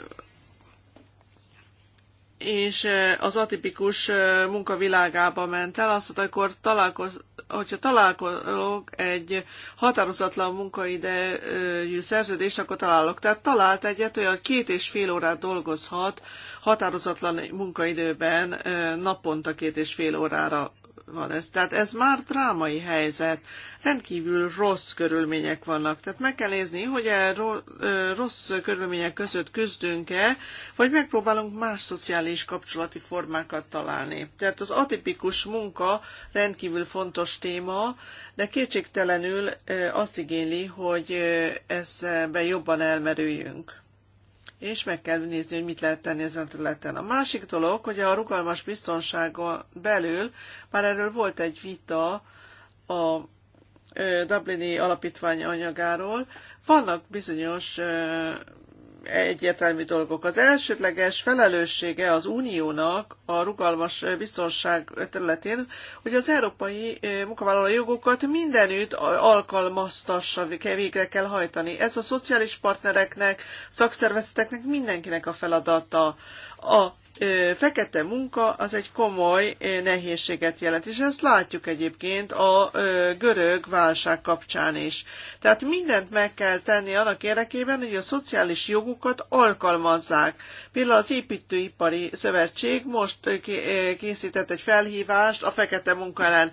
és az atipikus munkavilágába ment el, azt mondta, akkor találkoz, hogyha találkozok egy határozatlan munkaidejű szerződést, akkor találok. Tehát talált egyet, olyan két és fél órát dolgozhat határozatlan munkaidőben naponta két és fél órára van ez. Tehát ez már drámai helyzet. Rendkívül rossz körülmények vannak. Tehát meg kell nézni, hogy e rossz körülmények között küzdünk-e, vagy megpróbálunk más szociális kapcsolati formákat találni. Tehát az atipikus munka rendkívül fontos téma, de kétségtelenül azt igényli, hogy ezzel jobban elmerüljünk és meg kell nézni, hogy mit lehet tenni ezen a területen. A másik dolog, hogy a rugalmas biztonságon belül, már erről volt egy vita a Dublini alapítvány anyagáról, vannak bizonyos egyértelmű dolgok. Az elsődleges felelőssége az uniónak a rugalmas biztonság területén, hogy az európai eh, munkavállaló jogokat mindenütt alkalmaztassa, végre kell hajtani. Ez a szociális partnereknek, szakszervezeteknek, mindenkinek a feladata. A fekete munka az egy komoly nehézséget jelent, és ezt látjuk egyébként a görög válság kapcsán is. Tehát mindent meg kell tenni annak érdekében, hogy a szociális jogukat alkalmazzák. Például az építőipari szövetség most készített egy felhívást a fekete munka ellen.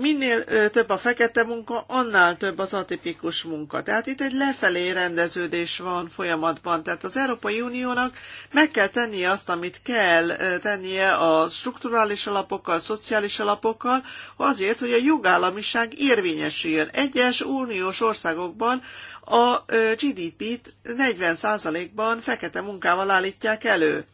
Minél több a fekete munka, annál több az atipikus munka. Tehát itt egy lefelé rendeződés van folyamatban. Tehát az Európai Uniónak meg kell tennie azt, amit kell tennie a strukturális alapokkal, a szociális alapokkal, azért, hogy a jogállamiság érvényesüljön. Egyes uniós országokban a GDP-t 40%-ban fekete munkával állítják elő.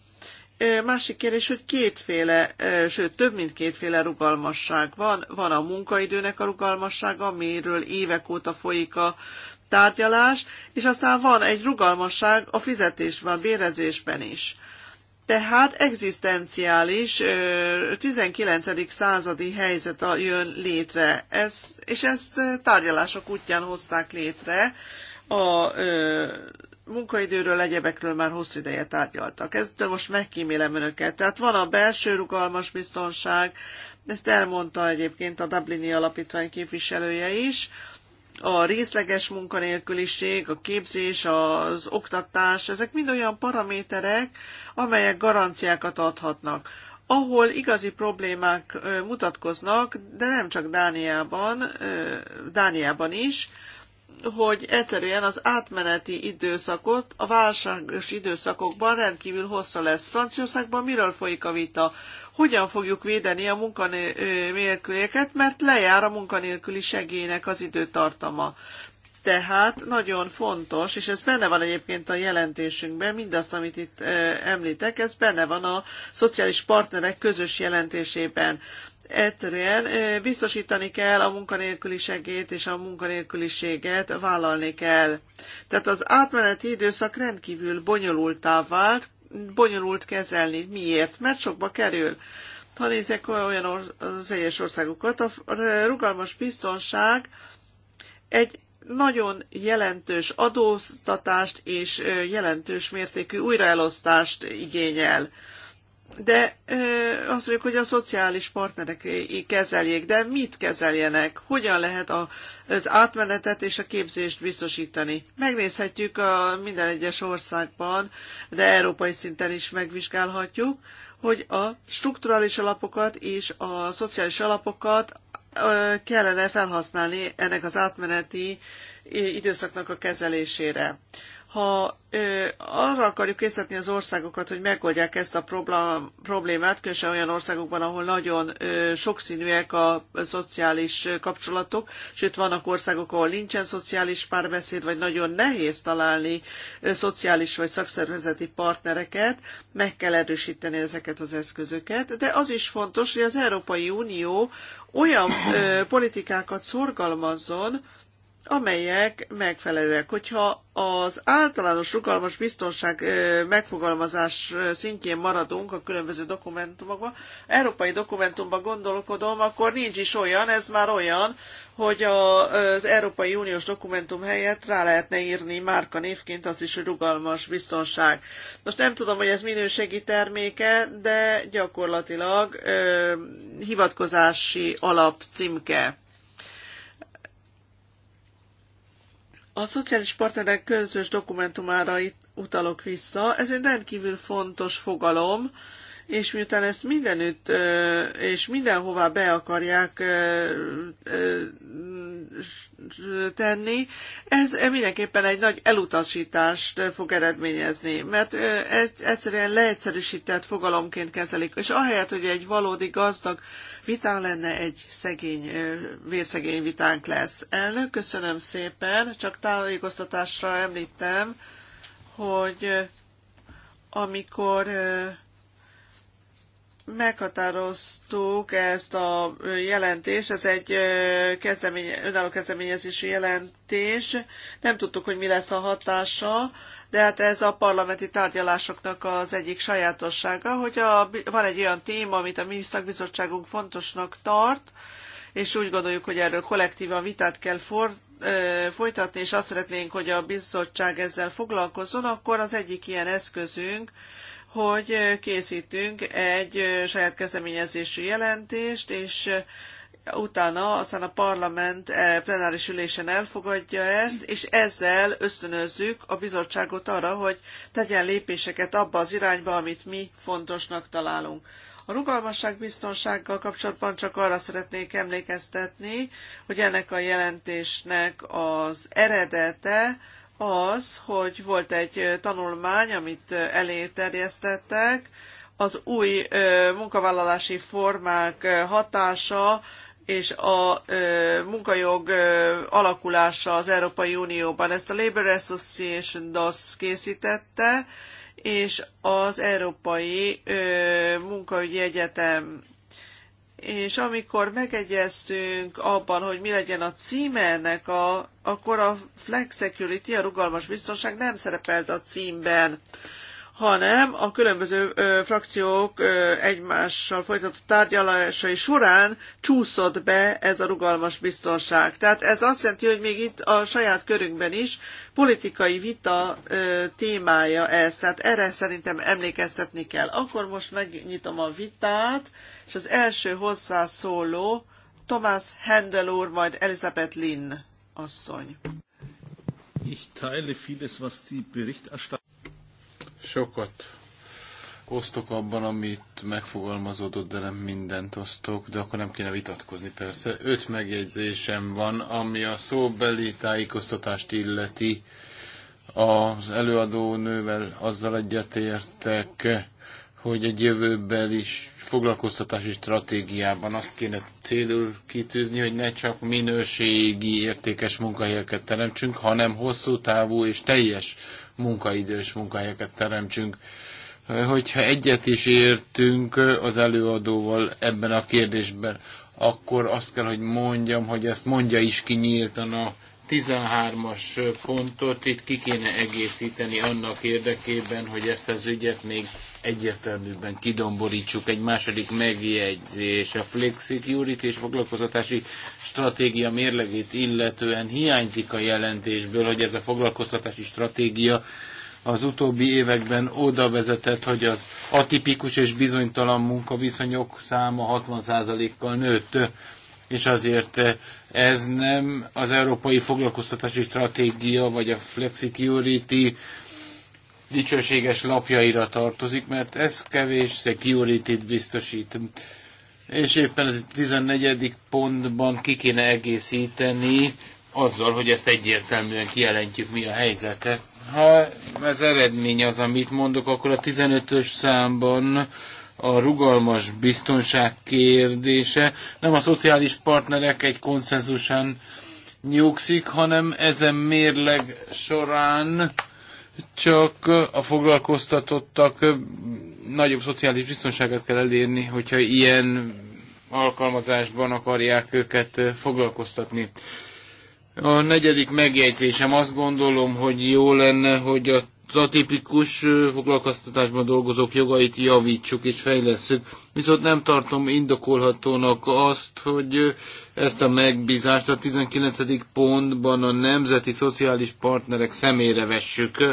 Másik kérdés, hogy kétféle, sőt több mint kétféle rugalmasság van. Van a munkaidőnek a rugalmassága, amiről évek óta folyik a tárgyalás, és aztán van egy rugalmasság a fizetésben, a bérezésben is. Tehát egzisztenciális 19. századi helyzet jön létre, ez, és ezt tárgyalások útján hozták létre a munkaidőről, egyebekről már hosszú ideje tárgyaltak. Ezt most megkímélem önöket. Tehát van a belső rugalmas biztonság, ezt elmondta egyébként a Dublini Alapítvány képviselője is, a részleges munkanélküliség, a képzés, az oktatás, ezek mind olyan paraméterek, amelyek garanciákat adhatnak. Ahol igazi problémák mutatkoznak, de nem csak Dániában, Dániában is, hogy egyszerűen az átmeneti időszakot a válságos időszakokban rendkívül hossza lesz. Franciaországban miről folyik a vita? Hogyan fogjuk védeni a munkanélkülieket, mert lejár a munkanélküli segélynek az időtartama. Tehát nagyon fontos, és ez benne van egyébként a jelentésünkben, mindazt, amit itt említek, ez benne van a szociális partnerek közös jelentésében egyszerűen biztosítani kell a munkanélküli és a munkanélküliséget vállalni kell. Tehát az átmeneti időszak rendkívül bonyolultá vált, bonyolult kezelni. Miért? Mert sokba kerül. Ha nézek olyan or- az egyes országokat, a rugalmas biztonság egy nagyon jelentős adóztatást és jelentős mértékű újraelosztást igényel de azt mondjuk, hogy a szociális partnerek kezeljék, de mit kezeljenek? Hogyan lehet a, az átmenetet és a képzést biztosítani? Megnézhetjük a minden egyes országban, de európai szinten is megvizsgálhatjuk, hogy a strukturális alapokat és a szociális alapokat kellene felhasználni ennek az átmeneti időszaknak a kezelésére ha ö, arra akarjuk készíteni az országokat, hogy megoldják ezt a problémát, különösen olyan országokban, ahol nagyon ö, sokszínűek a szociális kapcsolatok, sőt vannak országok, ahol nincsen szociális párbeszéd, vagy nagyon nehéz találni ö, szociális vagy szakszervezeti partnereket, meg kell erősíteni ezeket az eszközöket, de az is fontos, hogy az Európai Unió olyan ö, politikákat szorgalmazzon, amelyek megfelelőek. Hogyha az általános rugalmas biztonság megfogalmazás szintjén maradunk a különböző dokumentumokban, európai dokumentumban gondolkodom, akkor nincs is olyan, ez már olyan, hogy az Európai Uniós dokumentum helyett rá lehetne írni márka névként az is, hogy rugalmas biztonság. Most nem tudom, hogy ez minőségi terméke, de gyakorlatilag hivatkozási alap címke. A szociális partnerek közös dokumentumára itt utalok vissza. Ez egy rendkívül fontos fogalom, és miután ezt mindenütt és mindenhová be akarják tenni, ez mindenképpen egy nagy elutasítást fog eredményezni, mert egyszerűen leegyszerűsített fogalomként kezelik, és ahelyett, hogy egy valódi gazdag vitán lenne, egy szegény, vérszegény vitánk lesz. Elnök, köszönöm szépen, csak tájékoztatásra említem, hogy amikor meghatároztuk ezt a jelentést, ez egy kezdemény, önálló kezdeményezési jelentés. Nem tudtuk, hogy mi lesz a hatása, de hát ez a parlamenti tárgyalásoknak az egyik sajátossága, hogy a, van egy olyan téma, amit a mi szakbizottságunk fontosnak tart, és úgy gondoljuk, hogy erről kollektívan vitát kell for, ö, folytatni, és azt szeretnénk, hogy a bizottság ezzel foglalkozzon, akkor az egyik ilyen eszközünk hogy készítünk egy saját kezdeményezésű jelentést, és utána aztán a parlament e, plenáris ülésen elfogadja ezt, és ezzel ösztönözzük a bizottságot arra, hogy tegyen lépéseket abba az irányba, amit mi fontosnak találunk. A rugalmasság biztonsággal kapcsolatban csak arra szeretnék emlékeztetni, hogy ennek a jelentésnek az eredete az, hogy volt egy tanulmány, amit elé terjesztettek, az új munkavállalási formák hatása és a munkajog alakulása az Európai Unióban. Ezt a Labour Association DOS készítette, és az Európai Munkaügyi Egyetem és amikor megegyeztünk abban, hogy mi legyen a címe ennek, a, akkor a flex security, a rugalmas biztonság nem szerepelt a címben, hanem a különböző ö, frakciók ö, egymással folytatott tárgyalásai során csúszott be ez a rugalmas biztonság. Tehát ez azt jelenti, hogy még itt a saját körünkben is politikai vita ö, témája ez. Tehát erre szerintem emlékeztetni kell. Akkor most megnyitom a vitát. Ö, és az első hozzászóló Thomas Hendel úr, majd Elizabeth Lynn asszony. Ich teile vieles, was die Berichterstatter... Sokat osztok abban, amit megfogalmazódott, de nem mindent osztok, de akkor nem kéne vitatkozni persze. Öt megjegyzésem van, ami a szóbeli tájékoztatást illeti. Az előadó nővel azzal egyetértek, hogy egy jövőben is foglalkoztatási stratégiában azt kéne célul kitűzni, hogy ne csak minőségi értékes munkahelyeket teremtsünk, hanem hosszú távú és teljes munkaidős munkahelyeket teremtsünk. Hogyha egyet is értünk az előadóval ebben a kérdésben, akkor azt kell, hogy mondjam, hogy ezt mondja is ki nyíltan a 13-as pontot itt ki kéne egészíteni annak érdekében, hogy ezt az ügyet még egyértelműbben kidomborítsuk. Egy második megjegyzés, a Flex Security és foglalkoztatási stratégia mérlegét illetően hiányzik a jelentésből, hogy ez a foglalkoztatási stratégia az utóbbi években oda vezetett, hogy az atipikus és bizonytalan munkaviszonyok száma 60%-kal nőtt, és azért ez nem az európai foglalkoztatási stratégia, vagy a flexicurity dicsőséges lapjaira tartozik, mert ez kevés security biztosít. És éppen ez a 14. pontban ki kéne egészíteni azzal, hogy ezt egyértelműen kijelentjük, mi a helyzete. Ha ez eredmény az, amit mondok, akkor a 15-ös számban a rugalmas biztonság kérdése nem a szociális partnerek egy konszenzusán nyugszik, hanem ezen mérleg során csak a foglalkoztatottak nagyobb szociális biztonságot kell elérni, hogyha ilyen alkalmazásban akarják őket foglalkoztatni. A negyedik megjegyzésem azt gondolom, hogy jó lenne, hogy a a tipikus foglalkoztatásban dolgozók jogait javítsuk és fejlesszük. Viszont nem tartom indokolhatónak azt, hogy ezt a megbízást a 19. pontban a nemzeti szociális partnerek szemére vessük.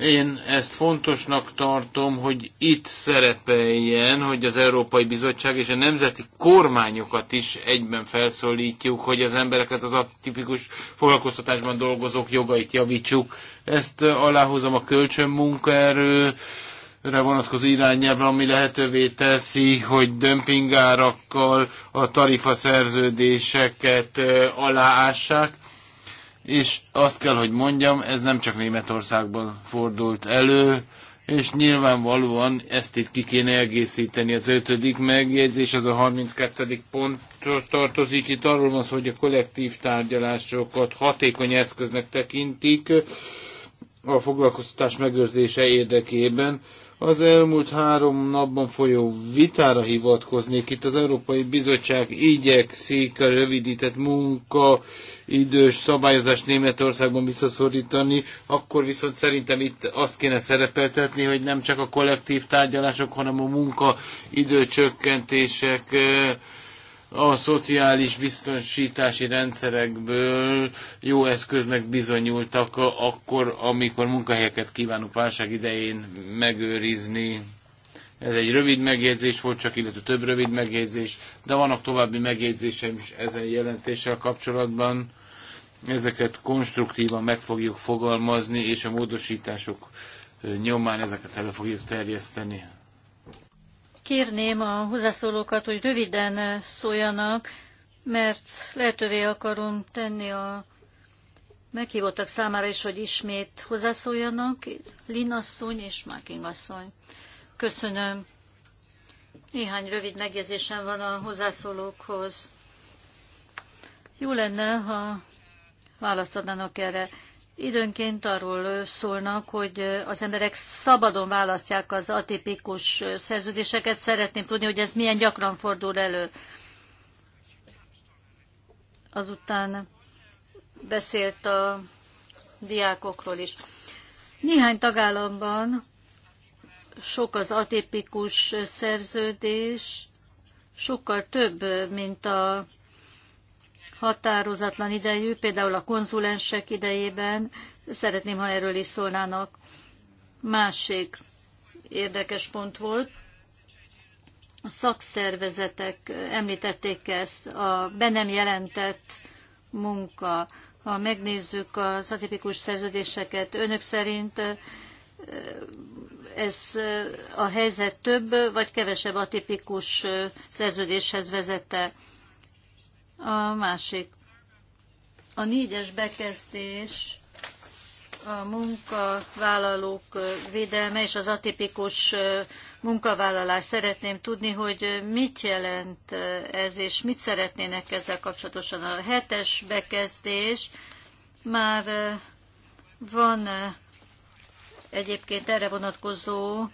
Én ezt fontosnak tartom, hogy itt szerepeljen, hogy az Európai Bizottság és a nemzeti kormányokat is egyben felszólítjuk, hogy az embereket az atipikus foglalkoztatásban dolgozók jogait javítsuk. Ezt eh, aláhozom a kölcsönmunkaerő vonatkozó irányelv, ami lehetővé teszi, hogy dömpingárakkal a tarifa szerződéseket eh, aláássák és azt kell, hogy mondjam, ez nem csak Németországban fordult elő, és nyilvánvalóan ezt itt ki kéne egészíteni. Az ötödik megjegyzés, az a 32. pont tartozik. Itt arról van szó, hogy a kollektív tárgyalásokat hatékony eszköznek tekintik a foglalkoztatás megőrzése érdekében. Az elmúlt három napban folyó vitára hivatkoznék. Itt az Európai Bizottság igyekszik a rövidített munka idős szabályozást Németországban visszaszorítani, akkor viszont szerintem itt azt kéne szerepeltetni, hogy nem csak a kollektív tárgyalások, hanem a munka csökkentések eh, a szociális biztonsítási rendszerekből jó eszköznek bizonyultak akkor, amikor munkahelyeket kívánunk válság idején megőrizni. Ez egy rövid megjegyzés volt, csak illetve több rövid megjegyzés, de vannak további megjegyzéseim is ezen jelentéssel kapcsolatban. Ezeket konstruktívan meg fogjuk fogalmazni, és a módosítások nyomán ezeket elő fogjuk terjeszteni. Kérném a hozzászólókat, hogy röviden szóljanak, mert lehetővé akarom tenni a meghívottak számára is, hogy ismét hozzászóljanak, Lin asszony és Marking asszony. Köszönöm. Néhány rövid megjegyzésem van a hozzászólókhoz. Jó lenne, ha választ adnának erre. Időnként arról szólnak, hogy az emberek szabadon választják az atipikus szerződéseket. Szeretném tudni, hogy ez milyen gyakran fordul elő. Azután beszélt a diákokról is. Néhány tagállamban sok az atipikus szerződés, sokkal több, mint a határozatlan idejű, például a konzulensek idejében, szeretném, ha erről is szólnának. Másik érdekes pont volt, a szakszervezetek említették ezt, a be nem jelentett munka. Ha megnézzük az atipikus szerződéseket, önök szerint ez a helyzet több vagy kevesebb atipikus szerződéshez vezette? A másik, a négyes bekezdés a munkavállalók védelme és az atipikus munkavállalás. Szeretném tudni, hogy mit jelent ez, és mit szeretnének ezzel kapcsolatosan. A hetes bekezdés már van egyébként erre vonatkozó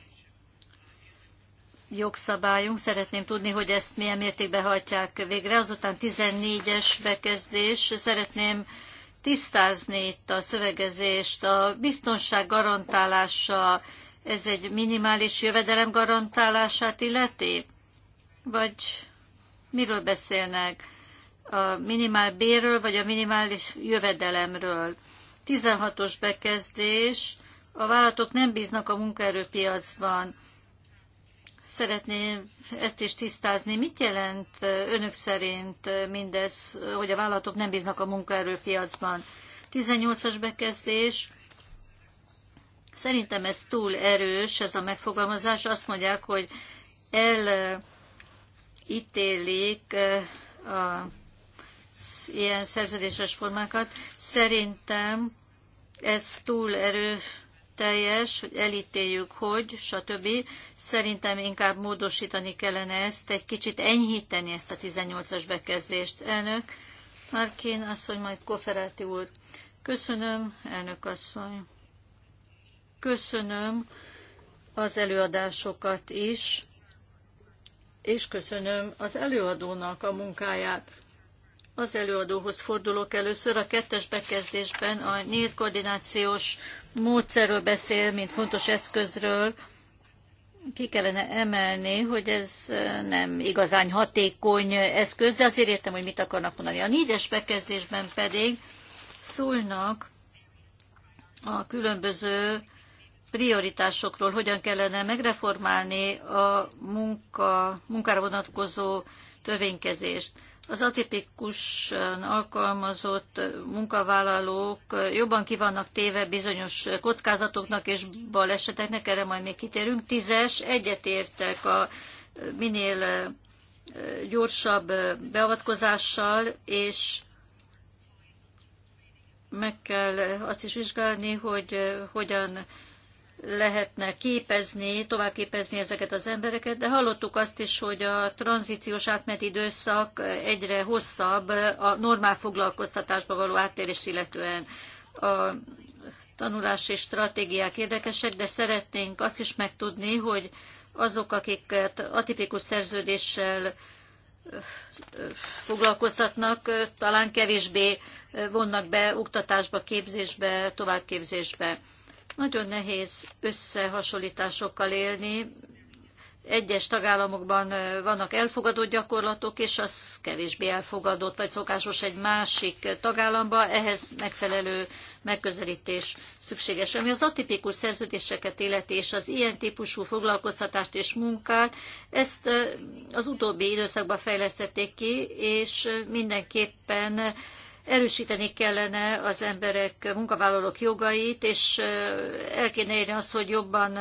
jogszabályunk. Szeretném tudni, hogy ezt milyen mértékben hajtják végre. Azután 14-es bekezdés. Szeretném tisztázni itt a szövegezést. A biztonság garantálása, ez egy minimális jövedelem garantálását illeti? Vagy miről beszélnek? A minimál bérről, vagy a minimális jövedelemről? 16-os bekezdés. A vállalatok nem bíznak a munkaerőpiacban Szeretném ezt is tisztázni. Mit jelent önök szerint mindez, hogy a vállalatok nem bíznak a munkaerőpiacban? 18-as bekezdés. Szerintem ez túl erős, ez a megfogalmazás. Azt mondják, hogy elítélik a ilyen szerződéses formákat. Szerintem ez túl erős, erőteljes, hogy elítéljük, hogy, stb. Szerintem inkább módosítani kellene ezt, egy kicsit enyhíteni ezt a 18-as bekezdést. Elnök, Markin asszony, majd Koferáti úr. Köszönöm, elnök asszony. Köszönöm az előadásokat is, és köszönöm az előadónak a munkáját. Az előadóhoz fordulok először. A kettes bekezdésben a nyílt koordinációs módszerről beszél, mint fontos eszközről. Ki kellene emelni, hogy ez nem igazán hatékony eszköz, de azért értem, hogy mit akarnak mondani. A négyes bekezdésben pedig szólnak a különböző prioritásokról, hogyan kellene megreformálni a munka, munkára vonatkozó törvénykezést az atipikusan alkalmazott munkavállalók jobban kivannak téve bizonyos kockázatoknak és baleseteknek, erre majd még kitérünk. Tízes, egyetértek a minél gyorsabb beavatkozással, és meg kell azt is vizsgálni, hogy hogyan lehetne képezni, tovább képezni ezeket az embereket, de hallottuk azt is, hogy a tranzíciós átmeneti időszak egyre hosszabb a normál foglalkoztatásba való áttérés illetően. A tanulási stratégiák érdekesek, de szeretnénk azt is megtudni, hogy azok, akiket atipikus szerződéssel foglalkoztatnak, talán kevésbé vonnak be oktatásba, képzésbe, továbbképzésbe. Nagyon nehéz összehasonlításokkal élni. Egyes tagállamokban vannak elfogadott gyakorlatok, és az kevésbé elfogadott vagy szokásos egy másik tagállamba. Ehhez megfelelő megközelítés szükséges. Ami az atipikus szerződéseket illeti, és az ilyen típusú foglalkoztatást és munkát, ezt az utóbbi időszakban fejlesztették ki, és mindenképpen erősíteni kellene az emberek, munkavállalók jogait, és el kéne érni azt, hogy jobban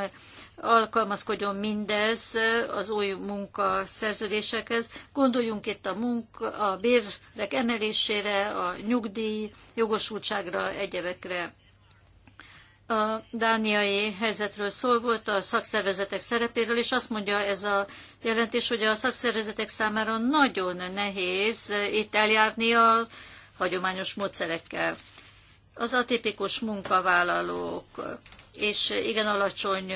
alkalmazkodjon mindez az új munkaszerződésekhez. Gondoljunk itt a, munka, a bérek emelésére, a nyugdíj, jogosultságra, egyebekre. A dániai helyzetről szól volt, a szakszervezetek szerepéről, és azt mondja ez a jelentés, hogy a szakszervezetek számára nagyon nehéz eh, itt eljárni a hagyományos módszerekkel. Az atipikus munkavállalók és igen alacsony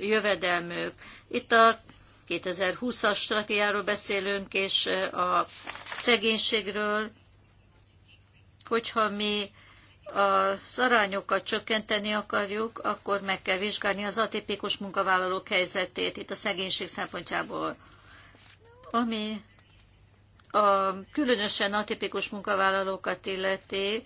jövedelmük. Itt a 2020-as stratégiáról beszélünk, és a szegénységről, hogyha mi az arányokat csökkenteni akarjuk, akkor meg kell vizsgálni az atipikus munkavállalók helyzetét itt a szegénység szempontjából. Ami a különösen atipikus munkavállalókat illeti,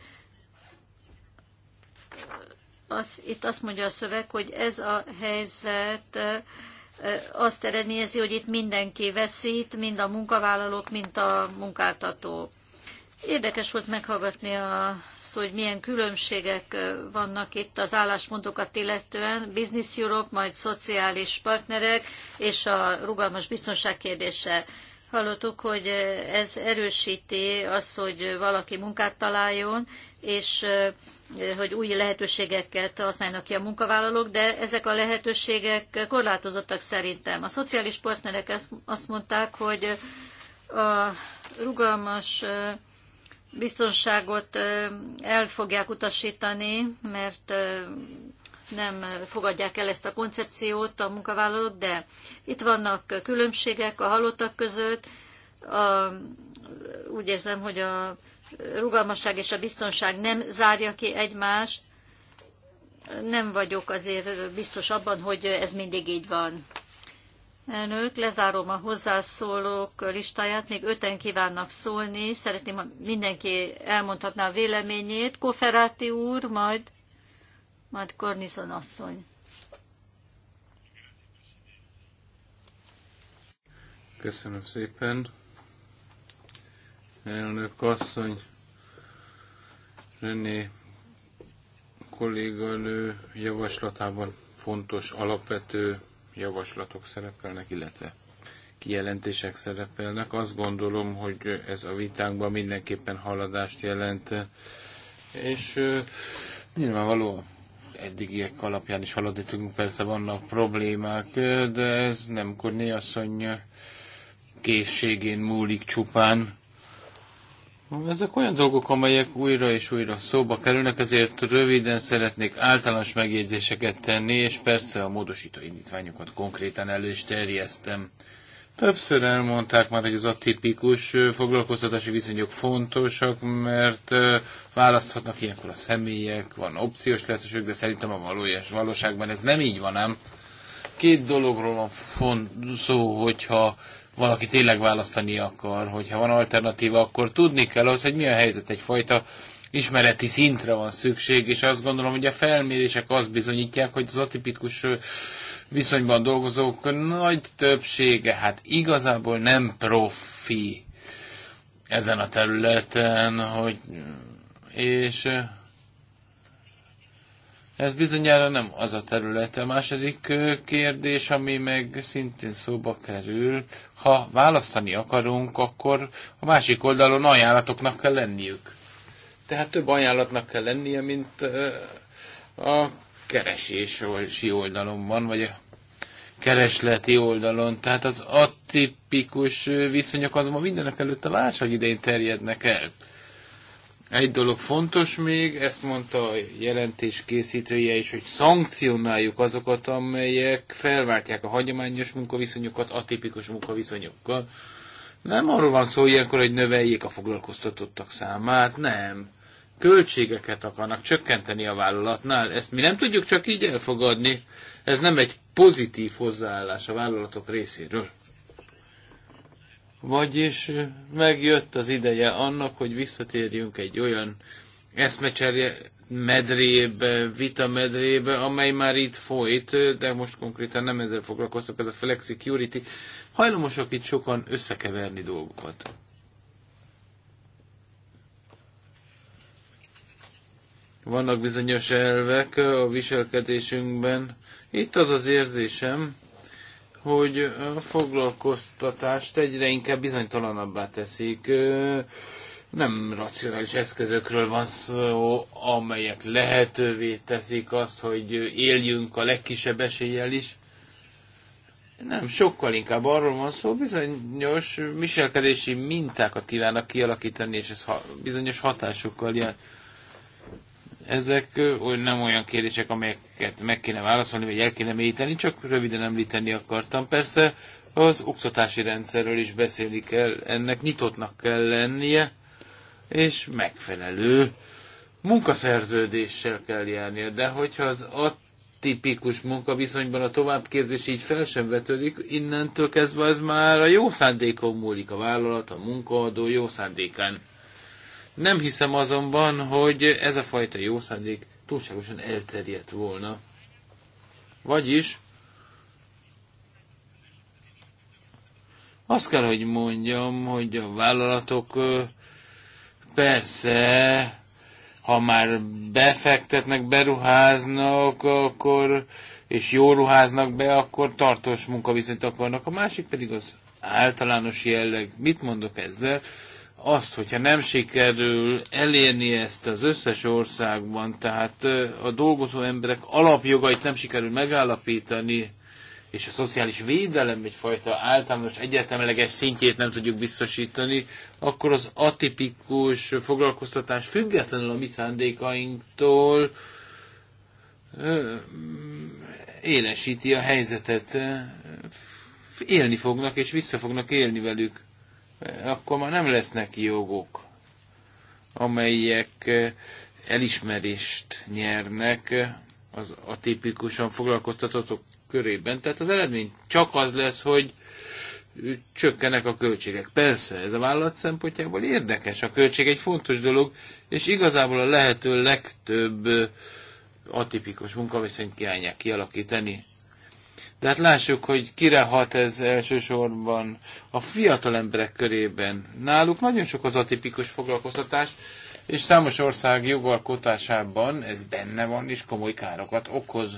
az, itt azt mondja a szöveg, hogy ez a helyzet azt eredményezi, hogy itt mindenki veszít, mind a munkavállalók, mind a munkáltató. Érdekes volt meghallgatni azt, hogy milyen különbségek vannak itt az álláspontokat illetően, Business Europe, majd szociális partnerek és a rugalmas biztonság kérdése. Hallottuk, hogy ez erősíti azt, hogy valaki munkát találjon, és hogy új lehetőségeket használnak ki a munkavállalók, de ezek a lehetőségek korlátozottak szerintem. A szociális partnerek azt mondták, hogy a rugalmas biztonságot el fogják utasítani, mert nem fogadják el ezt a koncepciót a munkavállalók, de itt vannak különbségek a halottak között. A, úgy érzem, hogy a rugalmasság és a biztonság nem zárja ki egymást. Nem vagyok azért biztos abban, hogy ez mindig így van. Elnök, lezárom a hozzászólók listáját, még öten kívánnak szólni. Szeretném, ha mindenki elmondhatná a véleményét. Koferáti úr, majd majd Kornison asszony. Köszönöm szépen. Elnök asszony, René kolléganő javaslatában fontos alapvető javaslatok szerepelnek, illetve kijelentések szerepelnek. Azt gondolom, hogy ez a vitánkban mindenképpen haladást jelent, és nyilvánvalóan eddigiek alapján is haladni tudunk. Persze vannak problémák, de ez nem Korné asszony készségén múlik csupán. Ezek olyan dolgok, amelyek újra és újra szóba kerülnek, ezért röviden szeretnék általános megjegyzéseket tenni, és persze a módosító indítványokat konkrétan elő is terjesztem. Többször elmondták már, hogy ez a tipikus foglalkoztatási viszonyok fontosak, mert választhatnak ilyenkor a személyek, van opciós lehetőség, de szerintem a valójás valóságban ez nem így van, nem? Két dologról van font, szó, hogyha valaki tényleg választani akar, hogyha van alternatíva, akkor tudni kell az, hogy mi a helyzet, egyfajta ismereti szintre van szükség, és azt gondolom, hogy a felmérések azt bizonyítják, hogy az atipikus viszonyban dolgozók nagy többsége hát igazából nem profi ezen a területen, hogy és ez bizonyára nem az a terület. A második kérdés, ami meg szintén szóba kerül, ha választani akarunk, akkor a másik oldalon ajánlatoknak kell lenniük. Tehát több ajánlatnak kell lennie, mint a keresési oldalon van, vagy a keresleti oldalon. Tehát az atipikus viszonyok azonban mindenek előtt a válság idején terjednek el. Egy dolog fontos még, ezt mondta a jelentés készítője is, hogy szankcionáljuk azokat, amelyek felváltják a hagyományos munkaviszonyokat atipikus munkaviszonyokkal. Nem arról van szó ilyenkor, hogy növeljék a foglalkoztatottak számát, nem költségeket akarnak csökkenteni a vállalatnál. Ezt mi nem tudjuk csak így elfogadni. Ez nem egy pozitív hozzáállás a vállalatok részéről. Vagyis megjött az ideje annak, hogy visszatérjünk egy olyan eszmecserje medrébe, vita medrébe, amely már itt folyt, de most konkrétan nem ezzel foglalkoztak, ez a flexicurity. Hajlamosak itt sokan összekeverni dolgokat. Vannak bizonyos elvek a viselkedésünkben. Itt az az érzésem, hogy a foglalkoztatást egyre inkább bizonytalanabbá teszik. Nem racionális eszközökről van szó, amelyek lehetővé teszik azt, hogy éljünk a legkisebb eséllyel is. Nem, sokkal inkább arról van szó, bizonyos viselkedési mintákat kívánnak kialakítani, és ez ha, bizonyos hatásokkal jár. Ezek nem olyan kérdések, amelyeket meg kéne válaszolni, vagy el kéne mélyíteni, csak röviden említeni akartam. Persze az oktatási rendszerről is beszélni kell, ennek nyitottnak kell lennie, és megfelelő munkaszerződéssel kell járnia. De hogyha az atipikus munkaviszonyban a továbbképzés így fel sem vetődik, innentől kezdve ez már a jó szándékon múlik a vállalat, a munkaadó jó szándékán. Nem hiszem azonban, hogy ez a fajta jó szándék túlságosan elterjedt volna. Vagyis azt kell, hogy mondjam, hogy a vállalatok persze, ha már befektetnek, beruháznak, akkor, és jó ruháznak be, akkor tartós munkaviszonyt akarnak. A másik pedig az általános jelleg. Mit mondok ezzel? azt, hogyha nem sikerül elérni ezt az összes országban, tehát a dolgozó emberek alapjogait nem sikerül megállapítani, és a szociális védelem egyfajta általános egyetemleges szintjét nem tudjuk biztosítani, akkor az atipikus foglalkoztatás függetlenül a mi szándékainktól élesíti a helyzetet. Élni fognak, és vissza fognak élni velük akkor már nem lesznek jogok, amelyek eh, elismerést nyernek eh, az atipikusan foglalkoztatottok körében. Tehát az eredmény csak az lesz, hogy csökkenek a költségek. Persze, ez a vállalat szempontjából érdekes. A költség egy fontos dolog, és igazából a lehető legtöbb eh, atipikus munkaviszonyt kívánják kialakítani. De hát lássuk, hogy kire hat ez elsősorban a fiatal emberek körében. Náluk nagyon sok az atipikus foglalkoztatás, és számos ország jogalkotásában ez benne van, és komoly károkat okoz.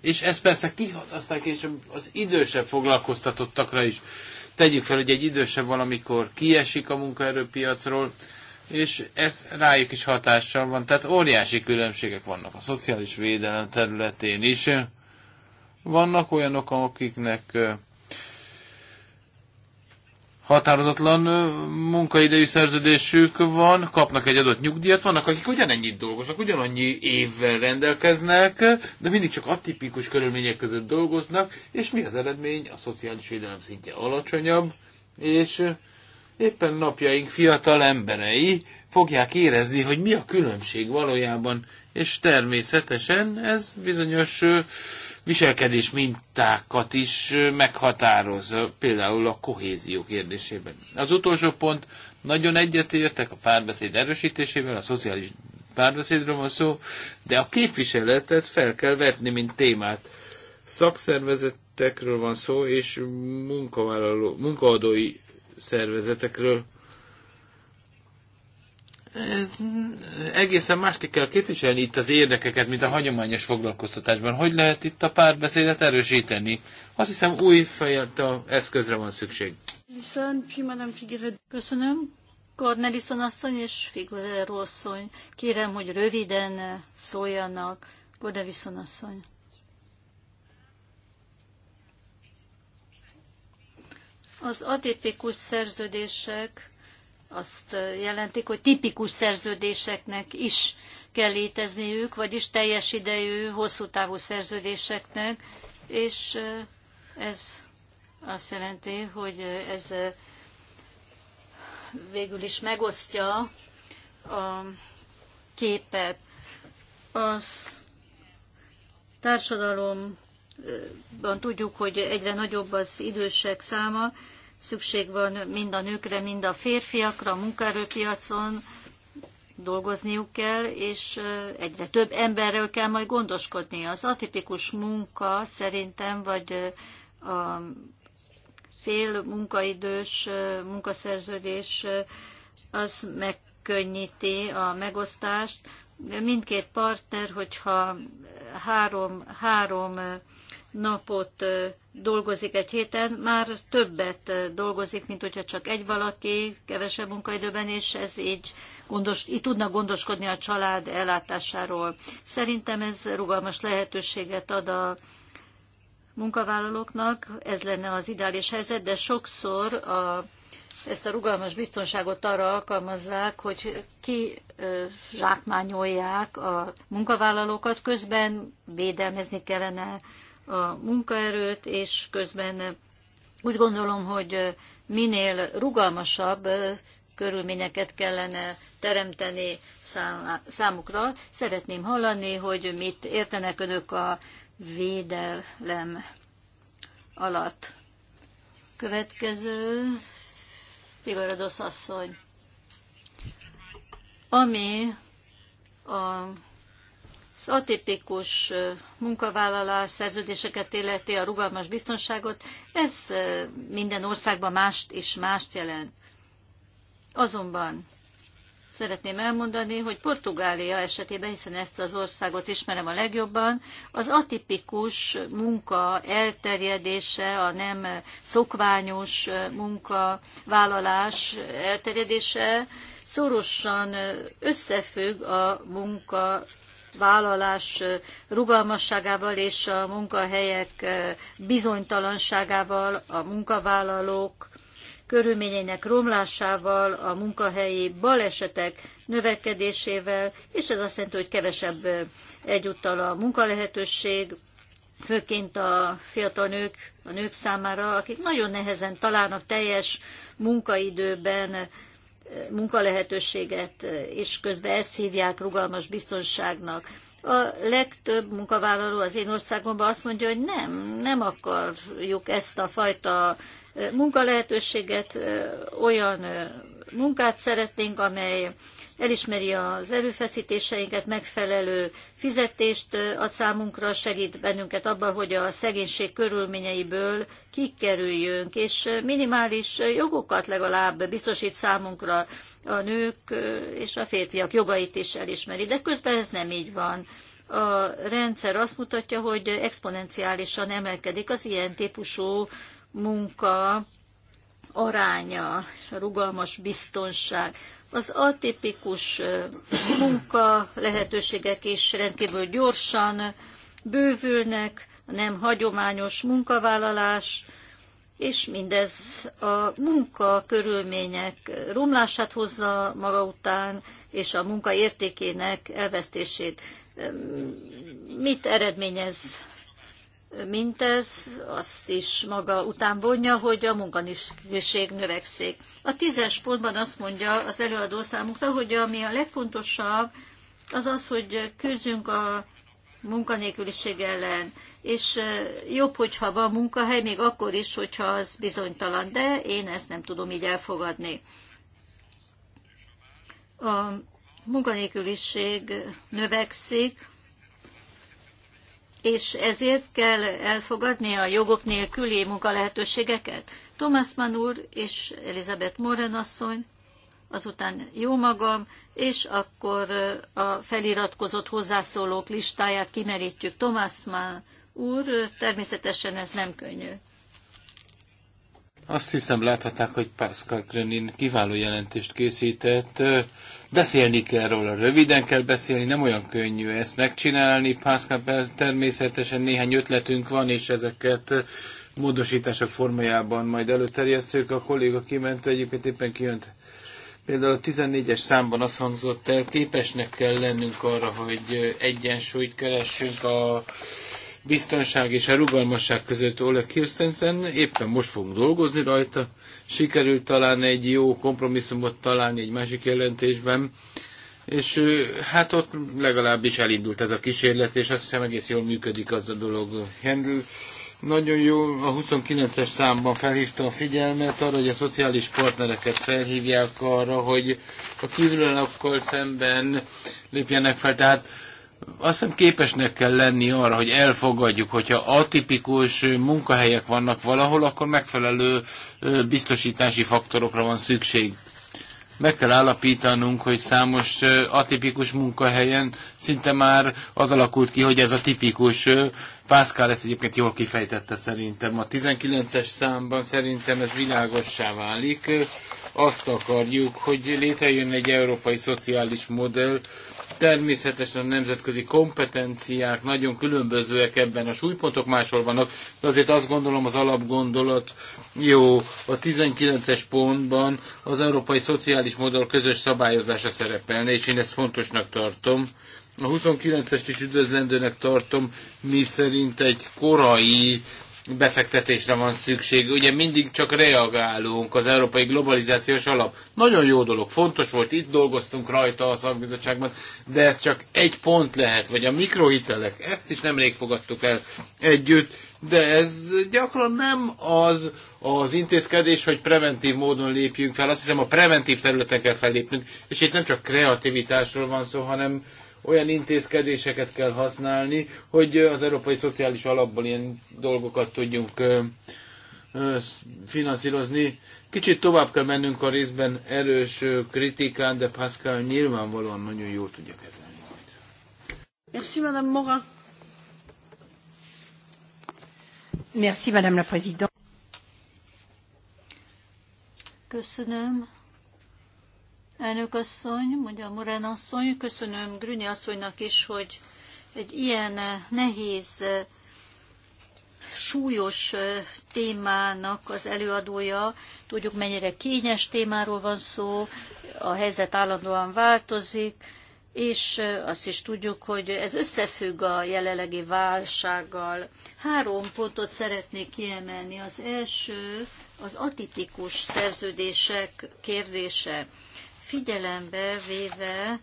És ez persze kihat aztán később az idősebb foglalkoztatottakra is. Tegyük fel, hogy egy idősebb valamikor kiesik a munkaerőpiacról, és ez rájuk is hatással van. Tehát óriási különbségek vannak a szociális védelem területén is. Vannak olyanok, akiknek határozatlan munkaidejű szerződésük van, kapnak egy adott nyugdíjat, vannak, akik ugyanennyit dolgoznak, ugyanannyi évvel rendelkeznek, de mindig csak atipikus körülmények között dolgoznak, és mi az eredmény? A szociális védelem szintje alacsonyabb, és éppen napjaink fiatal emberei fogják érezni, hogy mi a különbség valójában, és természetesen ez bizonyos viselkedés mintákat is meghatároz, például a kohézió kérdésében. Az utolsó pont, nagyon egyetértek a párbeszéd erősítésével, a szociális párbeszédről van szó, de a képviseletet fel kell vetni, mint témát. Szakszervezetekről van szó, és munkavállaló, munkaadói szervezetekről egészen másképp kell képviselni itt az érdekeket, mint a hagyományos foglalkoztatásban. Hogy lehet itt a párbeszédet erősíteni? Azt hiszem új fejlta eszközre van szükség. Köszönöm. Cornelison asszony és Figuero asszony. Kérem, hogy röviden szóljanak. Cornelison asszony. Az ATP-kus szerződések azt jelentik, hogy tipikus szerződéseknek is kell létezniük, vagyis teljes idejű, hosszú távú szerződéseknek, és ez azt jelenti, hogy ez végül is megosztja a képet. Az társadalomban tudjuk, hogy egyre nagyobb az idősek száma, szükség van mind a nőkre, mind a férfiakra, a munkaerőpiacon dolgozniuk kell, és egyre több emberről kell majd gondoskodni. Az atipikus munka szerintem, vagy a fél munkaidős munkaszerződés az megkönnyíti a megosztást. Mindkét partner, hogyha három, három napot dolgozik egy héten, már többet dolgozik, mint hogyha csak egy valaki, kevesebb munkaidőben, és ez így, gondos, így tudnak gondoskodni a család ellátásáról. Szerintem ez rugalmas lehetőséget ad a munkavállalóknak, ez lenne az ideális helyzet, de sokszor a, ezt a rugalmas biztonságot arra alkalmazzák, hogy ki zsákmányolják a munkavállalókat, közben védelmezni kellene a munkaerőt, és közben úgy gondolom, hogy minél rugalmasabb körülményeket kellene teremteni számukra. Szeretném hallani, hogy mit értenek önök a védelem alatt. Következő, Figaradosz asszony. Ami a az atipikus munkavállalás szerződéseket illeti a rugalmas biztonságot, ez minden országban mást és mást jelent. Azonban szeretném elmondani, hogy Portugália esetében, hiszen ezt az országot ismerem a legjobban, az atipikus munka elterjedése, a nem szokványos munkavállalás elterjedése szorosan összefügg a munka vállalás rugalmasságával és a munkahelyek bizonytalanságával, a munkavállalók körülményeinek romlásával, a munkahelyi balesetek növekedésével, és ez azt jelenti, hogy kevesebb egyúttal a munkalehetőség, főként a fiatal nők, a nők számára, akik nagyon nehezen találnak teljes munkaidőben munkalehetőséget, és közben ezt hívják rugalmas biztonságnak. A legtöbb munkavállaló az én országomban azt mondja, hogy nem, nem akarjuk ezt a fajta eh, munkalehetőséget, eh, olyan eh, munkát szeretnénk, amely elismeri az erőfeszítéseinket, megfelelő fizetést ad számunkra, segít bennünket abban, hogy a szegénység körülményeiből kikerüljünk, és minimális jogokat legalább biztosít számunkra a nők és a férfiak jogait is elismeri, de közben ez nem így van a rendszer azt mutatja, hogy exponenciálisan emelkedik az ilyen típusú munka aránya, és a rugalmas biztonság, az atipikus munka lehetőségek is rendkívül gyorsan bővülnek, nem hagyományos munkavállalás, és mindez a munka körülmények romlását hozza maga után, és a munka értékének elvesztését. Mit eredményez Mindez azt is maga után vonja, hogy a munkaniség növekszik. A tízes pontban azt mondja az előadó számunkra, hogy ami a legfontosabb, az az, hogy küzdjünk a munkanélküliség ellen, és jobb, hogyha van munkahely, még akkor is, hogyha az bizonytalan, de én ezt nem tudom így elfogadni. A munkanélküliség növekszik, és ezért kell elfogadni a jogok nélküli munkalehetőségeket. Thomas Mann úr és Elizabeth Moren asszony, azután jó magam, és akkor a feliratkozott hozzászólók listáját kimerítjük. Thomas Mann úr, természetesen ez nem könnyű. Azt hiszem láthatták, hogy Pascal Krönin kiváló jelentést készített Beszélni kell róla, röviden kell beszélni, nem olyan könnyű ezt megcsinálni. Pászkáppel természetesen néhány ötletünk van, és ezeket módosítások formájában majd előterjesztjük. A kolléga kiment, egyébként éppen kijönt. Például a 14-es számban azt hangzott el, képesnek kell lennünk arra, hogy egyensúlyt keressünk a biztonság és a rugalmasság között Ole Kirstensen. Éppen most fogunk dolgozni rajta sikerült talán egy jó kompromisszumot találni egy másik jelentésben, és hát ott legalábbis elindult ez a kísérlet, és azt hiszem egész jól működik az a dolog. Handel nagyon jó, a 29-es számban felhívta a figyelmet arra, hogy a szociális partnereket felhívják arra, hogy a kívülállókkal szemben lépjenek fel. Tehát azt hiszem képesnek kell lenni arra, hogy elfogadjuk, hogyha atipikus munkahelyek vannak valahol, akkor megfelelő biztosítási faktorokra van szükség. Meg kell állapítanunk, hogy számos atipikus munkahelyen szinte már az alakult ki, hogy ez a tipikus. Pászkál ezt egyébként jól kifejtette szerintem. A 19-es számban szerintem ez világossá válik azt akarjuk, hogy létrejön egy európai szociális modell, Természetesen a nemzetközi kompetenciák nagyon különbözőek ebben, a súlypontok máshol vannak, de azért azt gondolom az alapgondolat jó. A 19-es pontban az európai szociális modell közös szabályozása szerepelne, és én ezt fontosnak tartom. A 29-est is üdvözlendőnek tartom, mi szerint egy korai befektetésre van szükség. Ugye mindig csak reagálunk az európai globalizációs alap. Nagyon jó dolog, fontos volt, itt dolgoztunk rajta a szakbizottságban, de ez csak egy pont lehet, vagy a mikrohitelek, ezt is nemrég fogadtuk el együtt, de ez gyakran nem az az intézkedés, hogy preventív módon lépjünk fel. Azt hiszem a preventív területen kell fellépnünk, és itt nem csak kreativitásról van szó, hanem olyan intézkedéseket kell használni, hogy az Európai Szociális Alapból ilyen dolgokat tudjunk finanszírozni. Kicsit tovább kell mennünk a részben erős kritikán, de Pascal nyilvánvalóan nagyon jól tudja kezelni majd. Merci, Madame Morin. Merci, Madame la Présidente. Köszönöm, Elnök asszony, mondja Morán asszony, köszönöm Grüni asszonynak is, hogy egy ilyen eh, nehéz, eh, súlyos eh, témának az előadója. Tudjuk, mennyire kényes témáról van szó, a helyzet állandóan változik, és azt is tudjuk, hogy ez összefügg a jelenlegi válsággal. Három pontot szeretnék kiemelni. Az első az atipikus szerződések kérdése figyelembe véve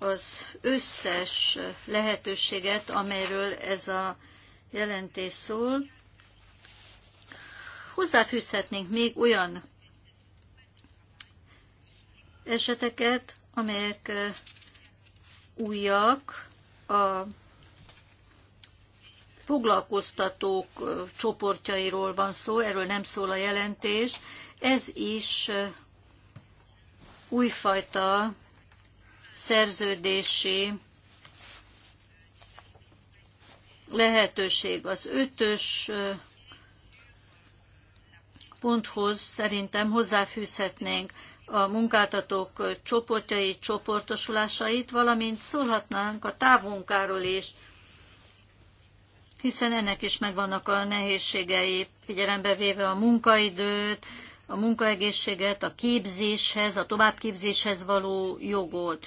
az összes lehetőséget, amelyről ez a jelentés szól, hozzáfűzhetnénk még olyan eseteket, amelyek újak a foglalkoztatók csoportjairól van szó, erről nem szól a jelentés. Ez is újfajta szerződési lehetőség. Az ötös ponthoz szerintem hozzáfűzhetnénk a munkáltatók csoportjai csoportosulásait, valamint szólhatnánk a távmunkáról is, hiszen ennek is megvannak a nehézségei, figyelembe véve a munkaidőt, a munkaegészséget, a képzéshez, a továbbképzéshez való jogot.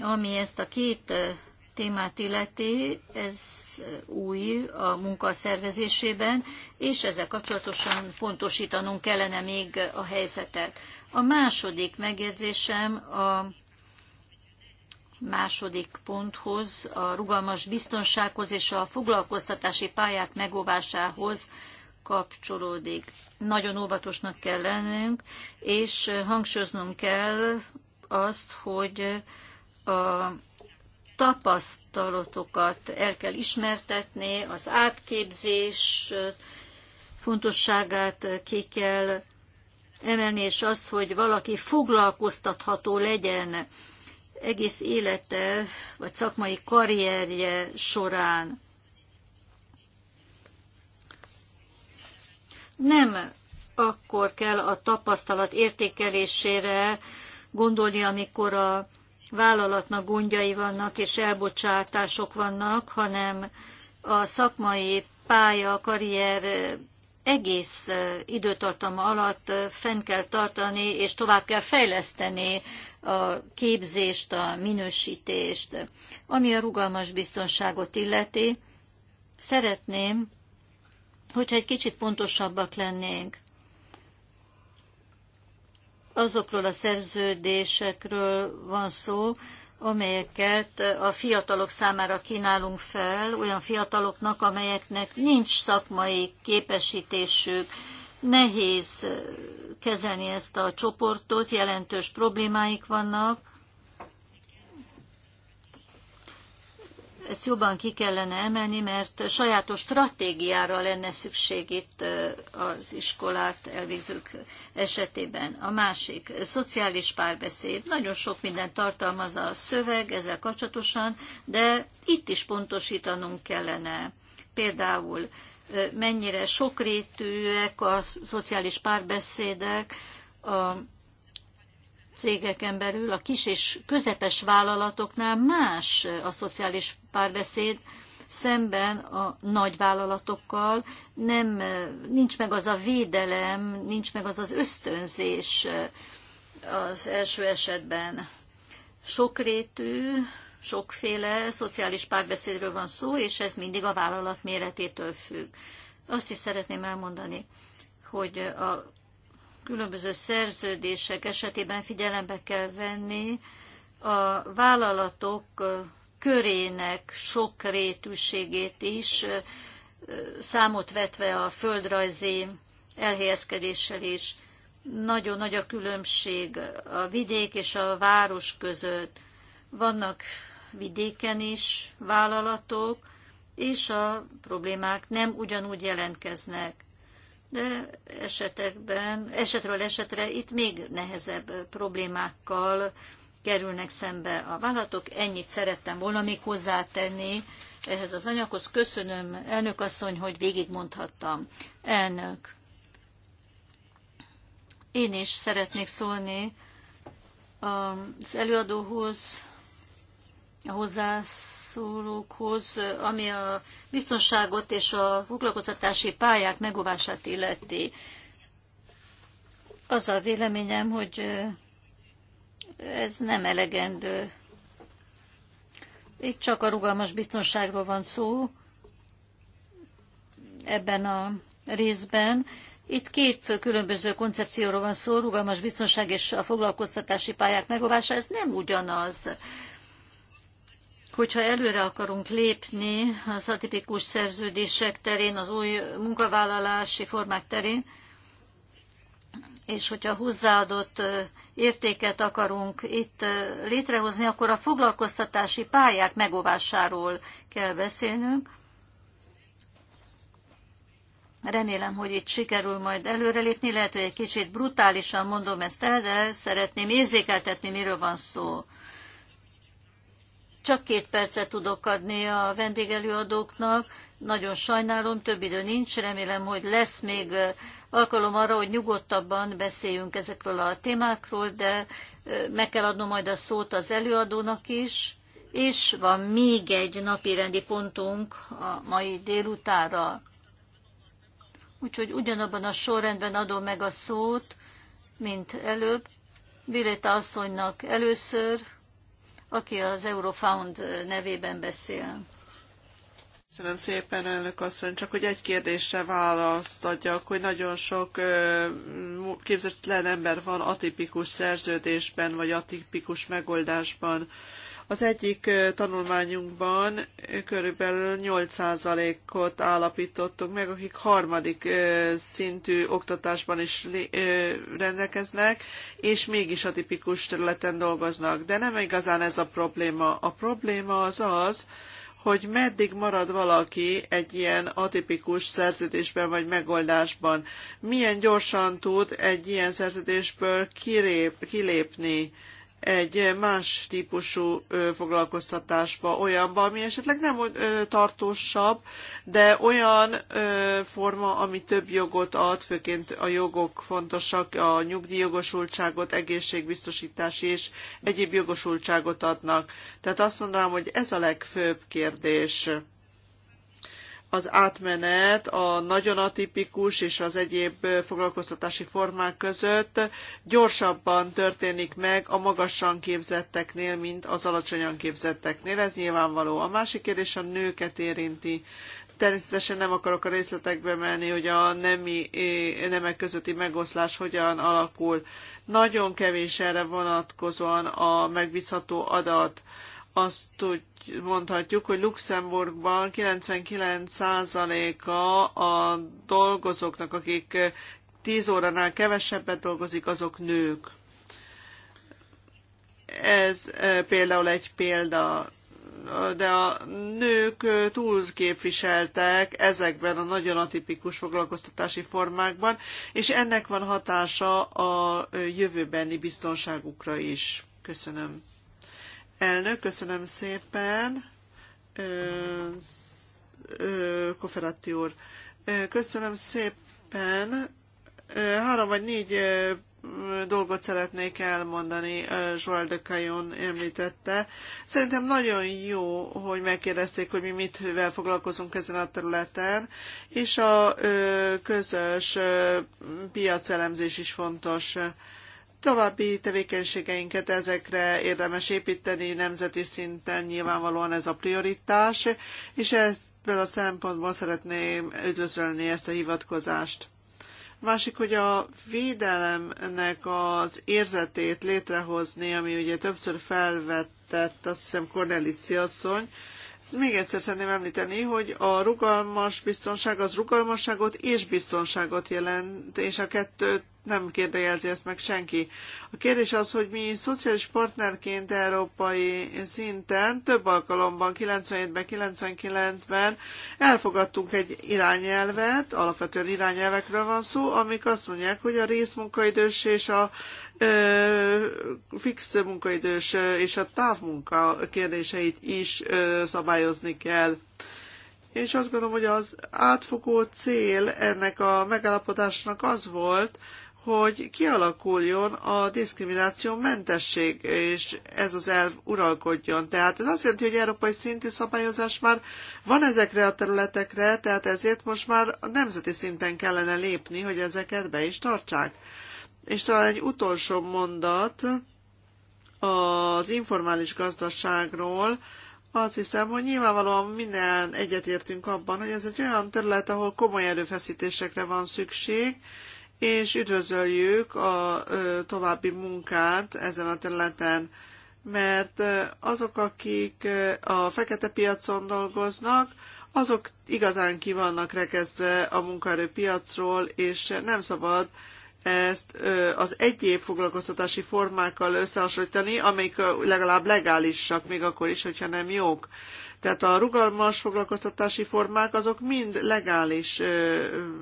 Ami ezt a két eh, témát illeti, ez eh, új a munka szervezésében, és ezzel kapcsolatosan pontosítanunk kellene még a helyzetet. A második megjegyzésem a második ponthoz, a rugalmas biztonsághoz és a foglalkoztatási pályák megóvásához kapcsolódik. Nagyon óvatosnak kell lennünk, és hangsúlyoznunk kell azt, hogy a tapasztalatokat el kell ismertetni, az átképzés fontosságát ki kell emelni, és az, hogy valaki foglalkoztatható legyen egész élete vagy szakmai karrierje során. nem akkor kell a tapasztalat értékelésére gondolni, amikor a vállalatnak gondjai vannak és elbocsátások vannak, hanem a szakmai pálya, karrier egész időtartama alatt fenn kell tartani, és tovább kell fejleszteni a képzést, a minősítést. Ami a rugalmas biztonságot illeti, szeretném, Hogyha egy kicsit pontosabbak lennénk azokról a szerződésekről van szó, amelyeket a fiatalok számára kínálunk fel, olyan fiataloknak, amelyeknek nincs szakmai képesítésük, nehéz kezelni ezt a csoportot, jelentős problémáik vannak, ezt jobban ki kellene emelni, mert sajátos stratégiára lenne szükség itt az iskolát elvégzők esetében. A másik, szociális párbeszéd. Nagyon sok minden tartalmaz a szöveg ezzel kapcsolatosan, de itt is pontosítanunk kellene. Például mennyire sokrétűek a szociális párbeszédek, a cégeken belül, a kis és közepes vállalatoknál más a szociális párbeszéd, szemben a nagy vállalatokkal nem, nincs meg az a védelem, nincs meg az az ösztönzés az első esetben. Sokrétű, sokféle szociális párbeszédről van szó, és ez mindig a vállalat méretétől függ. Azt is szeretném elmondani, hogy a különböző szerződések esetében figyelembe kell venni a vállalatok körének rétűségét is, számot vetve a földrajzi elhelyezkedéssel is. Nagyon nagy a különbség a vidék és a város között. Vannak vidéken is vállalatok, és a problémák nem ugyanúgy jelentkeznek de esetekben, esetről esetre itt még nehezebb problémákkal kerülnek szembe a vállalatok. Ennyit szerettem volna még hozzátenni ehhez az anyaghoz. Köszönöm, elnök asszony, hogy végigmondhattam. Elnök, én is szeretnék szólni az előadóhoz, a hozzászólókhoz, ami a biztonságot és a foglalkoztatási pályák megóvását illeti. Az a véleményem, hogy ez nem elegendő. Itt csak a rugalmas biztonságról van szó ebben a részben. Itt két különböző koncepcióról van szó, rugalmas biztonság és a foglalkoztatási pályák megóvása. Ez nem ugyanaz hogyha előre akarunk lépni az atipikus szerződések terén, az új munkavállalási formák terén, és hogyha hozzáadott értéket akarunk itt létrehozni, akkor a foglalkoztatási pályák megóvásáról kell beszélnünk. Remélem, hogy itt sikerül majd előrelépni. Lehet, hogy egy kicsit brutálisan mondom ezt el, de szeretném érzékeltetni, miről van szó. Csak két percet tudok adni a vendégelőadóknak. Nagyon sajnálom, több idő nincs. Remélem, hogy lesz még alkalom arra, hogy nyugodtabban beszéljünk ezekről a témákról, de meg kell adnom majd a szót az előadónak is. És van még egy napi rendi pontunk a mai délutára. Úgyhogy ugyanabban a sorrendben adom meg a szót, mint előbb. Viléta asszonynak először, aki az Eurofound nevében beszél. Köszönöm szépen, elnök asszony. Csak hogy egy kérdésre választ adjak, hogy nagyon sok képzetlen ember van atipikus szerződésben, vagy atipikus megoldásban. Az egyik tanulmányunkban körülbelül 8%-ot állapítottunk meg, akik harmadik szintű oktatásban is rendelkeznek, és mégis a tipikus területen dolgoznak. De nem igazán ez a probléma. A probléma az az, hogy meddig marad valaki egy ilyen atipikus szerződésben vagy megoldásban. Milyen gyorsan tud egy ilyen szerződésből kilép, kilépni egy más típusú foglalkoztatásba, olyanba, ami esetleg nem tartósabb, de olyan forma, ami több jogot ad, főként a jogok fontosak, a nyugdíjjogosultságot, egészségbiztosítási és egyéb jogosultságot adnak. Tehát azt mondanám, hogy ez a legfőbb kérdés az átmenet a nagyon atipikus és az egyéb foglalkoztatási formák között gyorsabban történik meg a magasan képzetteknél, mint az alacsonyan képzetteknél. Ez nyilvánvaló. A másik kérdés a nőket érinti. Természetesen nem akarok a részletekbe menni, hogy a nemi, nemek közötti megoszlás hogyan alakul. Nagyon kevés erre vonatkozóan a megbízható adat azt tud, mondhatjuk, hogy Luxemburgban 99%-a a dolgozóknak, akik 10 óránál kevesebbet dolgozik, azok nők. Ez e, például egy példa de a nők e, túlképviseltek ezekben a nagyon atipikus foglalkoztatási formákban, és ennek van hatása a e, jövőbeni biztonságukra is. Köszönöm. Elnök, köszönöm szépen. Koferati úr. Köszönöm szépen. Három vagy négy dolgot szeretnék elmondani, Joel de Cajon említette. Szerintem nagyon jó, hogy megkérdezték, hogy mi mitvel foglalkozunk ezen a területen, és a közös piacelemzés is fontos. További tevékenységeinket ezekre érdemes építeni, nemzeti szinten nyilvánvalóan ez a prioritás, és ebből a szempontból szeretném üdvözölni ezt a hivatkozást. Másik, hogy a védelemnek az érzetét létrehozni, ami ugye többször felvettett, azt hiszem Corneliszi asszony, ezt még egyszer szeretném említeni, hogy a rugalmas biztonság az rugalmasságot és biztonságot jelent, és a kettőt nem kérdőjelzi ezt meg senki. A kérdés az, hogy mi szociális partnerként európai szinten több alkalomban, 97-ben, 99-ben elfogadtunk egy irányelvet, alapvetően irányelvekről van szó, amik azt mondják, hogy a részmunkaidős és a ö, fix munkaidős és a távmunka kérdéseit is ö, szabályozni kell. És azt gondolom, hogy az átfogó cél ennek a megállapodásnak az volt, hogy kialakuljon a diszkrimináció mentesség, és ez az elv uralkodjon. Tehát ez azt jelenti, hogy európai szintű szabályozás már van ezekre a területekre, tehát ezért most már a nemzeti szinten kellene lépni, hogy ezeket be is tartsák. És talán egy utolsó mondat az informális gazdaságról, azt hiszem, hogy nyilvánvalóan minden egyetértünk abban, hogy ez egy olyan terület, ahol komoly erőfeszítésekre van szükség, és üdvözöljük a további munkát ezen a területen, mert azok, akik a fekete piacon dolgoznak, azok igazán ki vannak rekezdve a munkaerőpiacról, és nem szabad ezt az egyéb foglalkoztatási formákkal összehasonlítani, amelyik legalább legálisak, még akkor is, hogyha nem jók. Tehát a rugalmas foglalkoztatási formák azok mind legális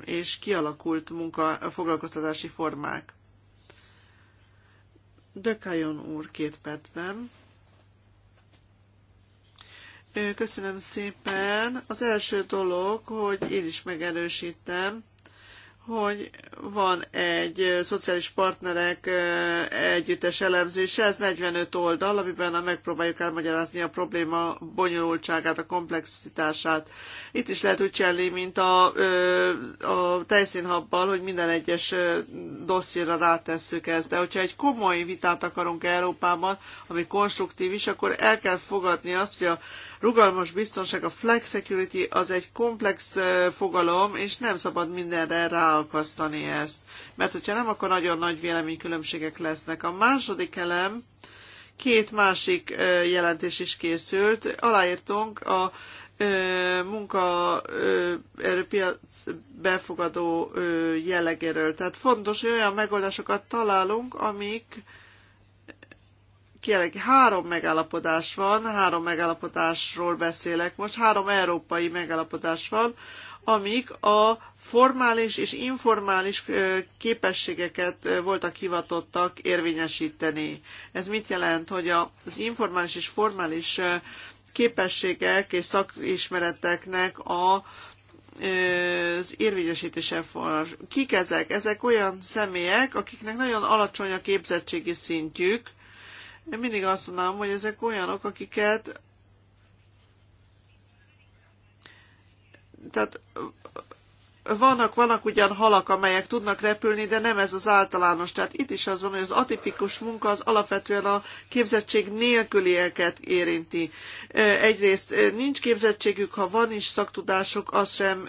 és kialakult munka foglalkoztatási formák. Dökajon úr két percben. Köszönöm szépen. Az első dolog, hogy én is megerősítem, hogy van egy szociális partnerek együttes elemzése, ez 45 oldal, amiben megpróbáljuk elmagyarázni a probléma bonyolultságát, a komplexitását. Itt is lehet úgy csinálni, mint a, a tejszínhabbal, hogy minden egyes dossziéra rátesszük ezt. De hogyha egy komoly vitát akarunk Európában, ami konstruktív is, akkor el kell fogadni azt, hogy a rugalmas biztonság, a flex security az egy komplex fogalom, és nem szabad mindenre ráakasztani ezt. Mert hogyha nem, akkor nagyon nagy véleménykülönbségek lesznek. A második elem, két másik jelentés is készült. Aláírtunk a munkaerőpiac befogadó jellegéről. Tehát fontos, hogy olyan megoldásokat találunk, amik jelenleg három megállapodás van, három megállapodásról beszélek most, három európai megállapodás van, amik a formális és informális képességeket voltak hivatottak érvényesíteni. Ez mit jelent, hogy az informális és formális képességek és szakismereteknek a az érvényesítése forrás. Kik ezek? Ezek olyan személyek, akiknek nagyon alacsony a képzettségi szintjük, én mindig azt mondom, hogy ezek olyanok, akiket tehát vannak, vannak ugyan halak, amelyek tudnak repülni, de nem ez az általános. Tehát itt is az van, hogy az atipikus munka az alapvetően a képzettség nélkülieket érinti. Egyrészt nincs képzettségük, ha van is szaktudások, az sem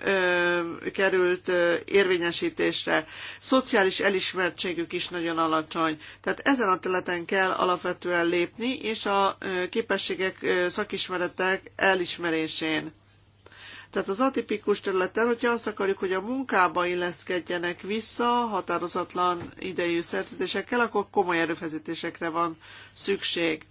került érvényesítésre. Szociális elismertségük is nagyon alacsony. Tehát ezen a területen kell alapvetően lépni, és a képességek, szakismeretek elismerésén. Tehát az atipikus területen, hogyha azt akarjuk, hogy a munkába illeszkedjenek vissza határozatlan idejű szerződésekkel, akkor komoly erőfeszítésekre van szükség.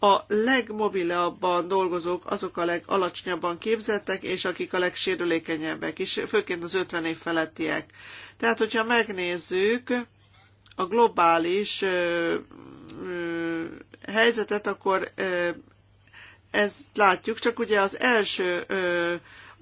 A legmobilabban dolgozók azok a legalacsonyabban képzettek, és akik a legsérülékenyebbek is, főként az 50 év felettiek. Tehát, hogyha megnézzük a globális ö, ö, helyzetet, akkor ö, ezt látjuk, csak ugye az első ö,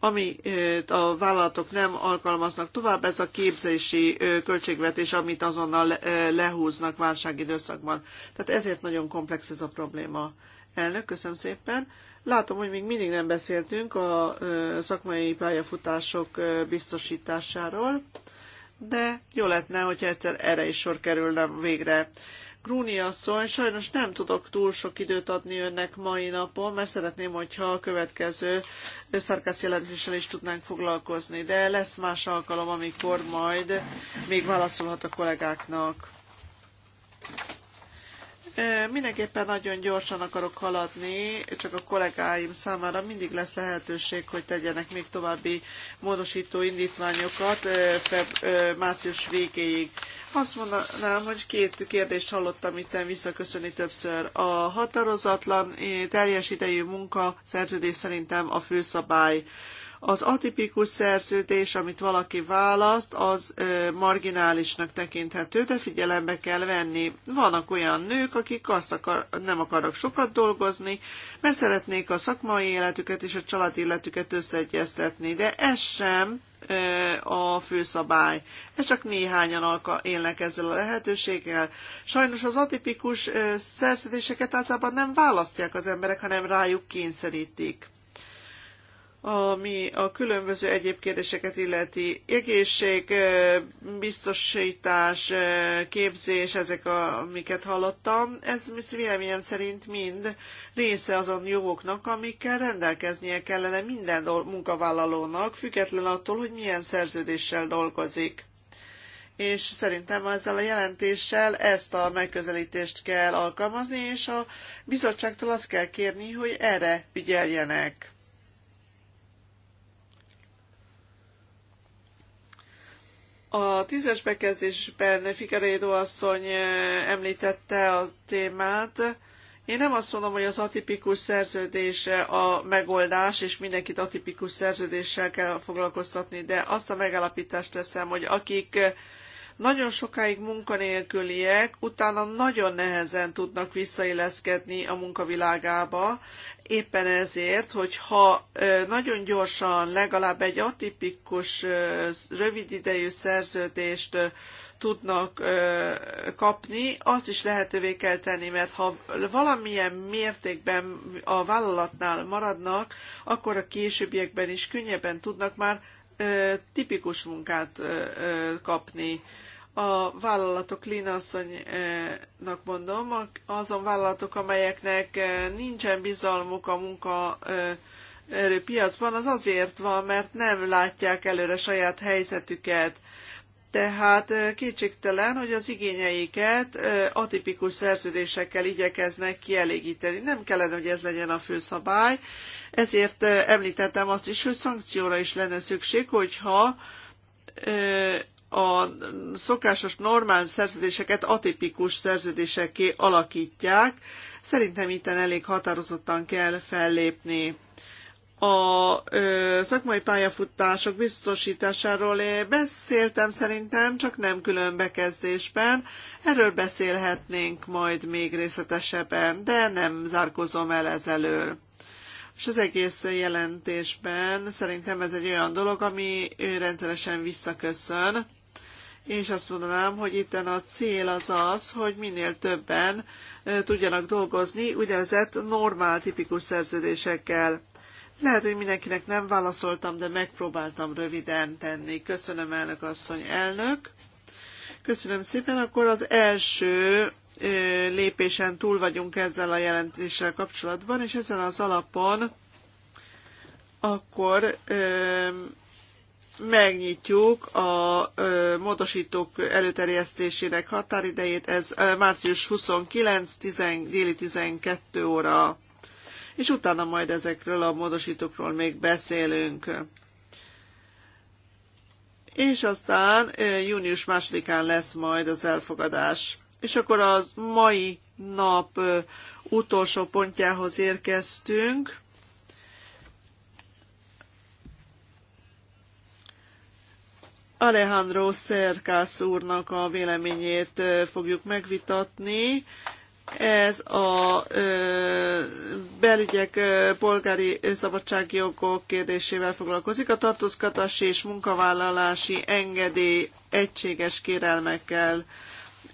amit a vállalatok nem alkalmaznak tovább, ez a képzési költségvetés, amit azonnal lehúznak válságidőszakban. Tehát ezért nagyon komplex ez a probléma. Elnök, köszönöm szépen. Látom, hogy még mindig nem beszéltünk a szakmai pályafutások biztosításáról, de jó lenne, hogyha egyszer erre is sor kerülne végre. Grúni asszony, sajnos nem tudok túl sok időt adni önnek mai napon, mert szeretném, hogyha a következő szarkász jelentéssel is tudnánk foglalkozni, de lesz más alkalom, amikor majd még válaszolhat a kollégáknak. Mindenképpen nagyon gyorsan akarok haladni, csak a kollégáim számára mindig lesz lehetőség, hogy tegyenek még további módosító indítványokat feb, március végéig. Azt mondanám, hogy két kérdést hallottam itt visszaköszönni többször. A határozatlan teljes idejű munka szerződés szerintem a főszabály. szabály az atipikus szerződés, amit valaki választ, az marginálisnak tekinthető, de figyelembe kell venni. Vannak olyan nők, akik azt akar, nem akarok sokat dolgozni, mert szeretnék a szakmai életüket és a család életüket összeegyeztetni, de ez sem a főszabály. Ez csak néhányan alka élnek ezzel a lehetőséggel. Sajnos az atipikus szerződéseket általában nem választják az emberek, hanem rájuk kényszerítik ami a különböző egyéb kérdéseket illeti. Egészség, biztosítás, képzés, ezek, a, amiket hallottam, ez véleményem szerint mind része azon jogoknak, amikkel rendelkeznie kellene minden munkavállalónak, független attól, hogy milyen szerződéssel dolgozik. És szerintem ezzel a jelentéssel ezt a megközelítést kell alkalmazni, és a bizottságtól azt kell kérni, hogy erre ügyeljenek. A tízes bekezdésben Figueiredo asszony eh, említette a témát. Én nem azt mondom, hogy az atipikus szerződés a megoldás, és mindenkit atipikus szerződéssel kell foglalkoztatni, de azt a megállapítást teszem, hogy akik nagyon sokáig munkanélküliek, utána nagyon nehezen tudnak visszailleszkedni a munkavilágába, éppen ezért, hogy ha nagyon gyorsan legalább egy atipikus, rövid idejű szerződést tudnak kapni, azt is lehetővé kell tenni, mert ha valamilyen mértékben a vállalatnál maradnak, akkor a későbbiekben is könnyebben tudnak már tipikus munkát kapni. A vállalatok, Lina asszonynak mondom, azon vállalatok, amelyeknek nincsen bizalmuk a munka erőpiacban, az azért van, mert nem látják előre saját helyzetüket tehát kétségtelen, hogy az igényeiket atipikus szerződésekkel igyekeznek kielégíteni. Nem kellene, hogy ez legyen a főszabály, ezért említettem azt is, hogy szankcióra is lenne szükség, hogyha a szokásos normál szerződéseket atipikus szerződésekké alakítják. Szerintem itten elég határozottan kell fellépni a szakmai pályafutások biztosításáról beszéltem szerintem, csak nem külön bekezdésben. Erről beszélhetnénk majd még részletesebben, de nem zárkozom el ezelől. És az egész jelentésben szerintem ez egy olyan dolog, ami rendszeresen visszaköszön, és azt mondanám, hogy itt a cél az az, hogy minél többen tudjanak dolgozni úgynevezett normál tipikus szerződésekkel lehet, hogy mindenkinek nem válaszoltam, de megpróbáltam röviden tenni. Köszönöm, elnök asszony, elnök. Köszönöm szépen. Akkor az első lépésen túl vagyunk ezzel a jelentéssel kapcsolatban, és ezen az alapon akkor megnyitjuk a ö, módosítók előterjesztésének határidejét. Ez március 29, 10, déli 12 óra és utána majd ezekről a módosítókról még beszélünk. És aztán június másodikán lesz majd az elfogadás. És akkor az mai nap utolsó pontjához érkeztünk. Alejandro Szerkász úrnak a véleményét fogjuk megvitatni ez a belügyek polgári szabadságjogok kérdésével foglalkozik, a tartózkodási és munkavállalási engedély egységes kérelmekkel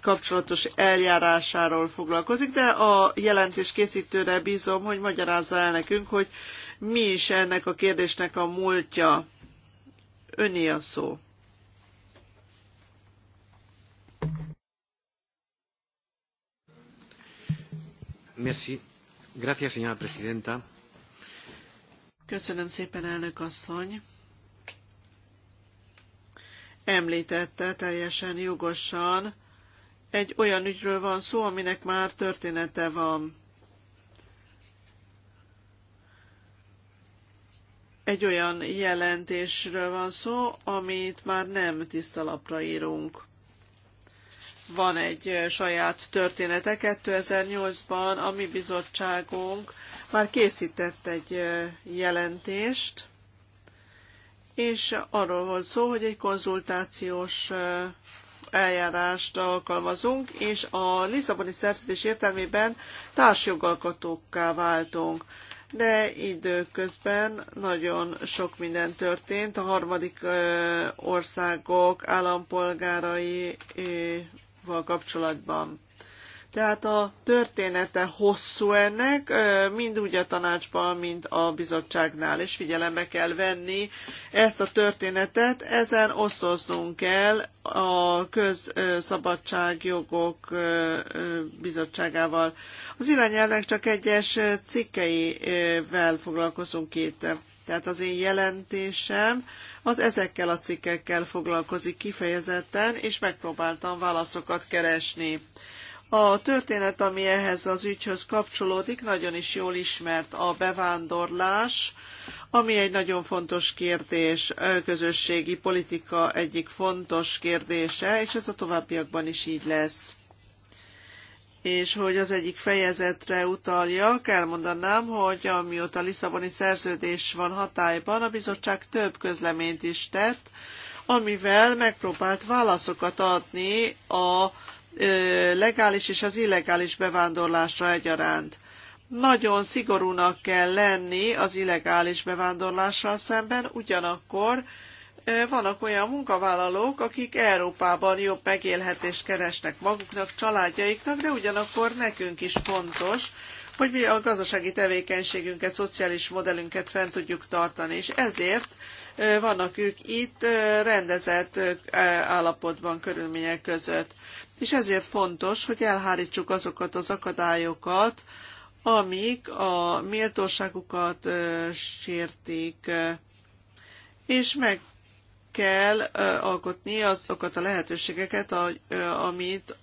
kapcsolatos eljárásáról foglalkozik, de a jelentés készítőre bízom, hogy magyarázza el nekünk, hogy mi is ennek a kérdésnek a múltja. Öné a szó. Köszönöm szépen, elnök asszony. Említette teljesen jogosan, egy olyan ügyről van szó, aminek már története van. Egy olyan jelentésről van szó, amit már nem lapra írunk van egy saját története. 2008-ban a mi bizottságunk már készített egy jelentést, és arról volt szó, hogy egy konzultációs eljárást alkalmazunk, és a Lisszaboni szerződés értelmében társjogalkotókká váltunk. De időközben nagyon sok minden történt. A harmadik országok állampolgárai val kapcsolatban. Tehát a története hosszú ennek, mind úgy a tanácsban, mint a bizottságnál, és figyelembe kell venni ezt a történetet, ezen osztoznunk kell a közszabadságjogok bizottságával. Az irányelvnek csak egyes cikkeivel foglalkozunk itt. Tehát az én jelentésem az ezekkel a cikkekkel foglalkozik kifejezetten, és megpróbáltam válaszokat keresni. A történet, ami ehhez az ügyhöz kapcsolódik, nagyon is jól ismert a bevándorlás, ami egy nagyon fontos kérdés, közösségi politika egyik fontos kérdése, és ez a továbbiakban is így lesz és hogy az egyik fejezetre utaljak, elmondanám, hogy amióta a Lisszaboni szerződés van hatályban, a bizottság több közleményt is tett, amivel megpróbált válaszokat adni a legális és az illegális bevándorlásra egyaránt. Nagyon szigorúnak kell lenni az illegális bevándorlással szemben, ugyanakkor vannak olyan munkavállalók, akik Európában jobb megélhetést keresnek maguknak, családjaiknak, de ugyanakkor nekünk is fontos, hogy mi a gazdasági tevékenységünket, szociális modellünket fent tudjuk tartani, és ezért vannak ők itt rendezett állapotban, körülmények között. És ezért fontos, hogy elhárítsuk azokat az akadályokat, amik a méltóságukat sértik, és meg kell alkotni azokat a lehetőségeket, amit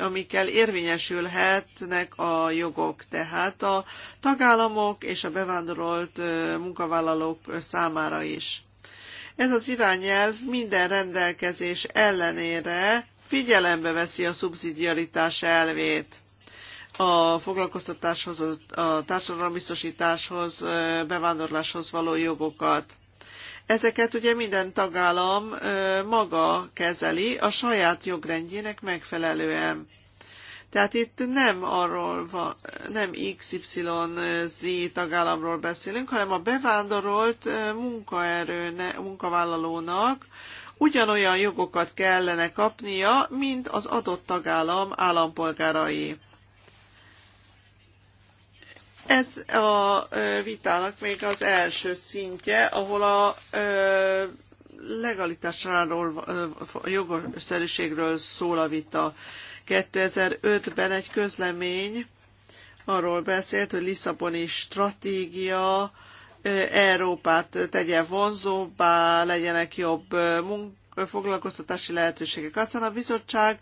amikkel érvényesülhetnek a jogok, tehát a tagállamok és a bevándorolt munkavállalók számára is. Ez az irányelv minden rendelkezés ellenére figyelembe veszi a szubszidiaritás elvét a foglalkoztatáshoz, a társadalombiztosításhoz, bevándorláshoz való jogokat. Ezeket ugye minden tagállam maga kezeli a saját jogrendjének megfelelően. Tehát itt nem arról van, nem XYZ tagállamról beszélünk, hanem a bevándorolt munkaerőne, munkavállalónak ugyanolyan jogokat kellene kapnia, mint az adott tagállam állampolgárai. Ez a vitának még az első szintje, ahol a legalitásáról, jogszerűségről szól a vita. 2005-ben egy közlemény arról beszélt, hogy Lisszaboni stratégia Európát tegye vonzóbbá, legyenek jobb munk- foglalkoztatási lehetőségek. Aztán a bizottság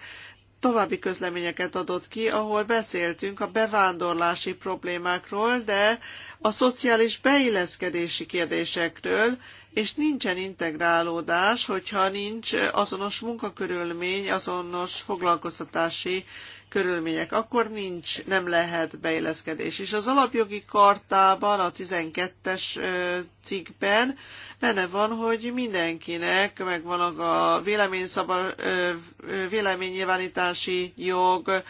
további közleményeket adott ki, ahol beszéltünk a bevándorlási problémákról, de a szociális beilleszkedési kérdésekről, és nincsen integrálódás, hogyha nincs azonos munkakörülmény, azonos foglalkoztatási körülmények, akkor nincs, nem lehet beilleszkedés. És az alapjogi kartában, a 12-es cikkben benne van, hogy mindenkinek megvan a véleményszabad, véleménynyilvánítási jog,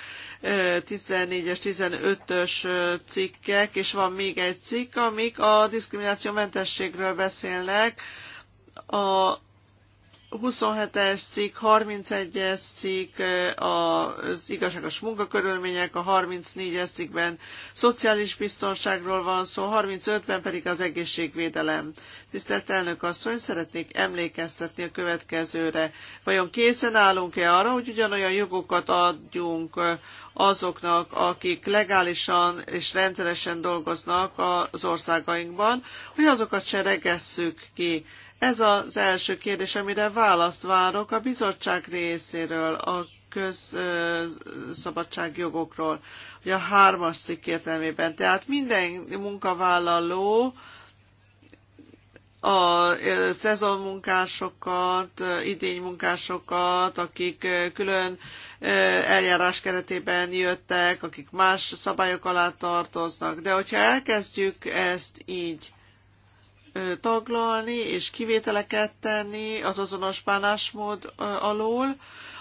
14-es, 15-ös cikkek, és van még egy cikk, amik a diszkrimináció mentességről beszélnek, a 27-es cikk, 31-es cikk, az igazságos munkakörülmények, a 34-es cikkben szociális biztonságról van szó, 35-ben pedig az egészségvédelem. Tisztelt elnök asszony, szeretnék emlékeztetni a következőre. Vajon készen állunk-e arra, hogy ugyanolyan jogokat adjunk azoknak, akik legálisan és rendszeresen dolgoznak az országainkban, hogy azokat se regesszük ki, ez az első kérdés, amire választ várok a bizottság részéről, a közszabadságjogokról, a hármas szik értelmében. Tehát minden munkavállaló a szezonmunkásokat, idénymunkásokat, akik külön eljárás keretében jöttek, akik más szabályok alá tartoznak. De hogyha elkezdjük ezt így, taglalni és kivételeket tenni az azonos bánásmód alól,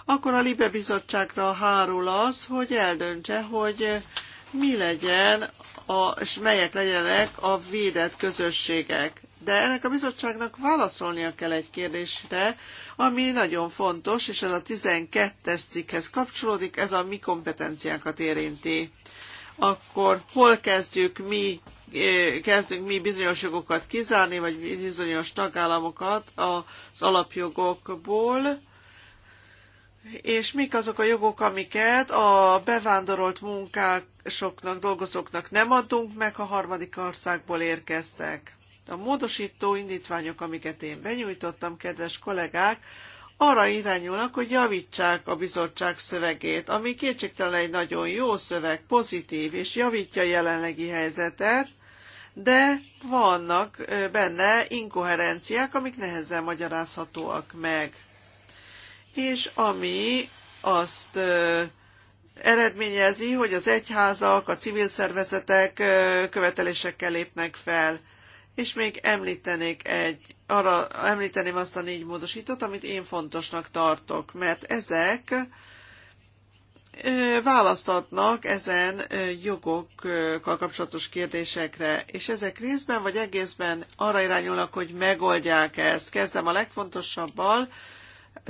akkor a Libe Bizottságra hárul az, hogy eldöntse, hogy mi legyen, a, és melyek legyenek a védett közösségek. De ennek a bizottságnak válaszolnia kell egy kérdésre, ami nagyon fontos, és ez a 12-es cikkhez kapcsolódik, ez a mi kompetenciánkat érinti. Akkor hol kezdjük mi kezdünk mi bizonyos jogokat kizárni, vagy bizonyos tagállamokat az alapjogokból, és mik azok a jogok, amiket a bevándorolt munkásoknak, dolgozóknak nem adunk meg, ha harmadik országból érkeztek. A módosító indítványok, amiket én benyújtottam, kedves kollégák, arra irányulnak, hogy javítsák a bizottság szövegét, ami kétségtelen egy nagyon jó szöveg, pozitív, és javítja a jelenlegi helyzetet, de vannak benne inkoherenciák, amik nehezen magyarázhatóak meg. És ami azt eredményezi, hogy az egyházak, a civil szervezetek követelésekkel lépnek fel. És még említenék egy, arra említeném azt a négy módosítót, amit én fontosnak tartok, mert ezek választatnak ezen jogokkal kapcsolatos kérdésekre, és ezek részben vagy egészben arra irányulnak, hogy megoldják ezt. Kezdem a legfontosabbal,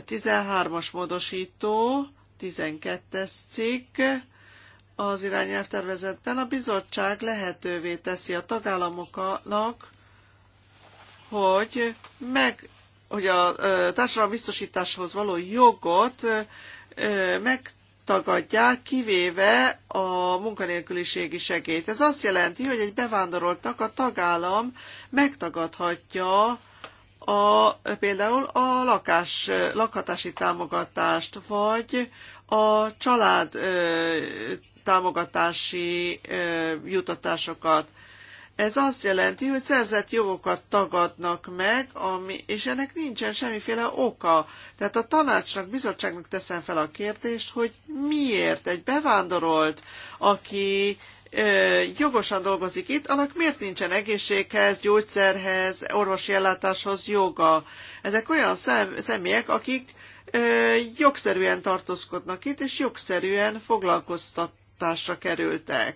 13-as módosító, 12-es cikk, az irányelvtervezetben a bizottság lehetővé teszi a tagállamoknak, hogy, meg, hogy a társadalombiztosításhoz való jogot meg tagadják, kivéve a munkanélküliségi segélyt. Ez azt jelenti, hogy egy bevándoroltnak a tagállam megtagadhatja a, például a lakás, lakhatási támogatást, vagy a család ö, támogatási ö, jutatásokat. Ez azt jelenti, hogy szerzett jogokat tagadnak meg, ami, és ennek nincsen semmiféle oka. Tehát a tanácsnak, bizottságnak teszem fel a kérdést, hogy miért egy bevándorolt, aki ö, jogosan dolgozik itt, annak miért nincsen egészséghez, gyógyszerhez, orvosi ellátáshoz joga. Ezek olyan szem, személyek, akik ö, jogszerűen tartózkodnak itt, és jogszerűen foglalkoztatásra kerültek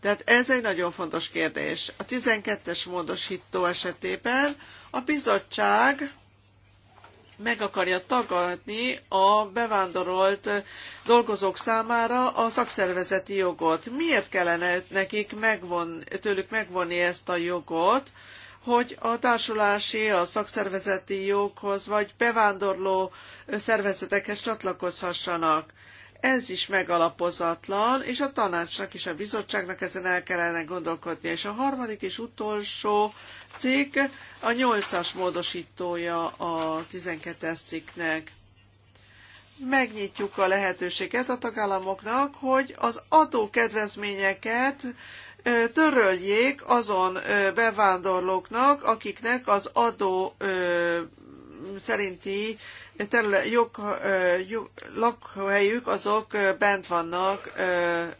tehát ez egy nagyon fontos kérdés. A 12-es módosító esetében a bizottság meg akarja tagadni a bevándorolt dolgozók számára a szakszervezeti jogot. Miért kellene nekik megvon, tőlük megvonni ezt a jogot, hogy a társulási, a szakszervezeti joghoz vagy bevándorló szervezetekhez csatlakozhassanak? Ez is megalapozatlan, és a tanácsnak és a bizottságnak ezen el kellene gondolkodnia. És a harmadik és utolsó cikk a nyolcas módosítója a 12-es cikknek megnyitjuk a lehetőséget a tagállamoknak, hogy az adókedvezményeket töröljék azon bevándorlóknak, akiknek az adó szerinti jog, jog, lakhelyük azok bent vannak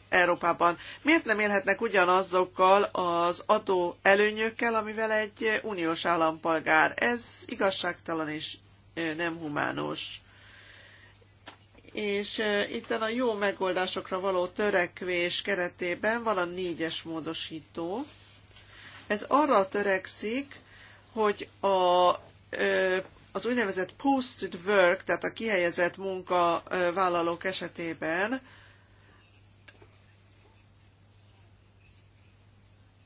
Európában. Miért nem élhetnek ugyanazokkal az adó előnyökkel, amivel egy uniós állampolgár? Ez igazságtalan és nem humános, és itt a jó megoldásokra való törekvés keretében van a négyes módosító. Ez arra törekszik, hogy a az úgynevezett posted work, tehát a kihelyezett munkavállalók esetében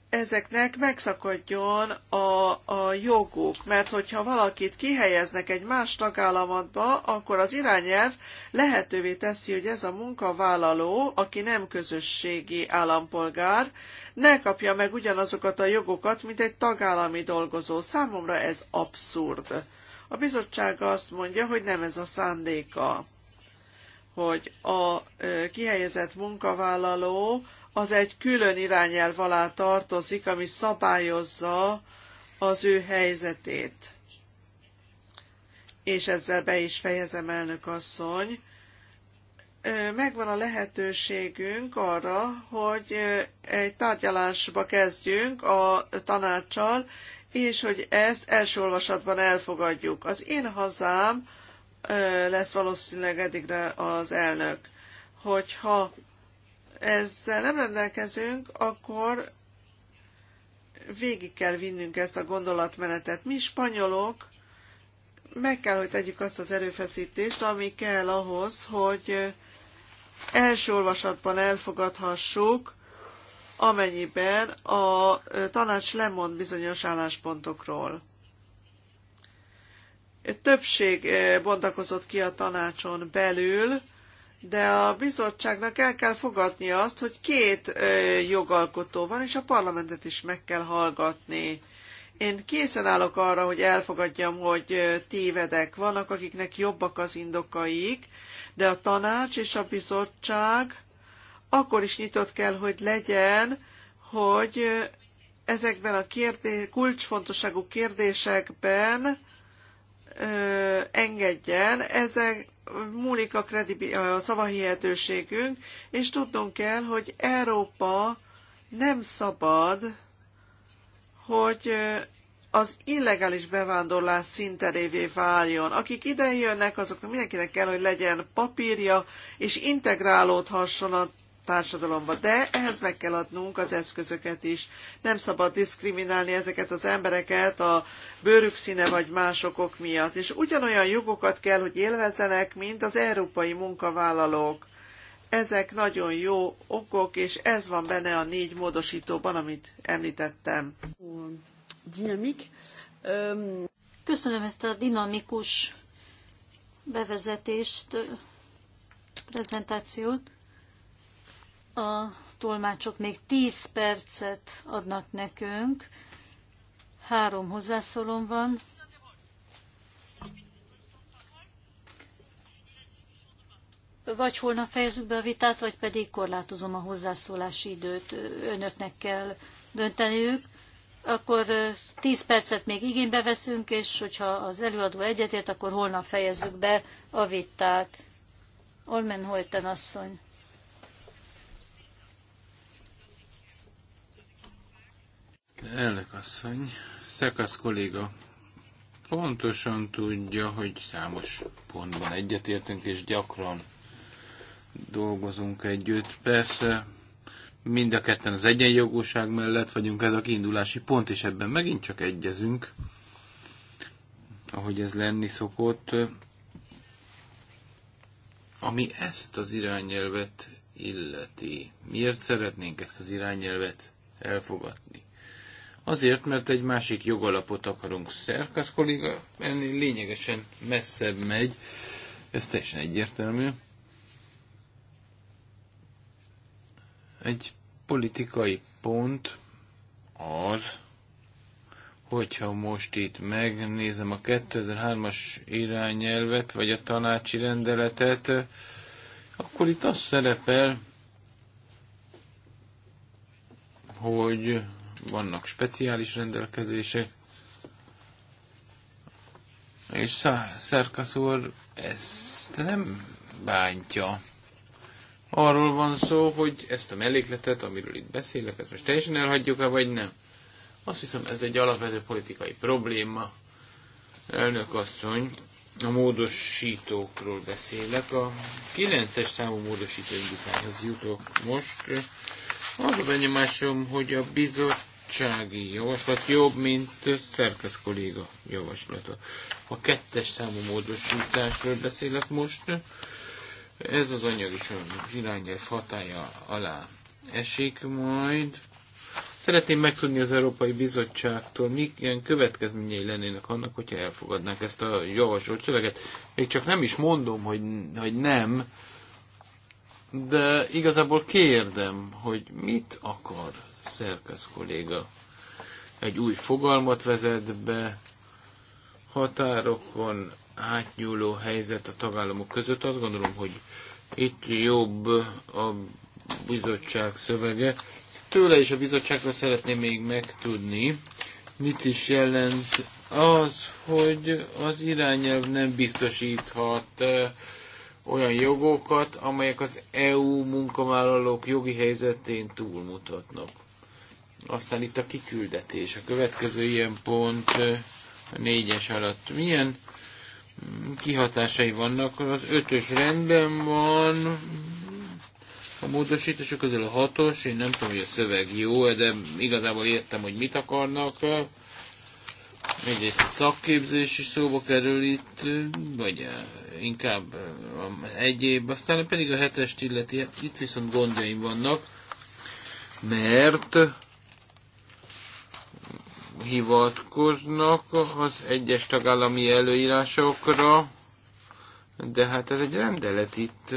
ezeknek megszakadjon a, a joguk, mert hogyha valakit kihelyeznek egy más tagállamatba, akkor az irányelv lehetővé teszi, hogy ez a munkavállaló, aki nem közösségi állampolgár, ne kapja meg ugyanazokat a jogokat, mint egy tagállami dolgozó. Számomra ez abszurd. A bizottság azt mondja, hogy nem ez a szándéka, hogy a kihelyezett munkavállaló az egy külön irányelv alá tartozik, ami szabályozza az ő helyzetét. És ezzel be is fejezem, elnök asszony. Megvan a lehetőségünk arra, hogy egy tárgyalásba kezdjünk a tanácssal, és hogy ezt első olvasatban elfogadjuk. Az én hazám lesz valószínűleg eddigre az elnök. Hogyha ezzel nem rendelkezünk, akkor végig kell vinnünk ezt a gondolatmenetet. Mi spanyolok meg kell, hogy tegyük azt az erőfeszítést, ami kell ahhoz, hogy első olvasatban elfogadhassuk amennyiben a tanács lemond bizonyos álláspontokról. Többség bontakozott ki a tanácson belül, de a bizottságnak el kell fogadnia azt, hogy két jogalkotó van, és a parlamentet is meg kell hallgatni. Én készen állok arra, hogy elfogadjam, hogy tévedek. Vannak, akiknek jobbak az indokaik, de a tanács és a bizottság akkor is nyitott kell, hogy legyen, hogy ezekben a kérdé kulcsfontosságú kérdésekben ö, engedjen. Ezek múlik a, a szavahihetőségünk, és tudnunk kell, hogy Európa nem szabad, hogy az illegális bevándorlás szinterévé váljon. Akik ide jönnek, azoknak mindenkinek kell, hogy legyen papírja, és integrálódhasson a társadalomba, de ehhez meg kell adnunk az eszközöket is. Nem szabad diszkriminálni ezeket az embereket a bőrük színe vagy más okok miatt, és ugyanolyan jogokat kell, hogy élvezzenek, mint az európai munkavállalók. Ezek nagyon jó okok, és ez van benne a négy módosítóban, amit említettem. Dinamik. Köszönöm ezt a dinamikus bevezetést, prezentációt a tolmácsok még 10 percet adnak nekünk. Három hozzászólom van. Vagy holnap fejezzük be a vitát, vagy pedig korlátozom a hozzászólási időt. Önöknek kell dönteniük. Akkor 10 percet még igénybe veszünk, és hogyha az előadó egyetért, akkor holnap fejezzük be a vitát. Olmen Holten asszony. Elnök asszony, Szekasz kolléga pontosan tudja, hogy számos pontban egyetértünk, és gyakran dolgozunk együtt. Persze mind a ketten az egyenjogúság mellett vagyunk, ez a kiindulási pont, és ebben megint csak egyezünk, ahogy ez lenni szokott. Ami ezt az irányelvet illeti, miért szeretnénk ezt az irányelvet elfogadni? Azért, mert egy másik jogalapot akarunk. Szerkasz kolléga ennél lényegesen messzebb megy. Ez teljesen egyértelmű. Egy politikai pont az, hogyha most itt megnézem a 2003-as irányelvet, vagy a tanácsi rendeletet, akkor itt az szerepel, hogy vannak speciális rendelkezések, és Szerkasz úr ezt nem bántja. Arról van szó, hogy ezt a mellékletet, amiről itt beszélek, ezt most teljesen elhagyjuk-e, vagy nem. Azt hiszem, ez egy alapvető politikai probléma. Elnök asszony, a módosítókról beszélek. A 9-es számú módosító indítványhoz jutok most. Az a benyomásom, hogy a bizottság bizottsági javaslat jobb, mint Szerkesz kolléga javaslata. A kettes számú módosításról beszélek most. Ez az anyag is az irányelv hatája alá esik majd. Szeretném megtudni az Európai Bizottságtól, milyen következményei lennének annak, hogyha elfogadnánk ezt a javasolt szöveget. Még csak nem is mondom, hogy, hogy nem, de igazából kérdem, hogy mit akar Szerkesz kolléga egy új fogalmat vezet be, határokon átnyúló helyzet a tagállamok között. Azt gondolom, hogy itt jobb a bizottság szövege. Tőle is a bizottságról szeretném még megtudni, mit is jelent az, hogy az irányelv nem biztosíthat olyan jogokat, amelyek az EU munkavállalók jogi helyzetén túlmutatnak. Aztán itt a kiküldetés. A következő ilyen pont a négyes alatt milyen kihatásai vannak. Az ötös rendben van, a módosítások közül a hatos, én nem tudom, hogy a szöveg jó, de igazából értem, hogy mit akarnak. Egyrészt a szakképzés is szóba kerül itt, vagy inkább egyéb, aztán pedig a hetest illeti, hát itt viszont gondjaim vannak, mert hivatkoznak az egyes tagállami előírásokra, de hát ez egy rendelet itt.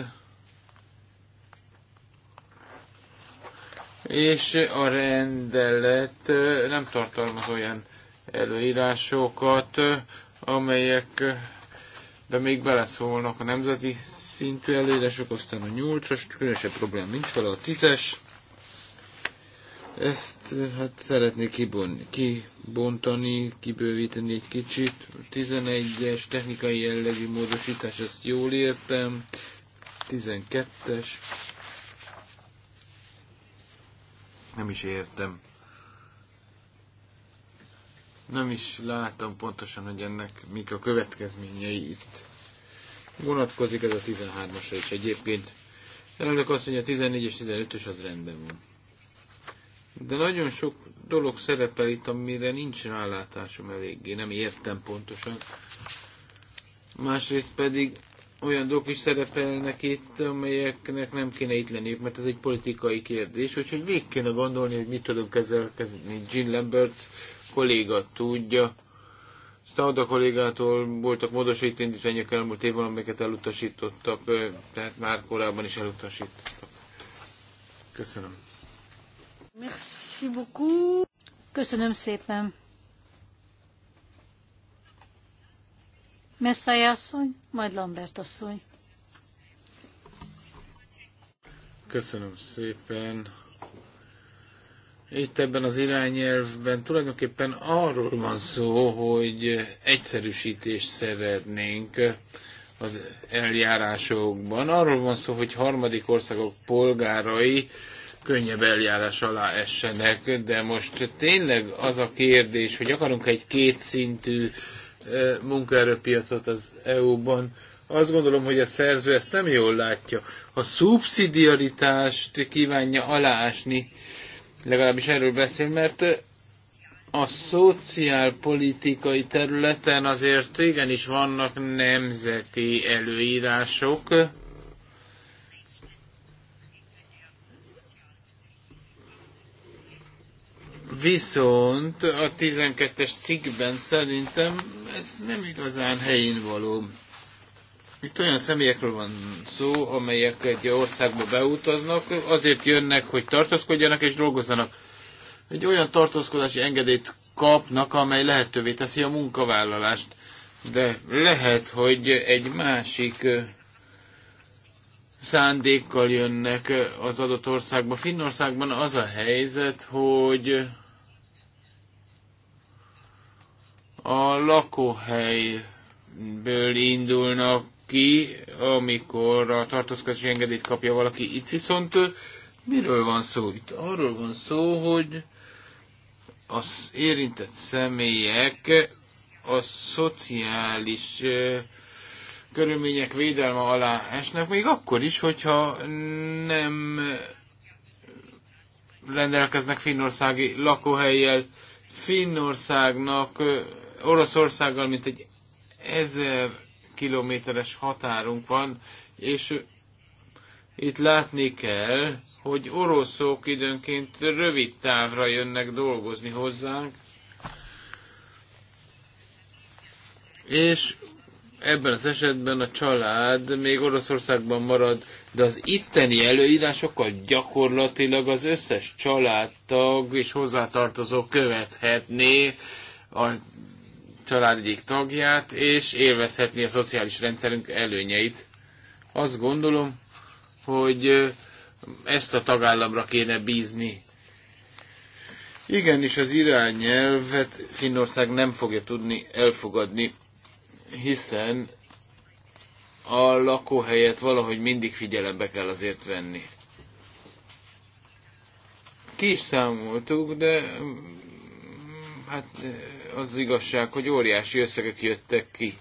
És a rendelet nem tartalmaz olyan előírásokat, amelyek de még beleszólnak a nemzeti szintű előírások, aztán a nyolcas, különösebb probléma nincs vele, a tízes. Ezt hát szeretnék kibontani, kibővíteni egy kicsit. 11-es technikai jellegű módosítás, ezt jól értem. 12-es. Nem is értem. Nem is látom pontosan, hogy ennek mik a következményei itt. Vonatkozik ez a 13-asra is egyébként. Elnök azt mondja, a 14 és 15-ös az rendben van. De nagyon sok dolog szerepel itt, amire nincs rálátásom eléggé, nem értem pontosan. Másrészt pedig olyan dolgok is szerepelnek itt, amelyeknek nem kéne itt lenni, mert ez egy politikai kérdés, úgyhogy végig kéne gondolni, hogy mit tudunk ezzel kezdeni. Jean Lambert kolléga tudja, Stauda kollégától voltak módosít indítványok elmúlt évben, amiket elutasítottak, tehát már korábban is elutasítottak. Köszönöm. Merci beaucoup. Köszönöm szépen. Messzai asszony, majd Lambert asszony. Köszönöm szépen. Itt ebben az irányelvben tulajdonképpen arról van szó, hogy egyszerűsítést szeretnénk az eljárásokban. Arról van szó, hogy harmadik országok polgárai könnyebb eljárás alá essenek, de most tényleg az a kérdés, hogy akarunk egy kétszintű munkaerőpiacot az EU-ban, azt gondolom, hogy a szerző ezt nem jól látja. A szubszidiaritást kívánja alásni, legalábbis erről beszél, mert a szociálpolitikai területen azért igenis vannak nemzeti előírások, Viszont a 12-es cikkben szerintem ez nem igazán helyén való. Itt olyan személyekről van szó, amelyek egy országba beutaznak, azért jönnek, hogy tartózkodjanak és dolgozzanak. Egy olyan tartózkodási engedélyt kapnak, amely lehetővé teszi a munkavállalást. De lehet, hogy egy másik szándékkal jönnek az adott országba. Finnországban az a helyzet, hogy a lakóhelyből indulnak ki, amikor a tartózkodási engedélyt kapja valaki. Itt viszont miről van szó? Itt arról van szó, hogy az érintett személyek a szociális eh, körülmények védelme alá esnek, még akkor is, hogyha nem rendelkeznek finnországi lakóhelyjel. Finnországnak Oroszországgal mint egy ezer kilométeres határunk van, és itt látni kell, hogy oroszok időnként rövid távra jönnek dolgozni hozzánk, és ebben az esetben a család még Oroszországban marad, de az itteni előírásokkal gyakorlatilag az összes családtag és hozzátartozó követhetné a család egyik tagját, és élvezhetné a szociális rendszerünk előnyeit. Azt gondolom, hogy ezt a tagállamra kéne bízni. Igen, és az irányelvet Finnország nem fogja tudni elfogadni hiszen a lakóhelyet valahogy mindig figyelembe kell azért venni. Ki is számoltuk, de mm, hát eh, az igazság, hogy óriási összegek jöttek ki.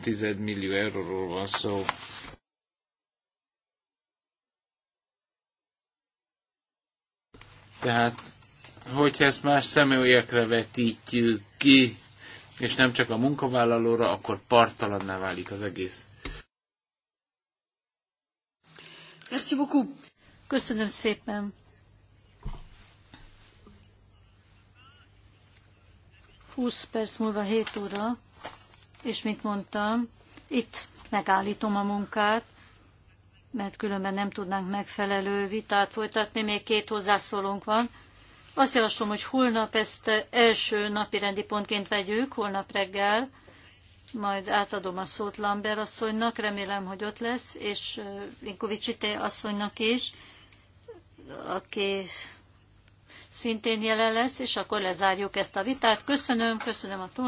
tized millió euróról van szó. Tehát hogyha ezt más személyekre vetítjük ki, és nem csak a munkavállalóra, akkor partalanná válik az egész. Merci beaucoup. Köszönöm szépen. 20 perc múlva 7 óra, és mint mondtam, itt megállítom a munkát, mert különben nem tudnánk megfelelő vitát folytatni, még két hozzászólónk van. Azt javaslom, hogy holnap ezt első napi rendi pontként vegyük, holnap reggel, majd átadom a szót Lambert asszonynak, remélem, hogy ott lesz, és Linkovicsité asszonynak is, aki szintén jelen lesz, és akkor lezárjuk ezt a vitát. Köszönöm, köszönöm a tól.